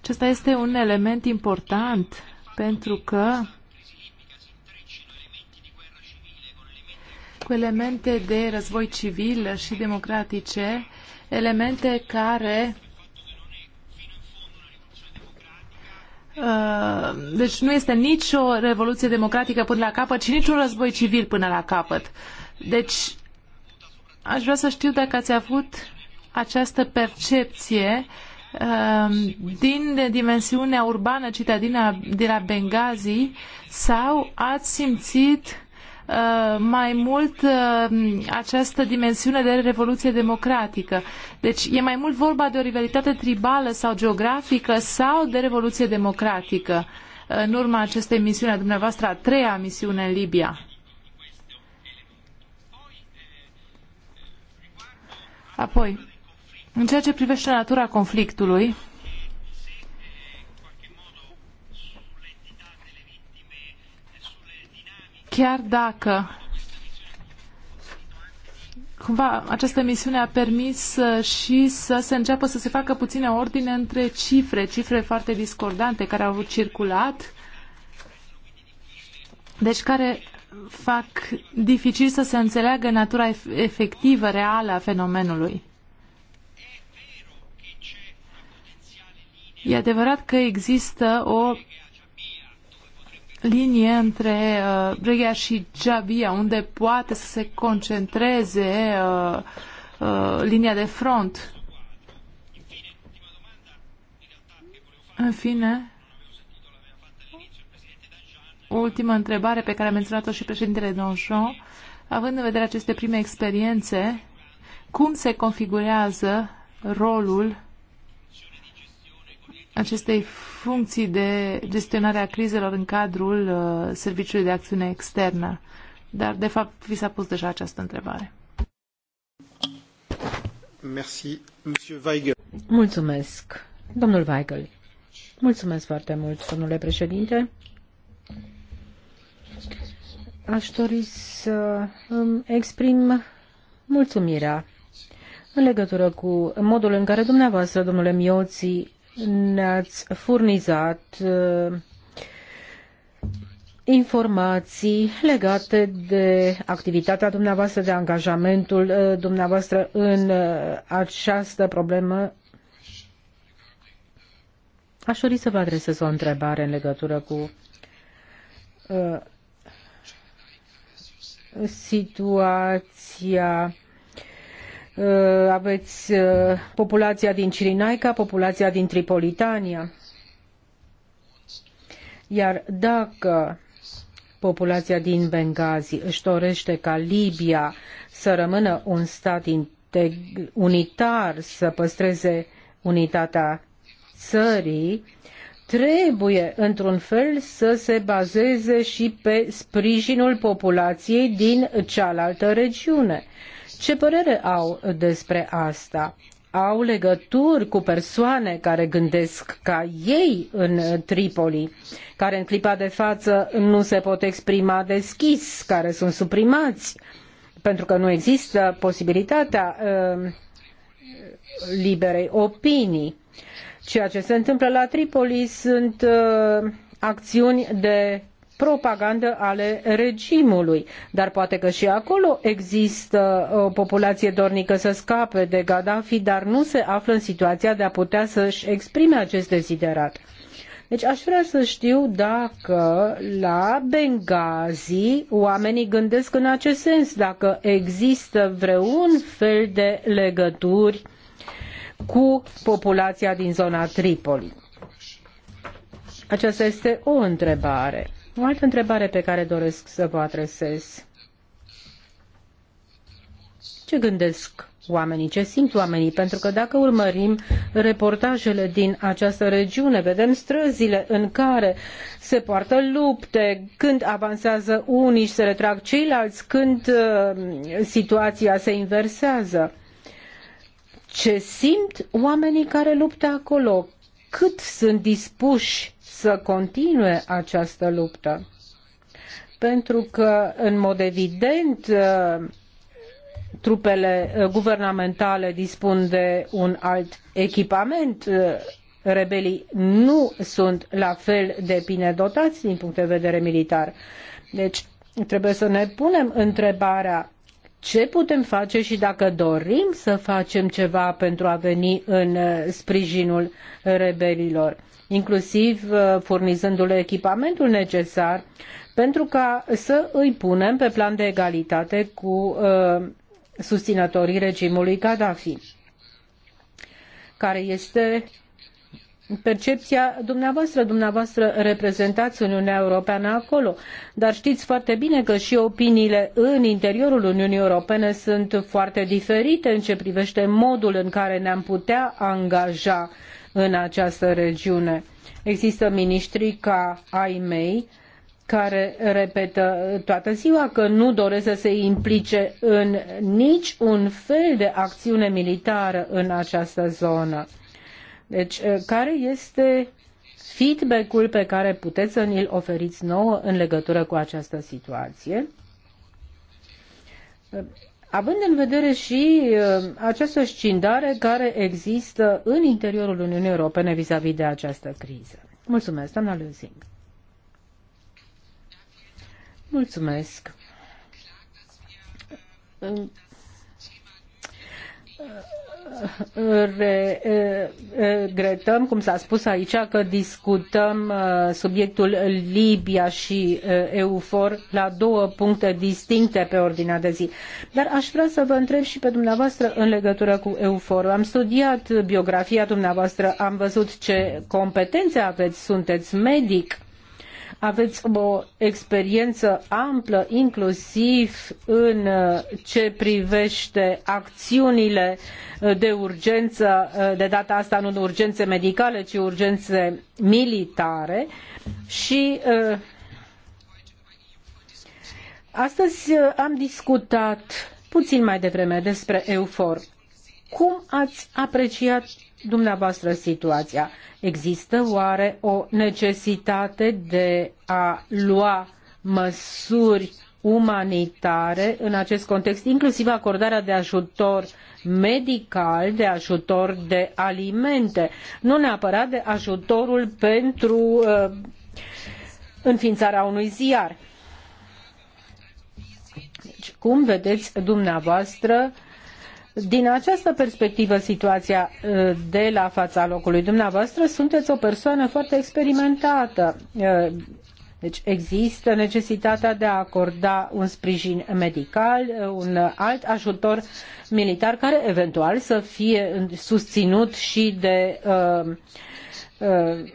Speaker 1: Acesta este un element important pentru că cu elemente de război civil și democratice, elemente care deci nu este nicio revoluție democratică până la capăt și niciun război civil până la capăt. Deci aș vrea să știu dacă ați avut această percepție um, din dimensiunea urbană citadina de la Benghazi sau ați simțit Uh, mai mult uh, această dimensiune de revoluție democratică. Deci e mai mult vorba de o rivalitate tribală sau geografică sau de revoluție democratică uh, în urma acestei misiuni a dumneavoastră, a treia misiune în Libia. Apoi, în ceea ce privește natura conflictului, chiar dacă cumva această emisiune a permis uh, și să se înceapă să se facă puține ordine între cifre, cifre foarte discordante care au circulat, deci care fac dificil să se înțeleagă natura efectivă, reală a fenomenului. E adevărat că există o linie între uh, Brăghea și Jabia, unde poate să se concentreze uh, uh, linia de front. În fine, ultima întrebare pe care a menționat-o și președintele Donjon, având în vedere aceste prime experiențe, cum se configurează rolul acestei funcții de gestionare a crizelor în cadrul uh, Serviciului de Acțiune Externă. Dar, de fapt, vi s-a pus deja această întrebare.
Speaker 3: Merci, Monsieur Weigel. Mulțumesc, domnul Weigel. Mulțumesc foarte mult, domnule președinte. Aș dori să îmi exprim mulțumirea în legătură cu modul în care dumneavoastră, domnule Mioții, ne-ați furnizat uh, informații legate de activitatea dumneavoastră, de angajamentul uh, dumneavoastră în uh, această problemă. Aș dori să vă adresez o întrebare în legătură cu situația Uh, aveți uh, populația din Cirinaica, populația din Tripolitania. Iar dacă populația din Benghazi își dorește ca Libia să rămână un stat unitar, să păstreze unitatea țării, trebuie, într-un fel, să se bazeze și pe sprijinul populației din cealaltă regiune. Uh, ce părere au despre asta? Au legături cu persoane care gândesc ca ei în Tripoli, care în clipa de față nu se pot exprima deschis, care sunt suprimați, pentru că nu există posibilitatea uh, liberei opinii. Ceea ce se întâmplă la Tripoli sunt uh, acțiuni de propagandă ale regimului. Dar poate că și acolo există uh, o populație dornică să scape de Gaddafi, dar nu se află în situația de a putea să-și exprime acest deziderat. Deci aș vrea să știu dacă la Benghazi oamenii gândesc în acest sens, dacă există vreun fel de legături cu populația din zona Tripoli. Aceasta este o întrebare. O altă întrebare pe care doresc să vă adresez. Ce gândesc oamenii, ce simt oamenii? Pentru că dacă urmărim reportajele din această regiune, vedem străzile în care se poartă lupte, când avansează unii și se retrag ceilalți, când uh, situația se inversează. Ce simt oamenii care luptă acolo? Cât sunt dispuși să continue această luptă. Pentru că, în mod evident, uh, trupele uh, guvernamentale dispun de un alt echipament. Uh, rebelii nu sunt la fel de bine dotați din punct de vedere militar. Deci, trebuie să ne punem întrebarea ce putem face și dacă dorim să facem ceva pentru a veni în sprijinul rebelilor inclusiv uh, furnizându-le echipamentul necesar, pentru ca să îi punem pe plan de egalitate cu uh, susținătorii regimului Gaddafi, care este percepția dumneavoastră, dumneavoastră reprezentați Uniunea Europeană acolo, dar știți foarte bine că și opiniile în interiorul Uniunii Europene sunt foarte diferite în ce privește modul în care ne-am putea angaja uh, în această regiune. Există miniștri ca ai mei care repetă toată ziua că nu doresc să se implice în nici un fel de acțiune militară în această zonă. Deci, eh, care este feedback-ul pe care puteți să ni-l oferiți nouă în legătură cu această situație? Având în vedere și uh, această scindare care există în interiorul Uniunii Europene vis-a-vis -vis de această criză. Mulțumesc, doamna Lusing. Mulțumesc regretăm, cum s-a spus aici, că discutăm subiectul Libia și EUFOR la două puncte distincte pe ordinea de zi. Dar aș vrea să vă întreb și pe dumneavoastră în legătură cu EUFOR. Am studiat biografia dumneavoastră, am văzut ce competențe aveți, sunteți medic aveți o experiență amplă, inclusiv în uh, ce privește acțiunile uh, de urgență, uh, de data asta nu urgențe medicale, ci urgențe militare și Astăzi am discutat puțin mai devreme despre EUFOR. Cum ați apreciat dumneavoastră situația. Există oare o necesitate de a lua măsuri umanitare în acest context, inclusiv acordarea de ajutor medical, de ajutor de alimente, nu neapărat de ajutorul pentru uh, înființarea unui ziar. Deci, cum vedeți dumneavoastră uh, din această perspectivă, situația uh, de la fața locului dumneavoastră, sunteți o persoană foarte experimentată. Uh, deci există necesitatea de a acorda un sprijin medical, uh, un alt ajutor militar care eventual să fie susținut și de uh, uh,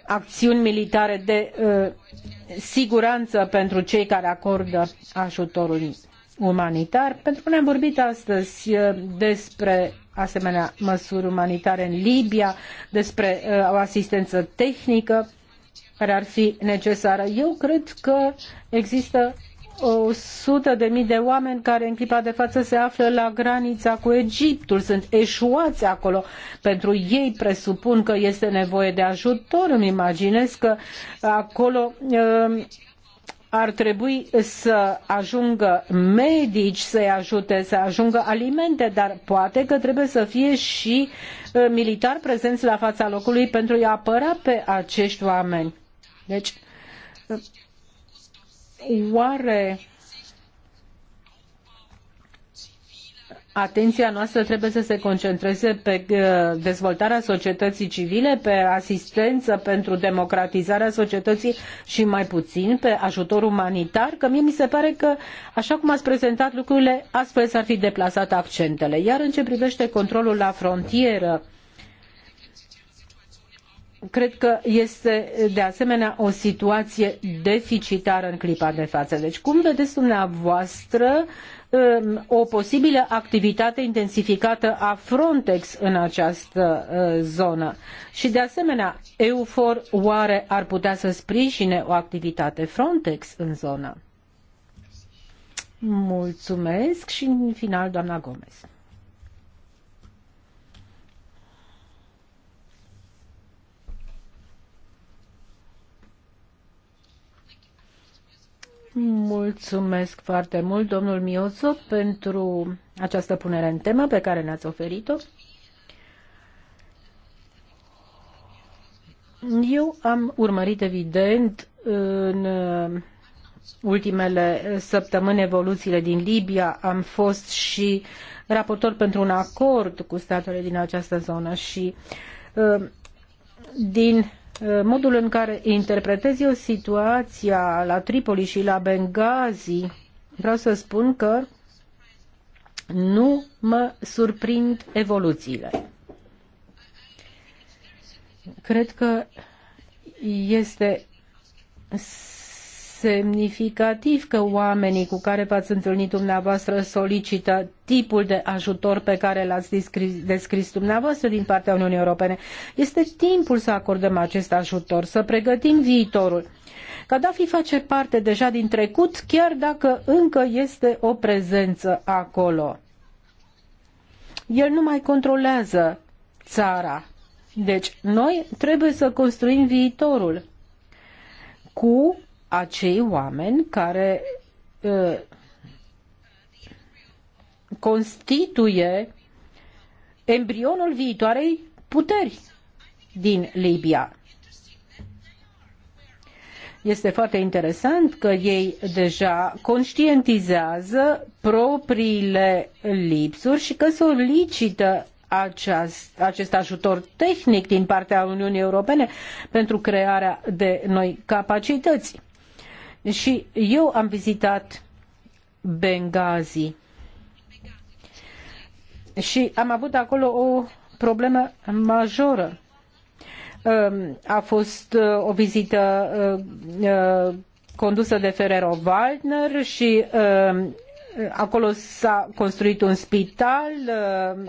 Speaker 3: acțiuni militare de uh, siguranță pentru cei care acordă ajutorul umanitar, pentru că ne-am vorbit astăzi despre asemenea măsuri umanitare în Libia, despre o asistență tehnică care ar fi necesară. Eu cred că există o sută de mii de oameni care în clipa de față se află la granița cu Egiptul, sunt eșuați acolo. Pentru ei presupun că este nevoie de ajutor. Îmi imaginez că acolo ar trebui să ajungă medici să-i ajute, să ajungă alimente, dar poate că trebuie să fie și militari prezenți la fața locului pentru a-i apăra pe acești oameni. Deci, oare atenția noastră trebuie să se concentreze pe uh, dezvoltarea societății civile, pe asistență pentru democratizarea societății și mai puțin pe ajutor umanitar, că mie mi se pare că, așa cum ați prezentat lucrurile, astfel s-ar fi deplasat accentele. Iar în ce privește controlul la frontieră, cred că este de asemenea o situație deficitară în clipa de față. Deci cum vedeți dumneavoastră uh, o posibilă activitate intensificată a Frontex în această uh, zonă. Și de asemenea, EUFOR oare ar putea să sprijine o activitate Frontex în zonă? Mulțumesc și în final doamna Gomez. Mulțumesc foarte mult, domnul Miozo, pentru această punere în temă pe care ne-ați oferit-o. Eu am urmărit, evident, în uh, ultimele săptămâni evoluțiile din Libia. Am fost și raportor pentru un acord cu statele din această zonă și uh, din Uh, modul în care interpretez eu situația la Tripoli și la Benghazi, vreau să spun că nu mă surprind evoluțiile. Cred că este semnificativ că oamenii cu care v-ați întâlnit dumneavoastră solicită tipul de ajutor pe care l-ați descris, descris dumneavoastră din partea Uniunii Europene. Este timpul să acordăm acest ajutor, să pregătim viitorul. Gaddafi face parte deja din trecut, chiar dacă încă este o prezență acolo. El nu mai controlează țara. Deci, noi trebuie să construim viitorul cu acei oameni care constituie embrionul viitoarei puteri din Libia. Este foarte interesant că ei deja conștientizează propriile lipsuri și că solicită aceast, acest ajutor tehnic din partea Uniunii Europene pentru crearea de noi capacități. Și eu am vizitat Benghazi și am avut acolo o problemă majoră. Ehm, a fost uh, o vizită uh, uh, condusă de Ferrero Waldner și ehm, acolo s-a construit un spital,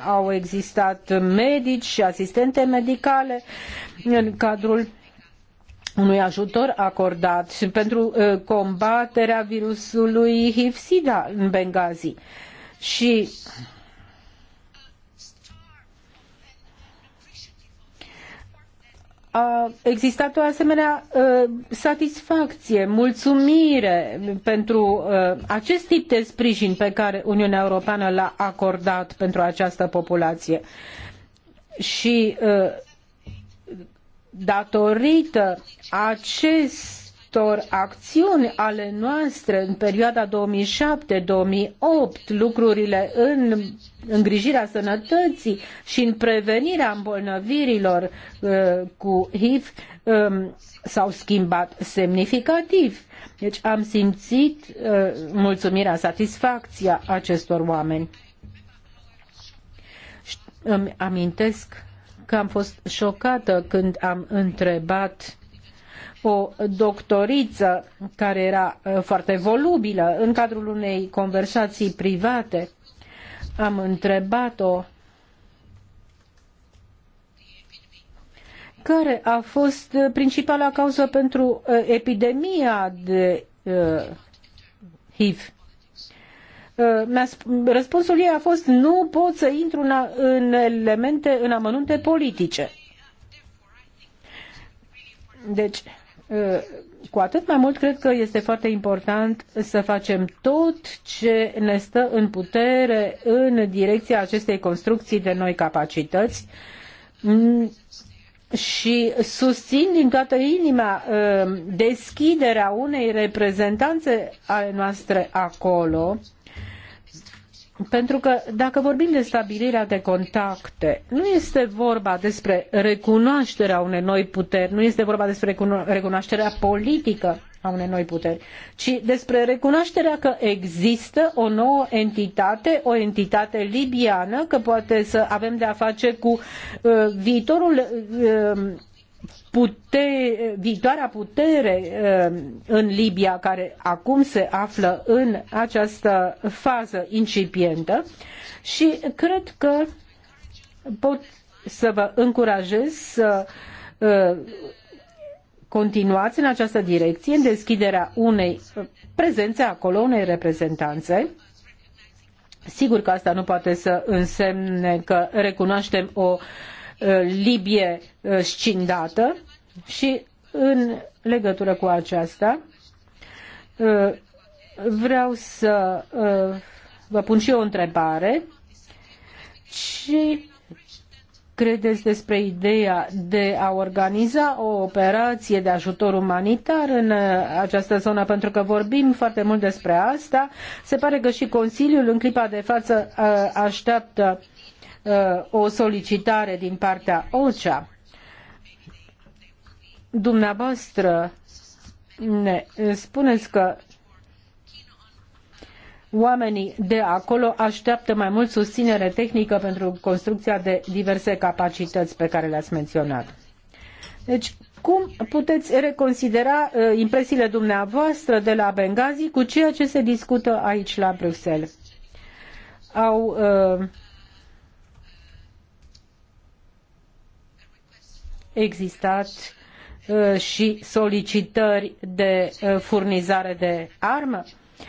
Speaker 3: au existat medici și asistente medicale în cadrul unui ajutor acordat pentru uh, combaterea virusului HIV-SIDA în Benghazi. Și a existat o asemenea uh, satisfacție, mulțumire pentru uh, acest tip de sprijin pe care Uniunea Europeană l-a acordat pentru această populație. Și datorită acestor acțiuni ale noastre în perioada 2007-2008, lucrurile în îngrijirea sănătății și în prevenirea îmbolnăvirilor uh, cu HIV um, s-au schimbat semnificativ. Deci am simțit uh, mulțumirea, satisfacția acestor oameni. Îmi amintesc că am fost șocată când am întrebat o doctoriță care era uh, foarte volubilă în cadrul unei conversații private. Am întrebat-o care a fost principala cauză pentru uh, epidemia de uh, HIV. Uh, răspunsul ei a fost nu pot să intru în elemente, în amănunte politice. Deci, uh, cu atât mai mult cred că este foarte important să facem tot ce ne stă în putere în direcția acestei construcții de noi capacități mm, și susțin din toată inima uh, deschiderea unei reprezentanțe ale noastre acolo pentru că dacă vorbim de stabilirea de contacte, nu este vorba despre recunoașterea unei noi puteri, nu este vorba despre recunoașterea politică a unei noi puteri, ci despre recunoașterea că există o nouă entitate, o entitate libiană, că poate să avem de a face cu uh, viitorul uh, putere, viitoarea putere uh, în Libia, care acum se află în această fază incipientă și cred că pot să vă încurajez să uh, continuați în această direcție, în deschiderea unei prezențe acolo, unei reprezentanțe. Sigur că asta nu poate să însemne că recunoaștem o uh, Libie Uh, scindată și în legătură cu aceasta uh, vreau să uh, vă pun și eu o întrebare. Și credeți despre ideea de a organiza o operație de ajutor umanitar în această zonă? Pentru că vorbim foarte mult despre asta. Se pare că și Consiliul în clipa de față așteaptă o solicitare din partea OCEA dumneavoastră ne spuneți că oamenii de acolo așteaptă mai mult susținere tehnică pentru construcția de diverse capacități pe care le-ați menționat. Deci, cum puteți reconsidera uh, impresiile dumneavoastră de la Benghazi cu ceea ce se discută aici la Bruxelles? Au uh, existat Uh, și solicitări de uh, furnizare de armă,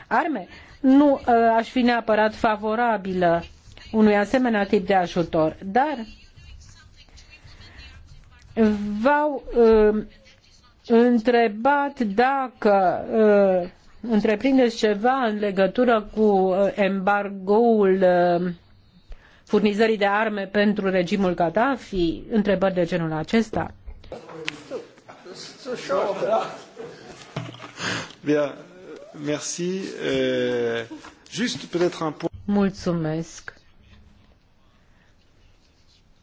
Speaker 3: arme, nu uh, aș fi neapărat favorabilă unui asemenea tip de ajutor, dar v-au întrebat dacă întreprindeți ceva în legătură cu embargoul furnizării de arme pentru regimul Gaddafi, întrebări de genul acesta zu schauen. Bien, merci. Euh, juste peut-être un point. Mulțumesc.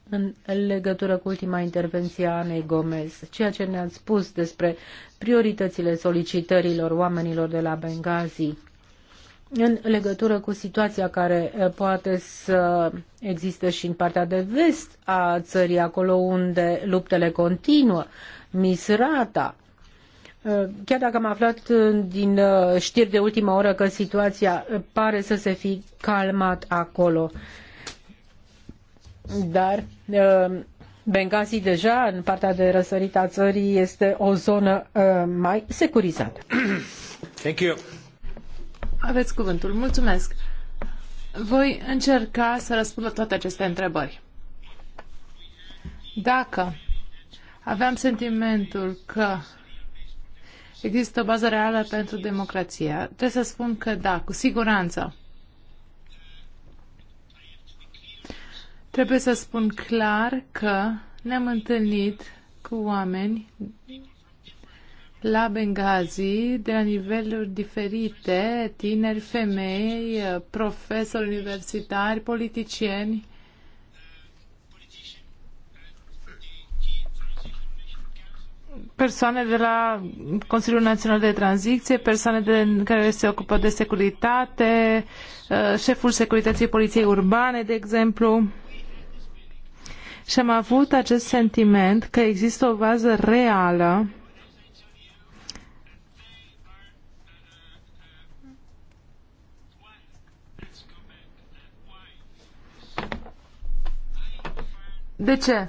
Speaker 3: În legătură cu ultima intervenție a Anei Gomez, ceea ce ne-ați spus despre prioritățile solicitărilor oamenilor de la Benghazi, în legătură cu situația care eh, poate să existe și în partea de vest a țării, acolo unde luptele continuă, Misrata. Eh, chiar dacă am aflat eh, din știri de ultima oră că situația pare să se fi calmat acolo, dar Benghazi deja în partea de răsărit a țării este o zonă mai securizată. Thank you.
Speaker 1: Aveți cuvântul. Mulțumesc. Voi încerca să răspund la toate aceste întrebări. Dacă aveam sentimentul că există o bază reală pentru democrație, trebuie să spun că da, cu siguranță. Trebuie să spun clar că ne-am întâlnit cu oameni la Benghazi de la niveluri diferite, tineri, femei, profesori universitari, politicieni. persoane de la Consiliul Național de Tranziție, persoane de, care se ocupă de securitate, uh, șeful securității poliției urbane, de exemplu. Și am avut acest sentiment că există o bază reală De ce?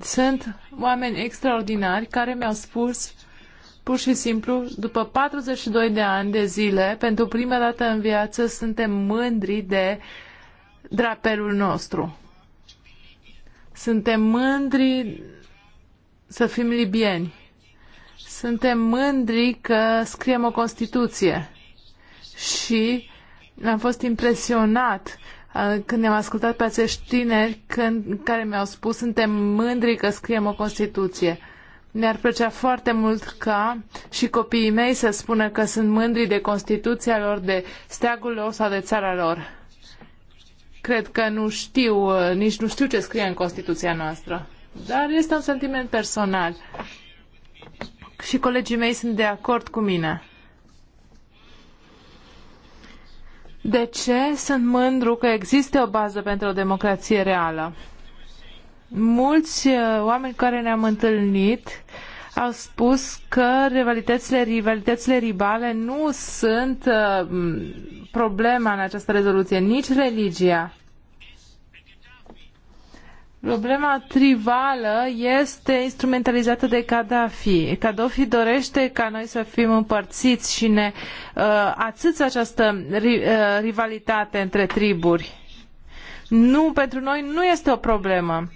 Speaker 1: Sunt oameni extraordinari care mi-au spus pur și simplu, după 42 de ani de zile, pentru prima dată în viață suntem mândri de drapelul nostru. Suntem mândri să fim libieni. Suntem mândri că scriem o Constituție. Și am fost impresionat Uh, când am ascultat pe acești tineri când, care mi-au spus suntem mândri că scriem o Constituție. Mi-ar plăcea foarte mult ca și copiii mei să spună că sunt mândri de Constituția lor, de steagul lor sau de țara lor. Cred că nu știu, uh, nici nu știu ce scrie în Constituția noastră. Dar este un sentiment personal. Și colegii mei sunt de acord cu mine. De ce sunt mândru că există o bază pentru o democrație reală? Mulți uh, oameni care ne-am întâlnit au spus că rivalitățile, rivalitățile ribale nu sunt uh, problema în această rezoluție, nici religia. Problema trivală este instrumentalizată de Gaddafi. Gaddafi dorește ca noi să fim împărțiți și ne uh, atâți această ri, uh, rivalitate între triburi. Nu, pentru noi nu este o problemă,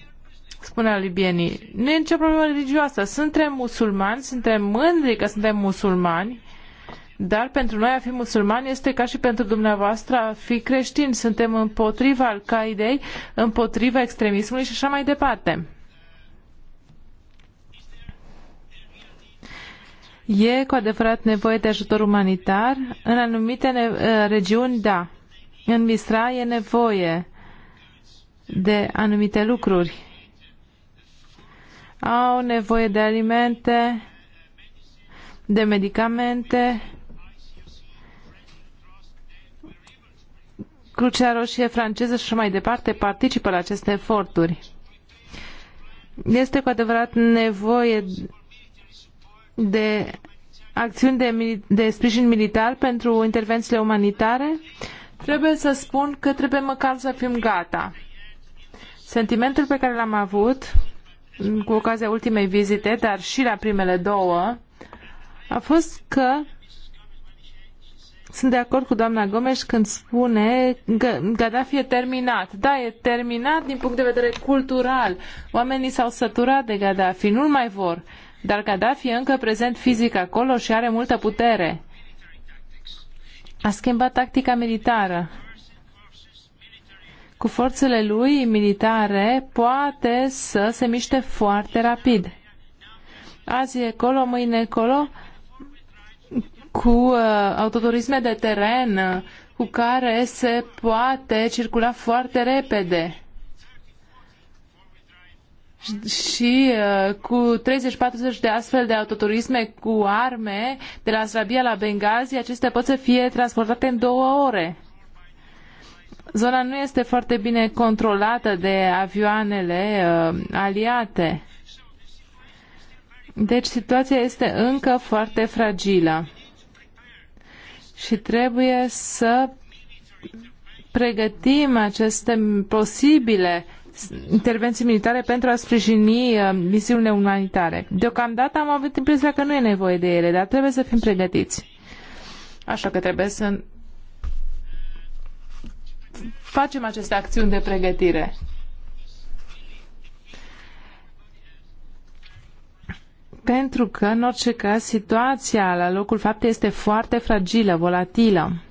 Speaker 1: spunea libienii. Nu e nicio problemă religioasă. Suntem musulmani, suntem mândri că suntem musulmani dar pentru noi a fi musulmani este ca și pentru dumneavoastră a fi creștini. Suntem împotriva Al-Qaidei, împotriva extremismului și așa mai departe. E cu adevărat nevoie de ajutor umanitar? În anumite eh, regiuni, da. În Misra e nevoie de anumite lucruri. Au nevoie de alimente, de medicamente, Crucea Roșie franceză și mai departe participă la aceste eforturi. Este cu adevărat nevoie de acțiuni de, de sprijin militar pentru intervențiile umanitare? Trebuie să spun că trebuie măcar să fim gata. Sentimentul pe care l-am avut cu ocazia ultimei vizite, dar și la primele două, a fost că sunt de acord cu doamna Gomes când spune că Gaddafi e terminat. Da, e terminat din punct de vedere cultural. Oamenii s-au săturat de Gaddafi, nu-l mai vor. Dar Gaddafi e încă prezent fizic acolo și are multă putere. A schimbat tactica militară. Cu forțele lui militare poate să se miște foarte rapid. Azi e acolo, mâine e acolo cu uh, autoturisme de teren uh, cu care se poate circula foarte repede și uh, cu 30-40 de astfel de autoturisme cu arme de la Srabia la Benghazi, acestea pot să fie transportate în două ore. Zona nu este foarte bine controlată de avioanele uh, aliate. Deci situația este încă foarte fragilă și trebuie să pregătim aceste posibile intervenții militare pentru a sprijini uh, misiunile umanitare. Deocamdată am avut impresia că nu e nevoie de ele, dar trebuie să fim pregătiți. Așa că trebuie să facem aceste acțiuni de pregătire. pentru că, în orice caz, situația la locul faptei este foarte fragilă, volatilă.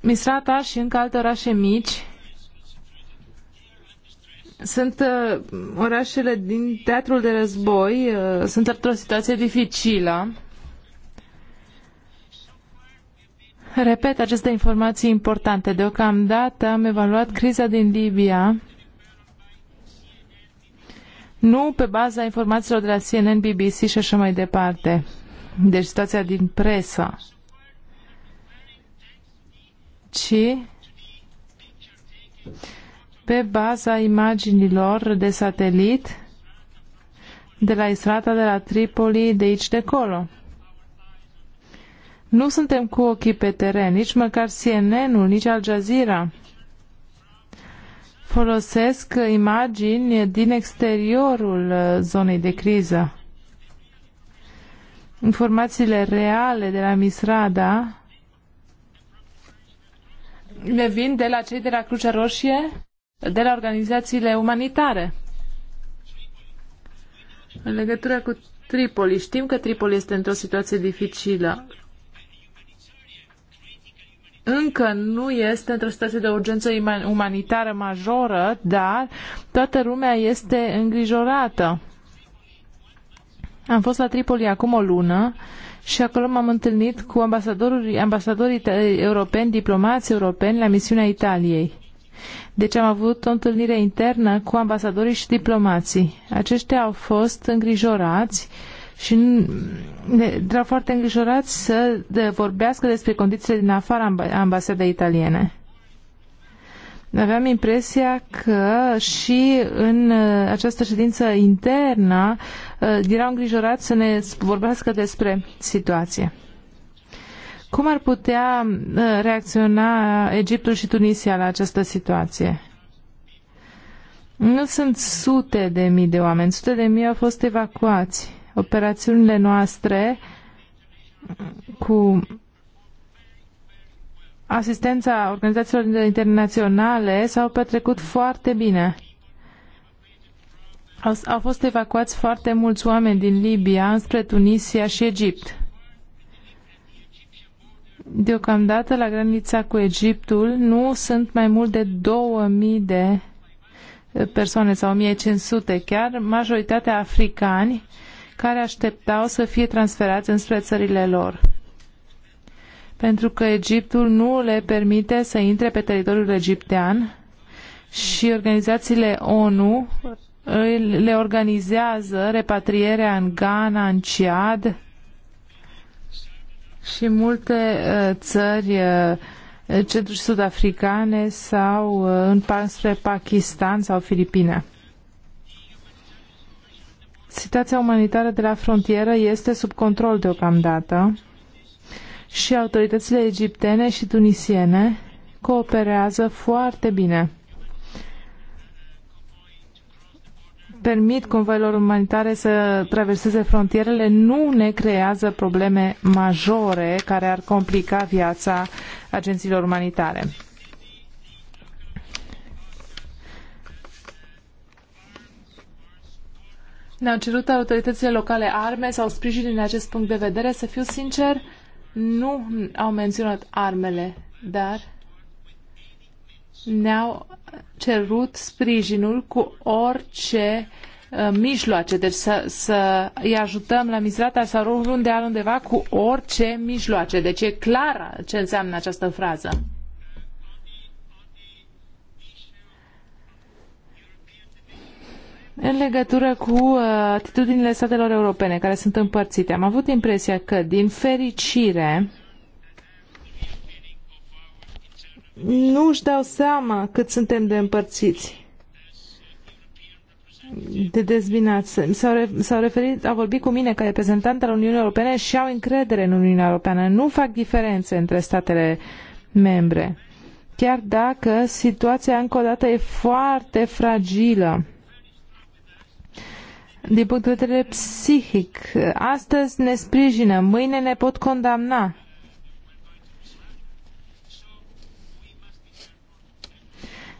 Speaker 1: Misrata și încă alte orașe mici sunt uh, orașele din teatrul de război, uh, sunt într-o situație dificilă repet aceste informații importante. Deocamdată am evaluat criza din Libia nu pe baza informațiilor de la CNN, BBC și așa mai departe. Deci situația din presă. Ci pe baza imaginilor de satelit de la Israta, de la Tripoli, de aici de acolo. Nu suntem cu ochii pe teren, nici măcar CNN-ul, nici Al Jazeera. Folosesc imagini din exteriorul uh, zonei de criză. Informațiile reale de la Misrada le vin de la cei de la Crucea Roșie, de la organizațiile umanitare. În legătură cu Tripoli, știm că Tripoli este într-o situație dificilă încă nu este într-o situație de urgență umanitară majoră, dar toată lumea este îngrijorată. Am fost la Tripoli acum o lună și acolo m-am întâlnit cu ambasadorii, ambasadorii europeni, diplomați europeni la misiunea Italiei. Deci am avut o întâlnire internă cu ambasadorii și diplomații. Aceștia au fost îngrijorați uh, și ne era foarte îngrijorați să vorbească despre condițiile din afara ambasadei italiene. Aveam impresia că și în uh, această ședință internă uh, erau îngrijorați să ne vorbească despre situație. Cum ar putea uh, reacționa Egiptul și Tunisia la această situație? Nu sunt sute de mii de oameni, sute de mii au fost evacuați operațiunile noastre cu asistența organizațiilor internaționale s-au petrecut foarte bine. Au, au fost evacuați foarte mulți oameni din Libia spre Tunisia și Egipt. Deocamdată, la granița cu Egiptul, nu sunt mai mult de 2000 de persoane sau 1500 chiar, majoritatea africani care așteptau să fie transferați înspre țările lor pentru că Egiptul nu le permite să intre pe teritoriul egiptean și organizațiile ONU le organizează repatrierea în Ghana, în Ciad și multe uh, țări uh, centru sud-africane sau uh, înspre Pakistan sau Filipine. Situația umanitară de la frontieră este sub control deocamdată și autoritățile egiptene și tunisiene cooperează foarte bine. Permit convoilor umanitare să traverseze frontierele, nu ne creează probleme majore care ar complica viața agențiilor umanitare. ne-au cerut autoritățile locale arme sau sprijin din acest punct de vedere. Să fiu sincer, nu au menționat armele, dar ne-au cerut sprijinul cu orice uh, mijloace, deci să, să îi ajutăm la mizrata sau oriunde undeva cu orice mijloace. Deci e clar ce înseamnă această frază. în legătură cu uh, atitudinile statelor europene care sunt împărțite. Am avut impresia că, din fericire, nu își dau seama cât suntem de împărțiți de dezbinați. S-au, referit, au vorbit cu mine ca reprezentant al Uniunii Europene și au încredere în Uniunea Europeană. Nu fac diferențe între statele membre. Chiar dacă situația încă o dată e foarte fragilă din punct de vedere psihic. Astăzi ne sprijină, mâine ne pot condamna.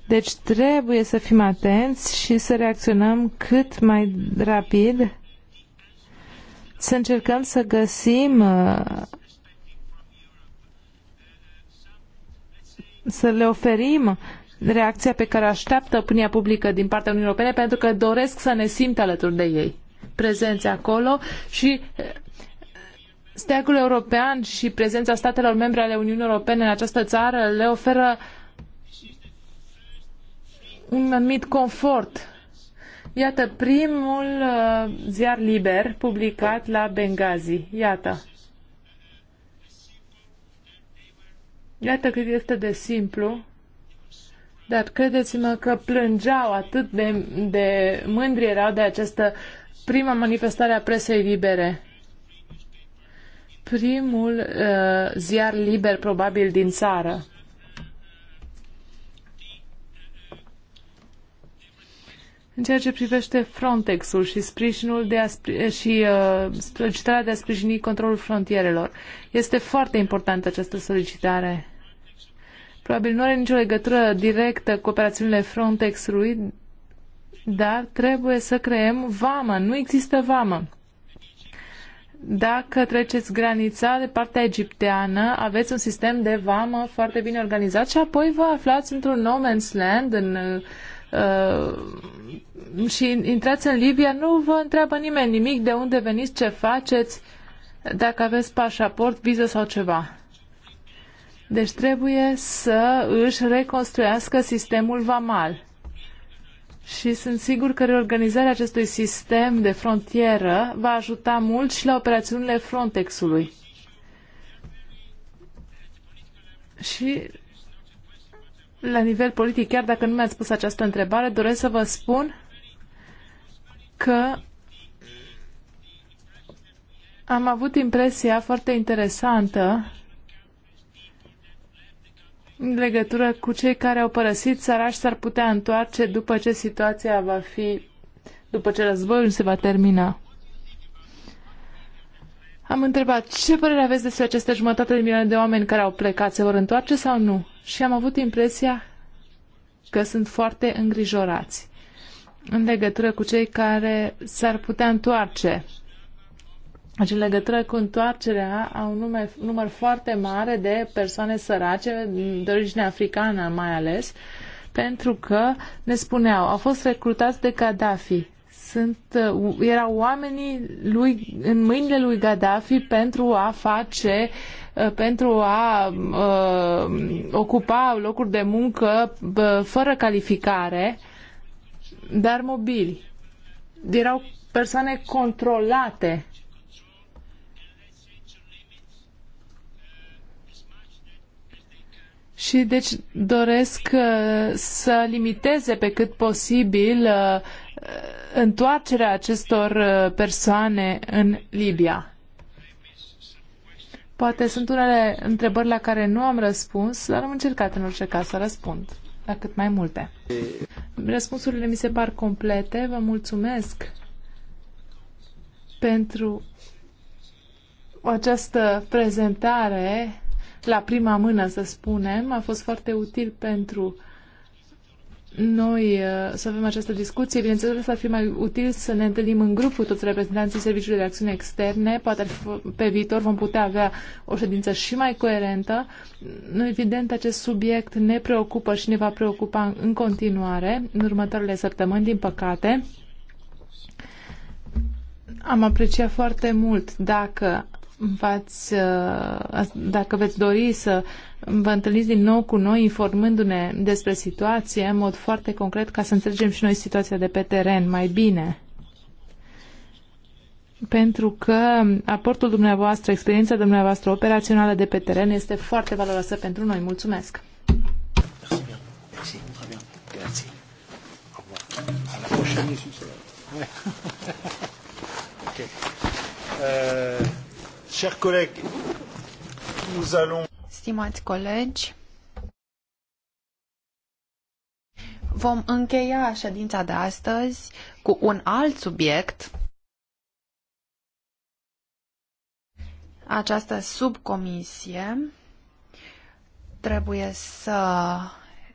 Speaker 1: Deci trebuie să fim atenți și să reacționăm cât mai rapid, să încercăm să găsim să le oferim reacția pe care așteaptă opinia publică din partea Uniunii Europene pentru că doresc să ne simt alături de ei prezenți acolo și eh, steagul european și prezența statelor membre ale Uniunii Europene în această țară le oferă un anumit confort. Iată, primul eh, ziar liber publicat la Benghazi. Iată. Iată cât este de simplu dar credeți-mă că plângeau atât de, de mândri erau de această prima manifestare a presei libere. Primul uh, ziar liber probabil din țară. În ceea ce privește Frontex-ul și sprijinul de a, și uh, solicitarea de a sprijini controlul frontierelor, este foarte importantă această solicitare. Probabil nu are nicio legătură directă cu operațiunile Frontex-ului, dar trebuie să creăm vama. Nu există vamă. Dacă treceți granița de partea egipteană, aveți un sistem de vamă foarte bine organizat și apoi vă aflați într-un no man's land în, uh, și intrați în Libia, nu vă întreabă nimeni nimic de unde veniți, ce faceți, dacă aveți pașaport, viză sau ceva. Deci trebuie să își reconstruiască sistemul vamal. Și sunt sigur că reorganizarea acestui sistem de frontieră va ajuta mult și la operațiunile Frontexului. Și la nivel politic, chiar dacă nu mi-ați spus această întrebare, doresc să vă spun că am avut impresia foarte interesantă în legătură cu cei care au părăsit țara și s-ar putea întoarce după ce situația va fi, după ce războiul se va termina. Am întrebat ce părere aveți despre aceste jumătate de milioane de oameni care au plecat, se vor întoarce sau nu? Și am avut impresia că sunt foarte îngrijorați în legătură cu cei care s-ar putea întoarce deci în legătură cu întoarcerea a un număr, număr foarte mare de persoane sărace, de origine africană mai ales, pentru că ne spuneau, au fost recrutați de Gaddafi. Sunt, uh, erau oamenii lui, în mâinile lui Gaddafi pentru a face uh, pentru a uh, ocupa locuri de muncă uh, fără calificare, dar mobili. Erau persoane controlate Și deci doresc uh, să limiteze pe cât posibil uh, întoarcerea acestor uh, persoane în Libia. Poate sunt unele întrebări la care nu am răspuns, dar am încercat în orice caz să răspund la cât mai multe. Răspunsurile mi se par complete. Vă mulțumesc pentru această prezentare la prima mână, să spunem. A fost foarte util pentru noi uh, să avem această discuție. Bineînțeles, ar fi mai util să ne întâlnim în grup cu toți reprezentanții Serviciului de Acțiune Externe. Poate pe viitor vom putea avea o ședință și mai coerentă. Evident, acest subiect ne preocupă și ne va preocupa în continuare în următoarele săptămâni, din păcate. Am apreciat foarte mult dacă v-ați, uh, dacă veți dori să vă întâlniți din nou cu noi informându-ne despre situație în mod foarte concret ca să înțelegem și noi situația de pe teren mai bine. Pentru că aportul dumneavoastră, experiența dumneavoastră operațională de pe teren este foarte valoroasă pentru noi. Mulțumesc!
Speaker 3: Uh...
Speaker 1: Chers collègues, nous allons...
Speaker 2: Stimați colegi, vom încheia ședința de astăzi cu un alt subiect. Această subcomisie trebuie să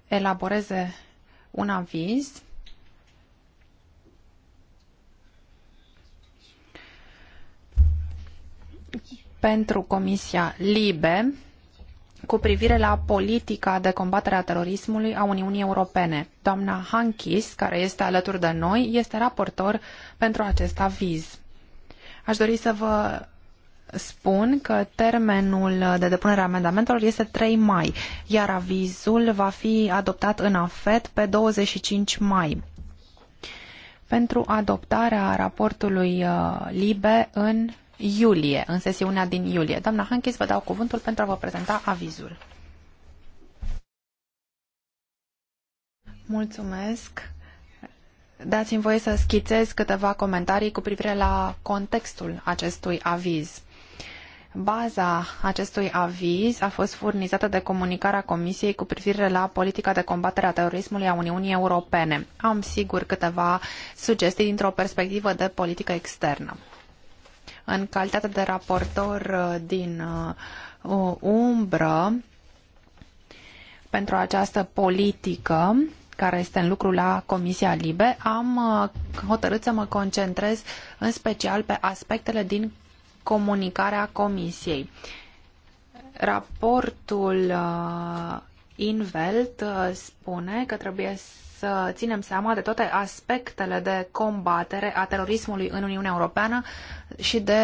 Speaker 2: elaboreze un aviz pentru Comisia LIBE cu privire la politica de combatere a terorismului a Uniunii Europene. Doamna Hankis, care este alături de noi, este raportor pentru acest aviz. Aș dori să vă spun că termenul de depunere a amendamentelor este 3 mai, iar avizul va fi adoptat în AFET pe 25 mai pentru adoptarea raportului uh, LIBE în iulie, în sesiunea din iulie. Doamna Hankis, vă dau cuvântul pentru a vă prezenta avizul. Mulțumesc. Dați-mi voie să schițez câteva comentarii cu privire la contextul acestui aviz. Baza acestui aviz a fost furnizată de comunicarea Comisiei cu privire la politica de combatere a terorismului a Uniunii Europene. Am sigur câteva sugestii dintr-o perspectivă de politică externă în calitate de raportor uh, din uh, umbră pentru această politică care este în lucru la Comisia Libe, am uh, hotărât să mă concentrez în special pe aspectele din comunicarea Comisiei. Raportul Invelt spune că trebuie să ținem seama de toate aspectele de combatere a terorismului în Uniunea Europeană și de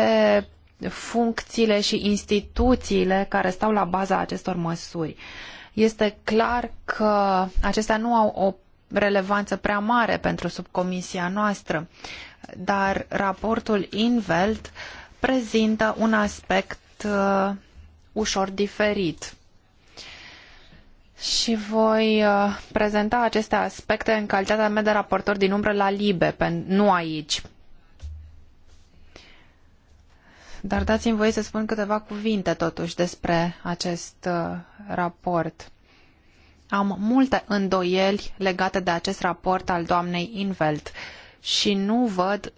Speaker 2: funcțiile și instituțiile care stau la baza acestor măsuri. Este clar că acestea nu au o relevanță prea mare pentru subcomisia noastră, dar raportul Invelt prezintă un aspect uh, ușor diferit și voi uh, prezenta aceste aspecte în calitatea mea de raportor din umbră la LIBE, nu aici. Dar dați-mi voie să spun câteva cuvinte totuși despre acest uh, raport. Am multe îndoieli legate de acest raport al doamnei Invelt și nu văd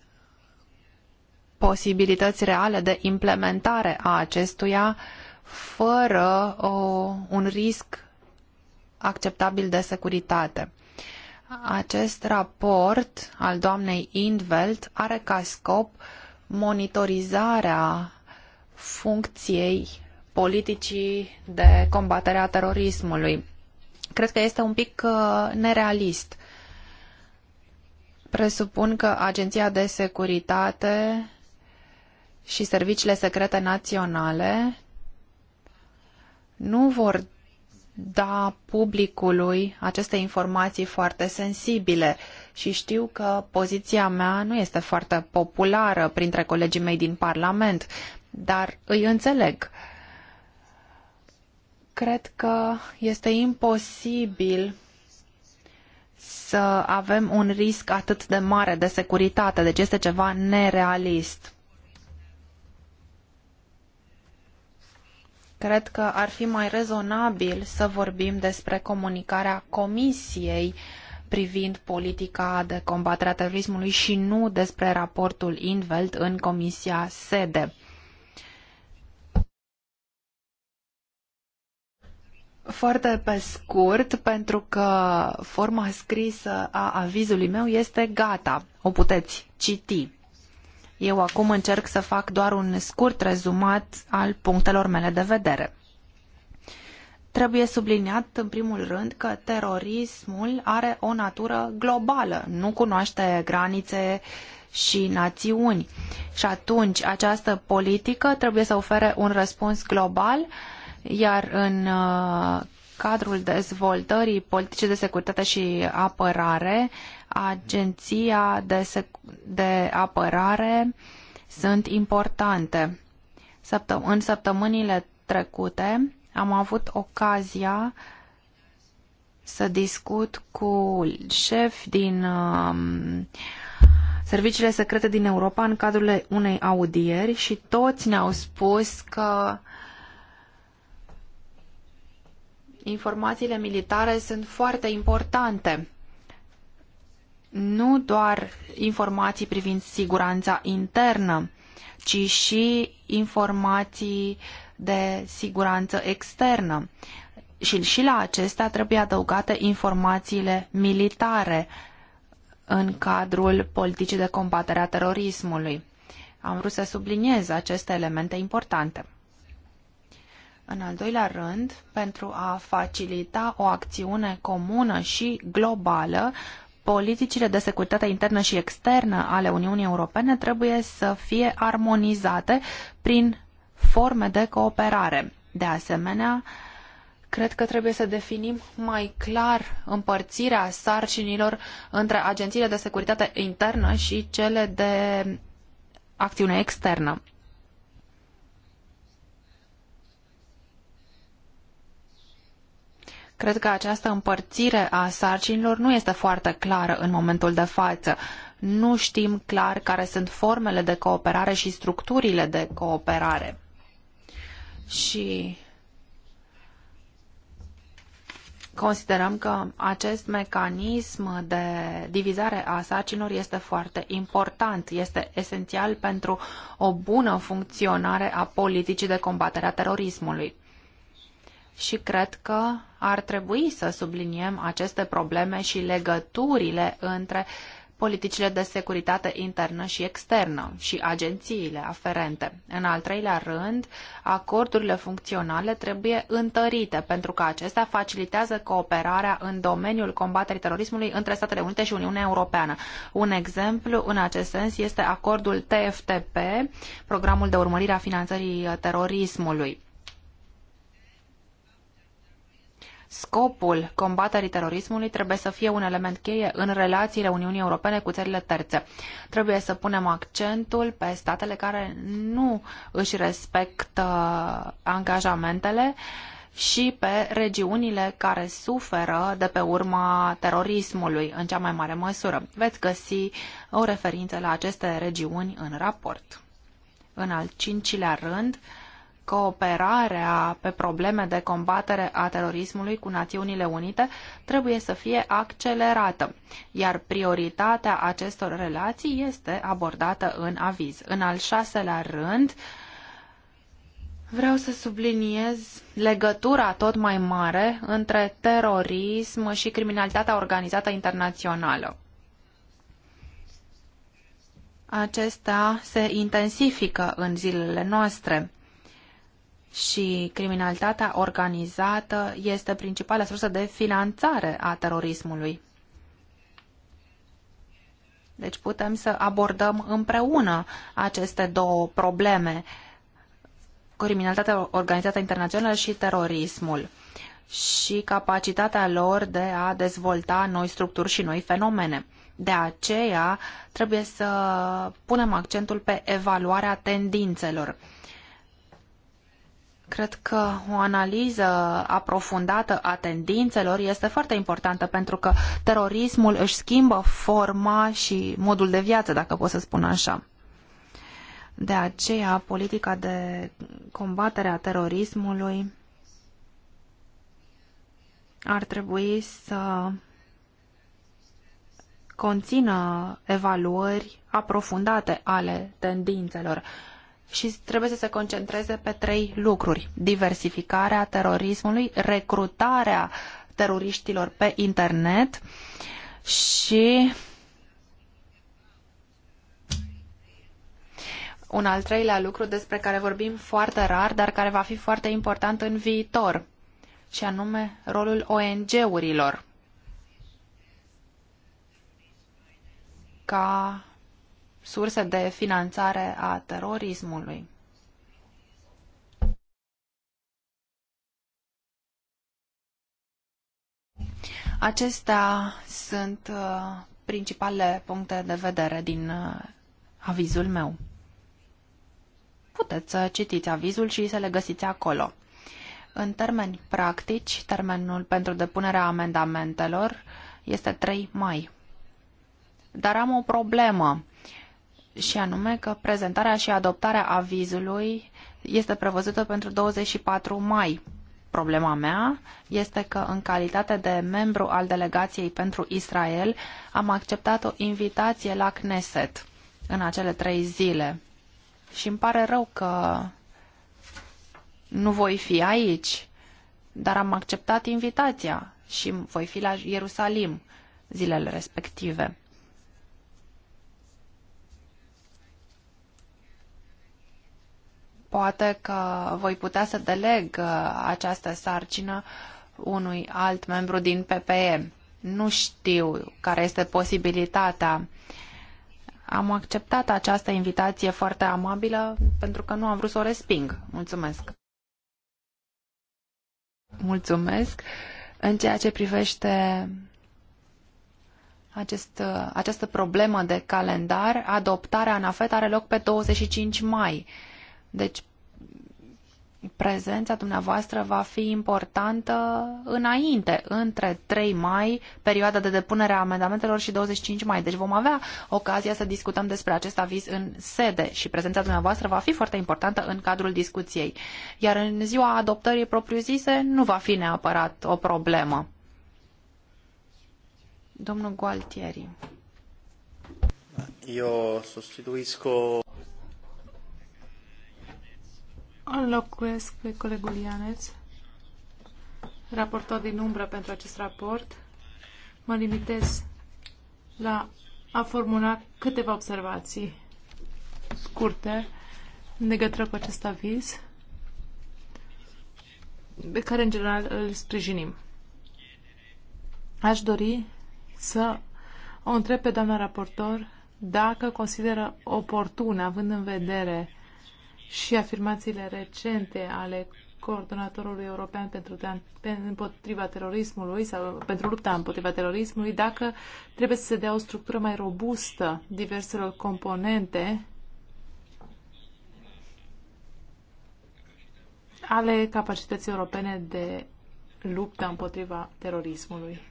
Speaker 2: posibilități reale de implementare a acestuia fără o, uh, un risc acceptabil de securitate. Acest raport al doamnei Indveld are ca scop monitorizarea funcției politicii de combatere a terorismului. Cred că este un pic uh, nerealist. Presupun că Agenția de Securitate și serviciile secrete naționale nu vor da publicului aceste informații foarte sensibile și știu că poziția mea nu este foarte populară printre colegii mei din Parlament, dar îi înțeleg. Cred că este imposibil să avem un risc atât de mare de securitate, deci este ceva nerealist. Cred că ar fi mai rezonabil să vorbim despre comunicarea Comisiei privind politica de combatere a terorismului și nu despre raportul Invelt în Comisia SEDE. Foarte pe scurt, pentru că forma scrisă a avizului meu este gata. O puteți citi. Eu acum încerc să fac doar un scurt rezumat al punctelor mele de vedere. Trebuie subliniat în primul rând că terorismul are o natură globală, nu cunoaște granițe și națiuni. Și atunci această politică trebuie să ofere un răspuns global, iar în uh, cadrul dezvoltării politicii de securitate și apărare, agenția de, sec- de apărare sunt importante. Săptăm- în săptămânile trecute am avut ocazia să discut cu șefi din um, serviciile secrete din Europa în cadrul unei audieri și toți ne-au spus că informațiile militare sunt foarte importante nu doar informații privind siguranța internă, ci și informații de siguranță externă. Și, și la acestea trebuie adăugate informațiile militare în cadrul politicii de combatere a terorismului. Am vrut să subliniez aceste elemente importante. În al doilea rând, pentru a facilita o acțiune comună și globală politicile de securitate internă și externă ale Uniunii Europene trebuie să fie armonizate prin forme de cooperare. De asemenea, cred că trebuie să definim mai clar împărțirea sarcinilor între agențiile de securitate internă și cele de acțiune externă. Cred că această împărțire a sarcinilor nu este foarte clară în momentul de față. Nu știm clar care sunt formele de cooperare și structurile de cooperare. Și considerăm că acest mecanism de divizare a sarcinilor este foarte important, este esențial pentru o bună funcționare a politicii de combatere a terorismului. Și cred că ar trebui să subliniem aceste probleme și legăturile între politicile de securitate internă și externă și agențiile aferente. În al treilea rând, acordurile funcționale trebuie întărite pentru că acestea facilitează cooperarea în domeniul combaterii terorismului între Statele Unite și Uniunea Europeană. Un exemplu în acest sens este acordul TFTP, programul de urmărire a finanțării terorismului Scopul combaterii terorismului trebuie să fie un element cheie în relațiile Uniunii Europene cu țările terțe. Trebuie să punem accentul pe statele care nu își respectă angajamentele și pe regiunile care suferă de pe urma terorismului în cea mai mare măsură. Veți găsi o referință la aceste regiuni în raport. În al cincilea rând, cooperarea pe probleme de combatere a terorismului cu Națiunile Unite trebuie să fie accelerată, iar prioritatea acestor relații este abordată în aviz. În al șaselea rând, vreau să subliniez legătura tot mai mare între terorism și criminalitatea organizată internațională. Acestea se intensifică în zilele noastre și criminalitatea organizată este principala sursă de finanțare a terorismului. Deci putem să abordăm împreună aceste două probleme, criminalitatea organizată internațională și terorismul și capacitatea lor de a dezvolta noi structuri și noi fenomene. De aceea trebuie să punem accentul pe evaluarea tendințelor Cred că o analiză aprofundată a tendințelor este foarte importantă pentru că terorismul își schimbă forma și modul de viață, dacă pot să spun așa. De aceea, politica de combatere a terorismului ar trebui să conțină evaluări aprofundate ale tendințelor și trebuie să se concentreze pe trei lucruri. Diversificarea terorismului, recrutarea teroriștilor pe internet și un al treilea lucru despre care vorbim foarte rar, dar care va fi foarte important în viitor, și anume rolul ONG-urilor ca surse de finanțare a terorismului. Acestea sunt uh, principalele puncte de vedere din uh, avizul meu. Puteți să citiți avizul și să le găsiți acolo. În termeni practici, termenul pentru depunerea amendamentelor este 3 mai. Dar am o problemă și anume că prezentarea și adoptarea avizului este prevăzută pentru 24 mai. Problema mea este că, în calitate de membru al delegației pentru Israel, am acceptat o invitație la Knesset în acele trei zile. Și îmi pare rău că nu voi fi aici, dar am acceptat invitația și voi fi la Ierusalim zilele respective. Poate că voi putea să deleg uh, această sarcină unui alt membru din PPE. Nu știu care este posibilitatea. Am acceptat această invitație foarte amabilă pentru că nu am vrut să o resping. Mulțumesc. Mulțumesc. În ceea ce privește acest, această problemă de calendar, adoptarea ANAFET are loc pe 25 mai. Deci, prezența dumneavoastră va fi importantă înainte, între 3 mai, perioada de depunere a amendamentelor și 25 mai. Deci vom avea ocazia să discutăm despre acest aviz în sede și prezența dumneavoastră va fi foarte importantă în cadrul discuției. Iar în ziua adoptării propriu-zise nu va fi neapărat o problemă. Domnul Gualtieri. Eu sostituisco
Speaker 1: Înlocuiesc pe colegul Ianeț, raportor din umbră pentru acest raport. Mă limitez la a formula câteva observații scurte în legătură cu acest aviz pe care în general îl sprijinim. Aș dori să o întreb pe doamna raportor dacă consideră oportun, având în vedere și afirmațiile recente ale coordonatorului european pentru împotriva terorismului sau pentru lupta împotriva terorismului, dacă trebuie să se dea o structură mai robustă diverselor componente ale capacității europene de luptă împotriva terorismului.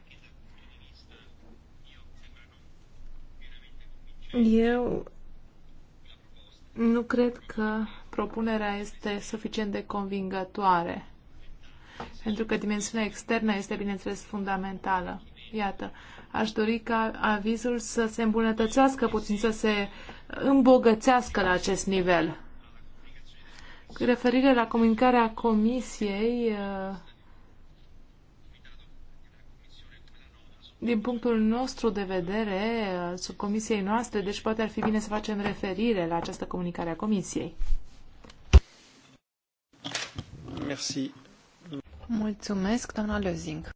Speaker 1: Eu nu cred că propunerea este suficient de convingătoare, pentru că dimensiunea externă este, bineînțeles, fundamentală. Iată, aș dori ca avizul să se îmbunătățească puțin, să se îmbogățească la acest nivel. Cu referire la comunicarea Comisiei, uh, din punctul nostru de vedere, uh, sub comisiei noastre, deci poate ar fi bine să facem referire la această comunicare a comisiei.
Speaker 2: Merci. Mulțumesc, doamna Lözing.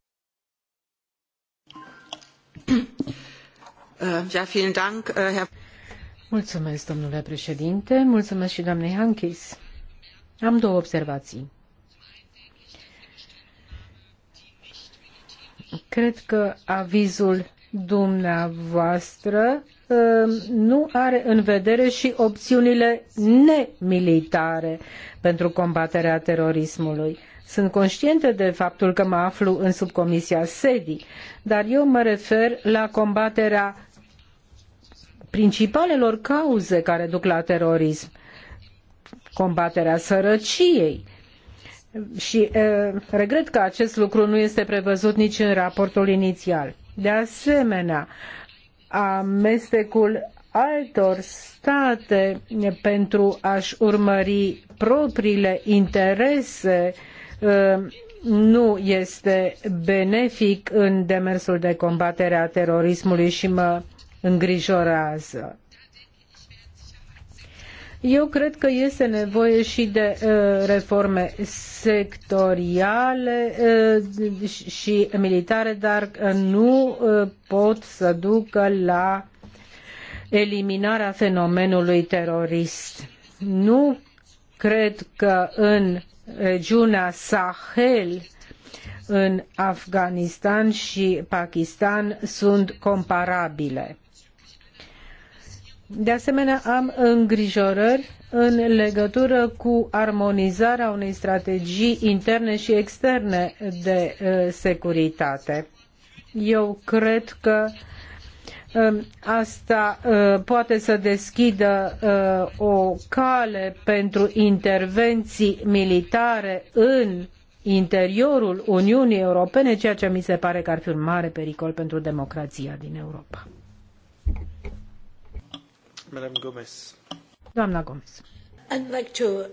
Speaker 2: Uh, ja, vielen
Speaker 3: Dank, uh, Herr... Mulțumesc, domnule președinte. Mulțumesc și doamnei Hankis. Am două observații. cred că avizul dumneavoastră um, nu are în vedere și opțiunile nemilitare pentru combaterea terorismului. Sunt conștientă de faptul că mă aflu în subcomisia SEDI, dar eu mă refer la combaterea principalelor cauze care duc la terorism. Combaterea sărăciei, și regret că acest lucru nu este prevăzut nici în raportul inițial. De asemenea, amestecul altor state pentru a-și urmări propriile interese nu este benefic în demersul de combatere a terorismului și mă îngrijorează. Eu cred că este nevoie și de uh, reforme sectoriale uh, și militare, dar uh, nu pot să ducă la eliminarea fenomenului terorist. Nu cred că în regiunea Sahel în Afganistan și Pakistan sunt comparabile. De asemenea, am îngrijorări în legătură cu armonizarea unei strategii interne și externe de uh, securitate. Eu cred că um, asta uh, poate să deschidă uh, o cale pentru intervenții militare în interiorul Uniunii Europene, ceea ce mi se pare că ar fi un mare pericol pentru democrația din Europa.
Speaker 1: Madame Gomez.
Speaker 2: Doamna Gomez. Uh,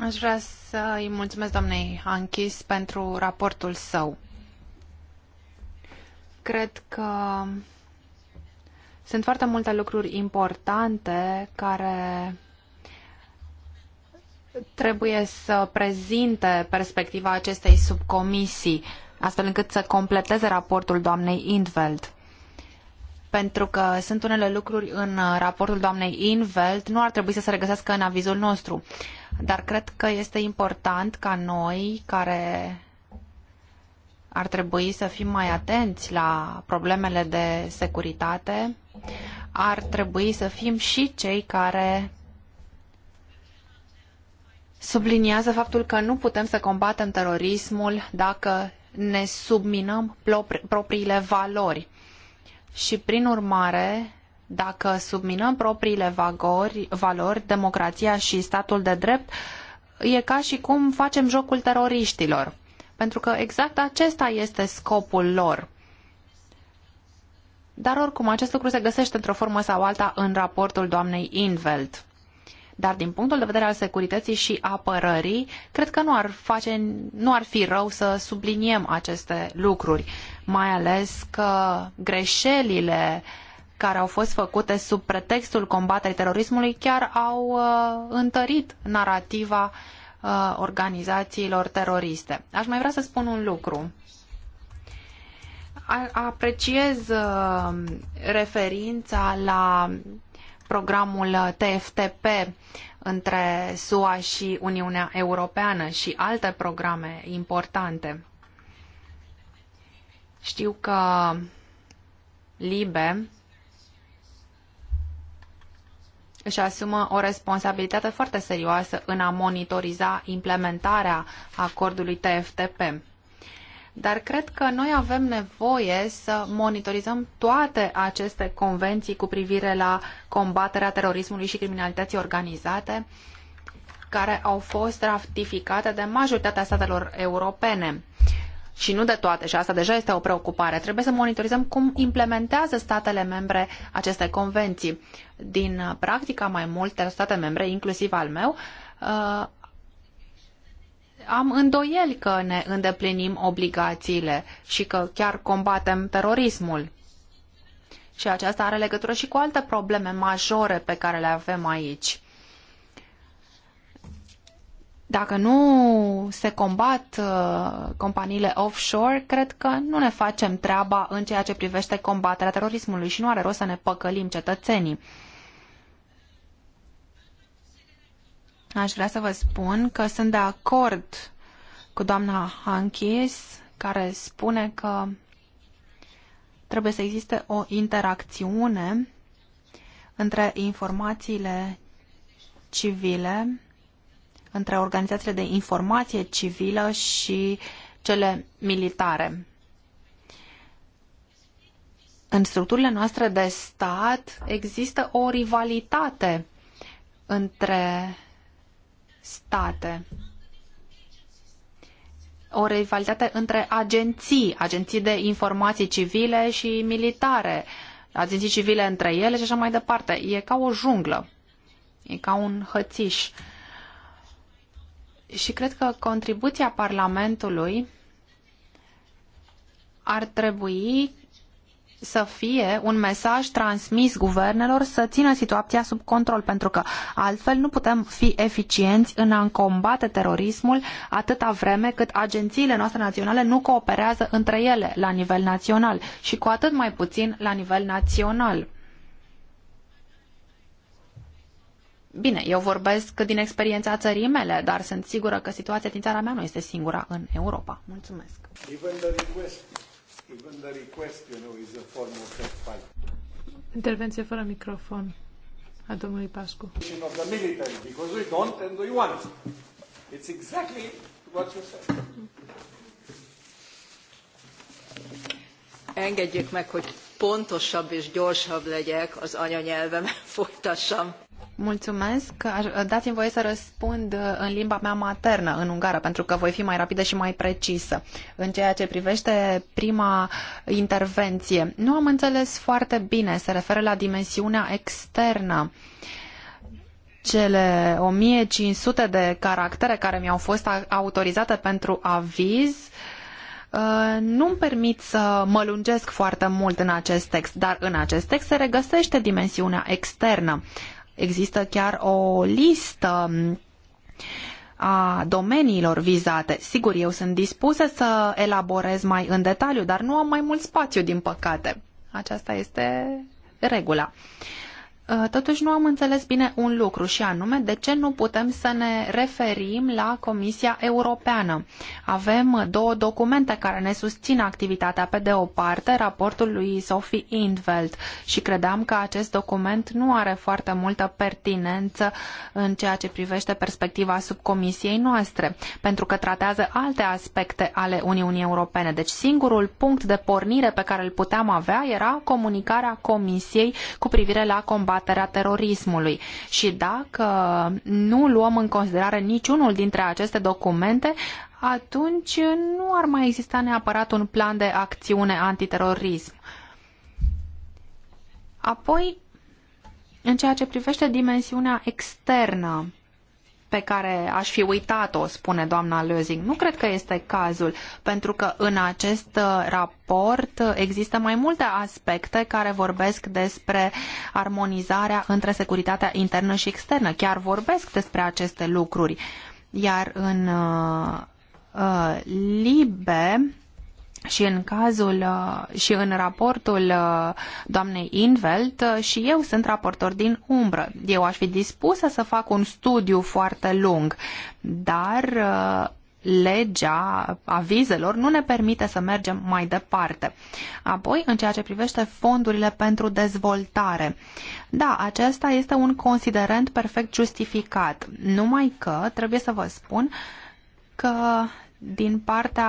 Speaker 2: Aș vrea să îi mulțumesc doamnei Anchis pentru raportul său. Cred că sunt foarte multe lucruri importante care trebuie să prezinte perspectiva acestei subcomisii, astfel încât să completeze raportul doamnei Indveld pentru că sunt unele lucruri în uh, raportul doamnei Invelt, nu ar trebui să se regăsească în avizul nostru. Dar cred că este important ca noi, care ar trebui să fim mai atenți la problemele de securitate, ar trebui să fim și cei care subliniază faptul că nu putem să combatem terorismul dacă ne subminăm propriile valori și, prin urmare, dacă subminăm propriile vagori, valori, democrația și statul de drept, e ca și cum facem jocul teroriștilor. Pentru că exact acesta este scopul lor. Dar oricum, acest lucru se găsește într-o formă sau alta în raportul doamnei Inveld. Dar din punctul de vedere al securității și apărării, cred că nu ar, face, nu ar fi rău să subliniem aceste lucruri mai ales că greșelile care au fost făcute sub pretextul combaterii terorismului chiar au uh, întărit narativa uh, organizațiilor teroriste. Aș mai vrea să spun un lucru. Apreciez uh, referința la programul TFTP între SUA și Uniunea Europeană și alte programe importante. Știu că Libe își asumă o responsabilitate foarte serioasă în a monitoriza implementarea acordului TFTP. Dar cred că noi avem nevoie să monitorizăm toate aceste convenții cu privire la combaterea terorismului și criminalității organizate care au fost ratificate de majoritatea statelor europene și nu de toate, și asta deja este o preocupare, trebuie să monitorizăm cum implementează statele membre aceste convenții. Din practica mai multe state membre, inclusiv al meu, uh, am îndoieli că ne îndeplinim obligațiile și că chiar combatem terorismul. Și aceasta are legătură și cu alte probleme majore pe care le avem aici dacă nu se combat uh, companiile offshore, cred că nu ne facem treaba în ceea ce privește combaterea terorismului și nu are rost să ne păcălim cetățenii. Aș vrea să vă spun că sunt de acord cu doamna Hankis, care spune că trebuie să existe o interacțiune între informațiile civile între organizațiile de informație civilă și cele militare. În structurile noastre de stat există o rivalitate între state o rivalitate între agenții, agenții de informații civile și militare, agenții civile între ele și așa mai departe. E ca o junglă, e ca un hățiș. Și cred că contribuția Parlamentului ar trebui să fie un mesaj transmis guvernelor să țină situația sub control, pentru că altfel nu putem fi eficienți în a combate terorismul atâta vreme cât agențiile noastre naționale nu cooperează între ele la nivel național și cu atât mai puțin la nivel național Bine, eu vorbesc din experiența țării mele, dar sunt sigură că situația din țara mea nu este singura în Europa. Mulțumesc. Intervenție fără
Speaker 1: microfon a domnului Pascu.
Speaker 3: Engedjék meg, hogy pontosabb és gyorsabb legyek az anyanyelvemen folytassam.
Speaker 2: Mulțumesc. Dați-mi voie să răspund uh, în limba mea maternă, în ungară, pentru că voi fi mai rapidă și mai precisă în ceea ce privește prima intervenție. Nu am înțeles foarte bine, se referă la dimensiunea externă. Cele 1500 de caractere care mi-au fost autorizate pentru aviz uh, nu-mi permit să mă lungesc foarte mult în acest text, dar în acest text se regăsește dimensiunea externă. Există chiar o listă um, a domeniilor vizate. Sigur, eu sunt dispusă să elaborez mai în detaliu, dar nu am mai mult spațiu, din păcate. Aceasta este regula. Uh, totuși nu am înțeles bine un lucru și anume de ce nu putem să ne referim la Comisia Europeană. Avem două documente care ne susțin activitatea pe de o parte, raportul lui Sophie Indveld și credeam că acest document nu are foarte multă pertinență în ceea ce privește perspectiva subcomisiei noastre, pentru că tratează alte aspecte ale Uniunii Europene. Deci singurul punct de pornire pe care îl puteam avea era comunicarea Comisiei cu privire la combaterea combaterea terorismului. Și dacă nu luăm în considerare niciunul dintre aceste documente, atunci nu ar mai exista neapărat un plan de acțiune antiterorism. Apoi, în ceea ce privește dimensiunea externă, pe care aș fi uitat-o, spune doamna Lözing. Nu cred că este cazul, pentru că în acest uh, raport există mai multe aspecte care vorbesc despre armonizarea între securitatea internă și externă. Chiar vorbesc despre aceste lucruri. Iar în uh, uh, Libe și în cazul uh, și în raportul uh, doamnei Invelt uh, și eu sunt raportor din umbră. Eu aș fi dispusă să fac un studiu foarte lung, dar legea avizelor nu ne permite să mergem mai departe. Apoi, în ceea ce privește fondurile pentru dezvoltare. Da, acesta este un considerent perfect justificat, numai că trebuie să vă spun că din partea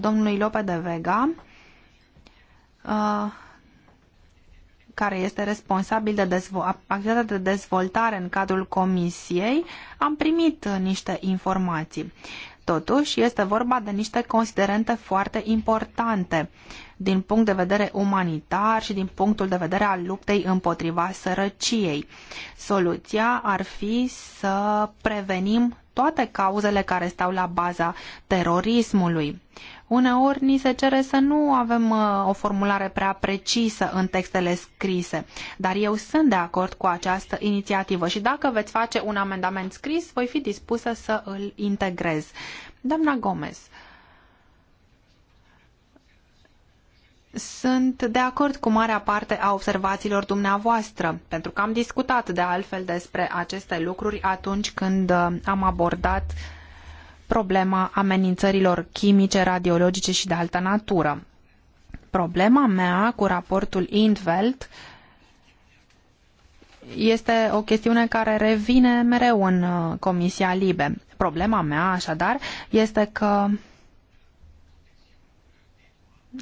Speaker 2: domnului Lope de Vega, uh, care este responsabil de activitatea de dezvoltare în cadrul comisiei, am primit uh, niște informații. Totuși, este vorba de niște considerente foarte importante din punct de vedere umanitar și din punctul de vedere al luptei împotriva sărăciei. Soluția ar fi să prevenim toate cauzele care stau la baza terorismului. Uneori ni se cere să nu avem uh, o formulare prea precisă în textele scrise, dar eu sunt de acord cu această inițiativă și dacă veți face un amendament scris, voi fi dispusă să îl integrez. Doamna Gomez, Sunt de acord cu marea parte a observațiilor dumneavoastră, pentru că am discutat de altfel despre aceste lucruri atunci când uh, am abordat problema amenințărilor chimice, radiologice și de altă natură. Problema mea cu raportul Indveld este o chestiune care revine mereu în uh, Comisia Libe. Problema mea, așadar, este că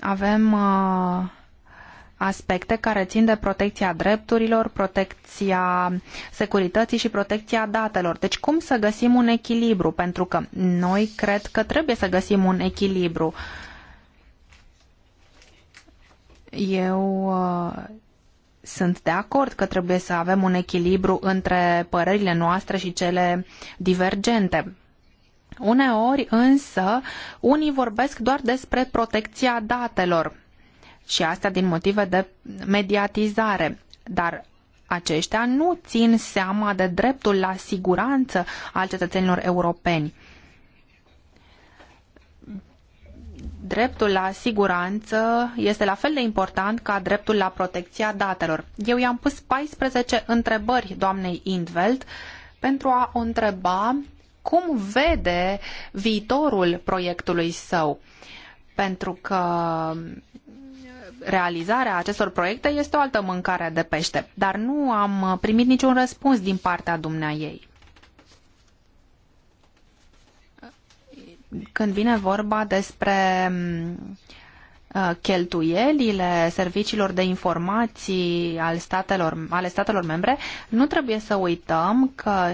Speaker 2: avem uh, aspecte care țin de protecția drepturilor, protecția securității și protecția datelor. Deci cum să găsim un echilibru? Pentru că noi cred că trebuie să găsim un echilibru. Eu uh, sunt de acord că trebuie să avem un echilibru între părerile noastre și cele divergente. Uneori însă, unii vorbesc doar despre protecția datelor și asta din motive de mediatizare, dar aceștia nu țin seama de dreptul la siguranță al cetățenilor europeni. dreptul la siguranță este la fel de important ca dreptul la protecția datelor. Eu i-am pus 14 întrebări doamnei Indveld pentru a o întreba cum vede viitorul proiectului său. Pentru că realizarea acestor proiecte este o altă mâncare de pește, dar nu am primit niciun răspuns din partea dumnea ei. Când vine vorba despre uh, cheltuielile serviciilor de informații al statelor, ale statelor membre, nu trebuie să uităm că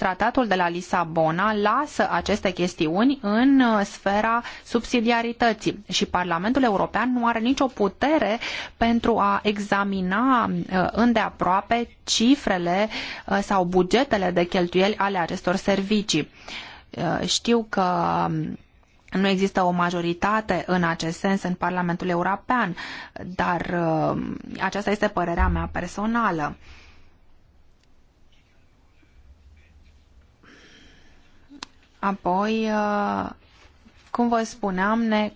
Speaker 2: Tratatul de la Lisabona lasă aceste chestiuni în uh, sfera subsidiarității și Parlamentul European nu are nicio putere pentru a examina uh, îndeaproape cifrele uh, sau bugetele de cheltuieli ale acestor servicii. Știu că um, nu există o majoritate în acest sens în Parlamentul European, dar aceasta este părerea mea personală. Apoi, uh, cum vă spuneam, ne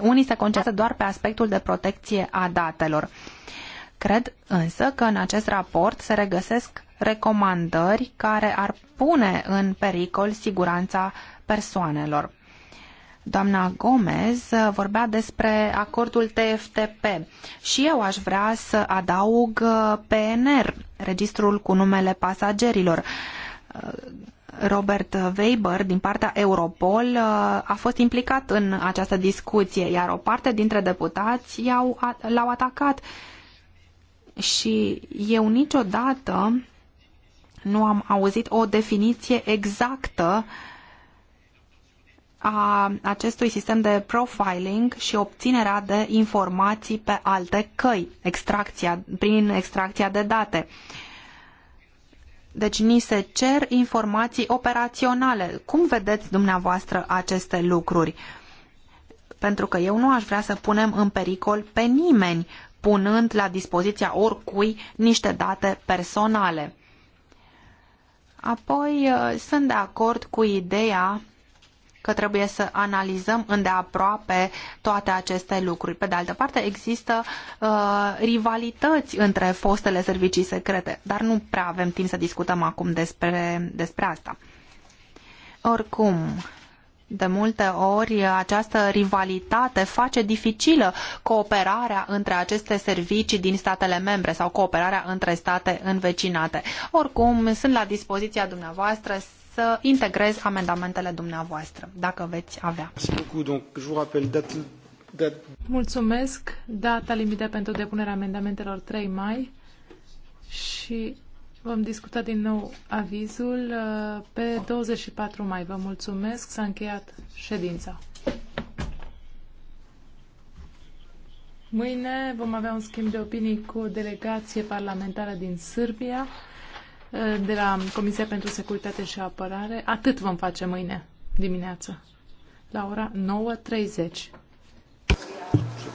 Speaker 2: unii se concentrează doar pe aspectul de protecție a datelor. Cred însă că în acest raport se regăsesc recomandări care ar pune în pericol siguranța persoanelor. Doamna Gomez uh, vorbea despre acordul TFTP și eu aș vrea să adaug uh, PNR, registrul cu numele pasagerilor Robert Weber din partea Europol uh, a fost implicat în această discuție, iar o parte dintre deputați l-au atacat. Și eu niciodată nu am auzit o definiție exactă a acestui sistem de profiling și obținerea de informații pe alte căi, extracția, prin extracția de date. Uh, deci ni se cer informații operaționale. Cum vedeți dumneavoastră aceste lucruri? Pentru că eu nu aș vrea să punem în pericol pe nimeni, punând la dispoziția oricui niște date personale. Apoi ă, sunt de acord cu ideea că trebuie să analizăm îndeaproape toate aceste lucruri. Pe de altă parte, există uh, rivalități între fostele servicii secrete, dar nu prea avem timp să discutăm acum despre, despre asta. Oricum, de multe ori, această rivalitate face dificilă cooperarea între aceste servicii din statele membre sau cooperarea între state învecinate. Oricum, sunt la dispoziția dumneavoastră să integrez amendamentele dumneavoastră, dacă veți avea.
Speaker 1: Mulțumesc. Data limită pentru depunerea amendamentelor 3 mai și vom discuta din nou avizul uh, pe 24 mai. Vă mulțumesc. S-a încheiat ședința. Mâine vom avea un schimb de opinii cu o delegație parlamentară din Sârbia de la Comisia pentru Securitate și Apărare. Atât vom face mâine dimineață, la ora 9.30.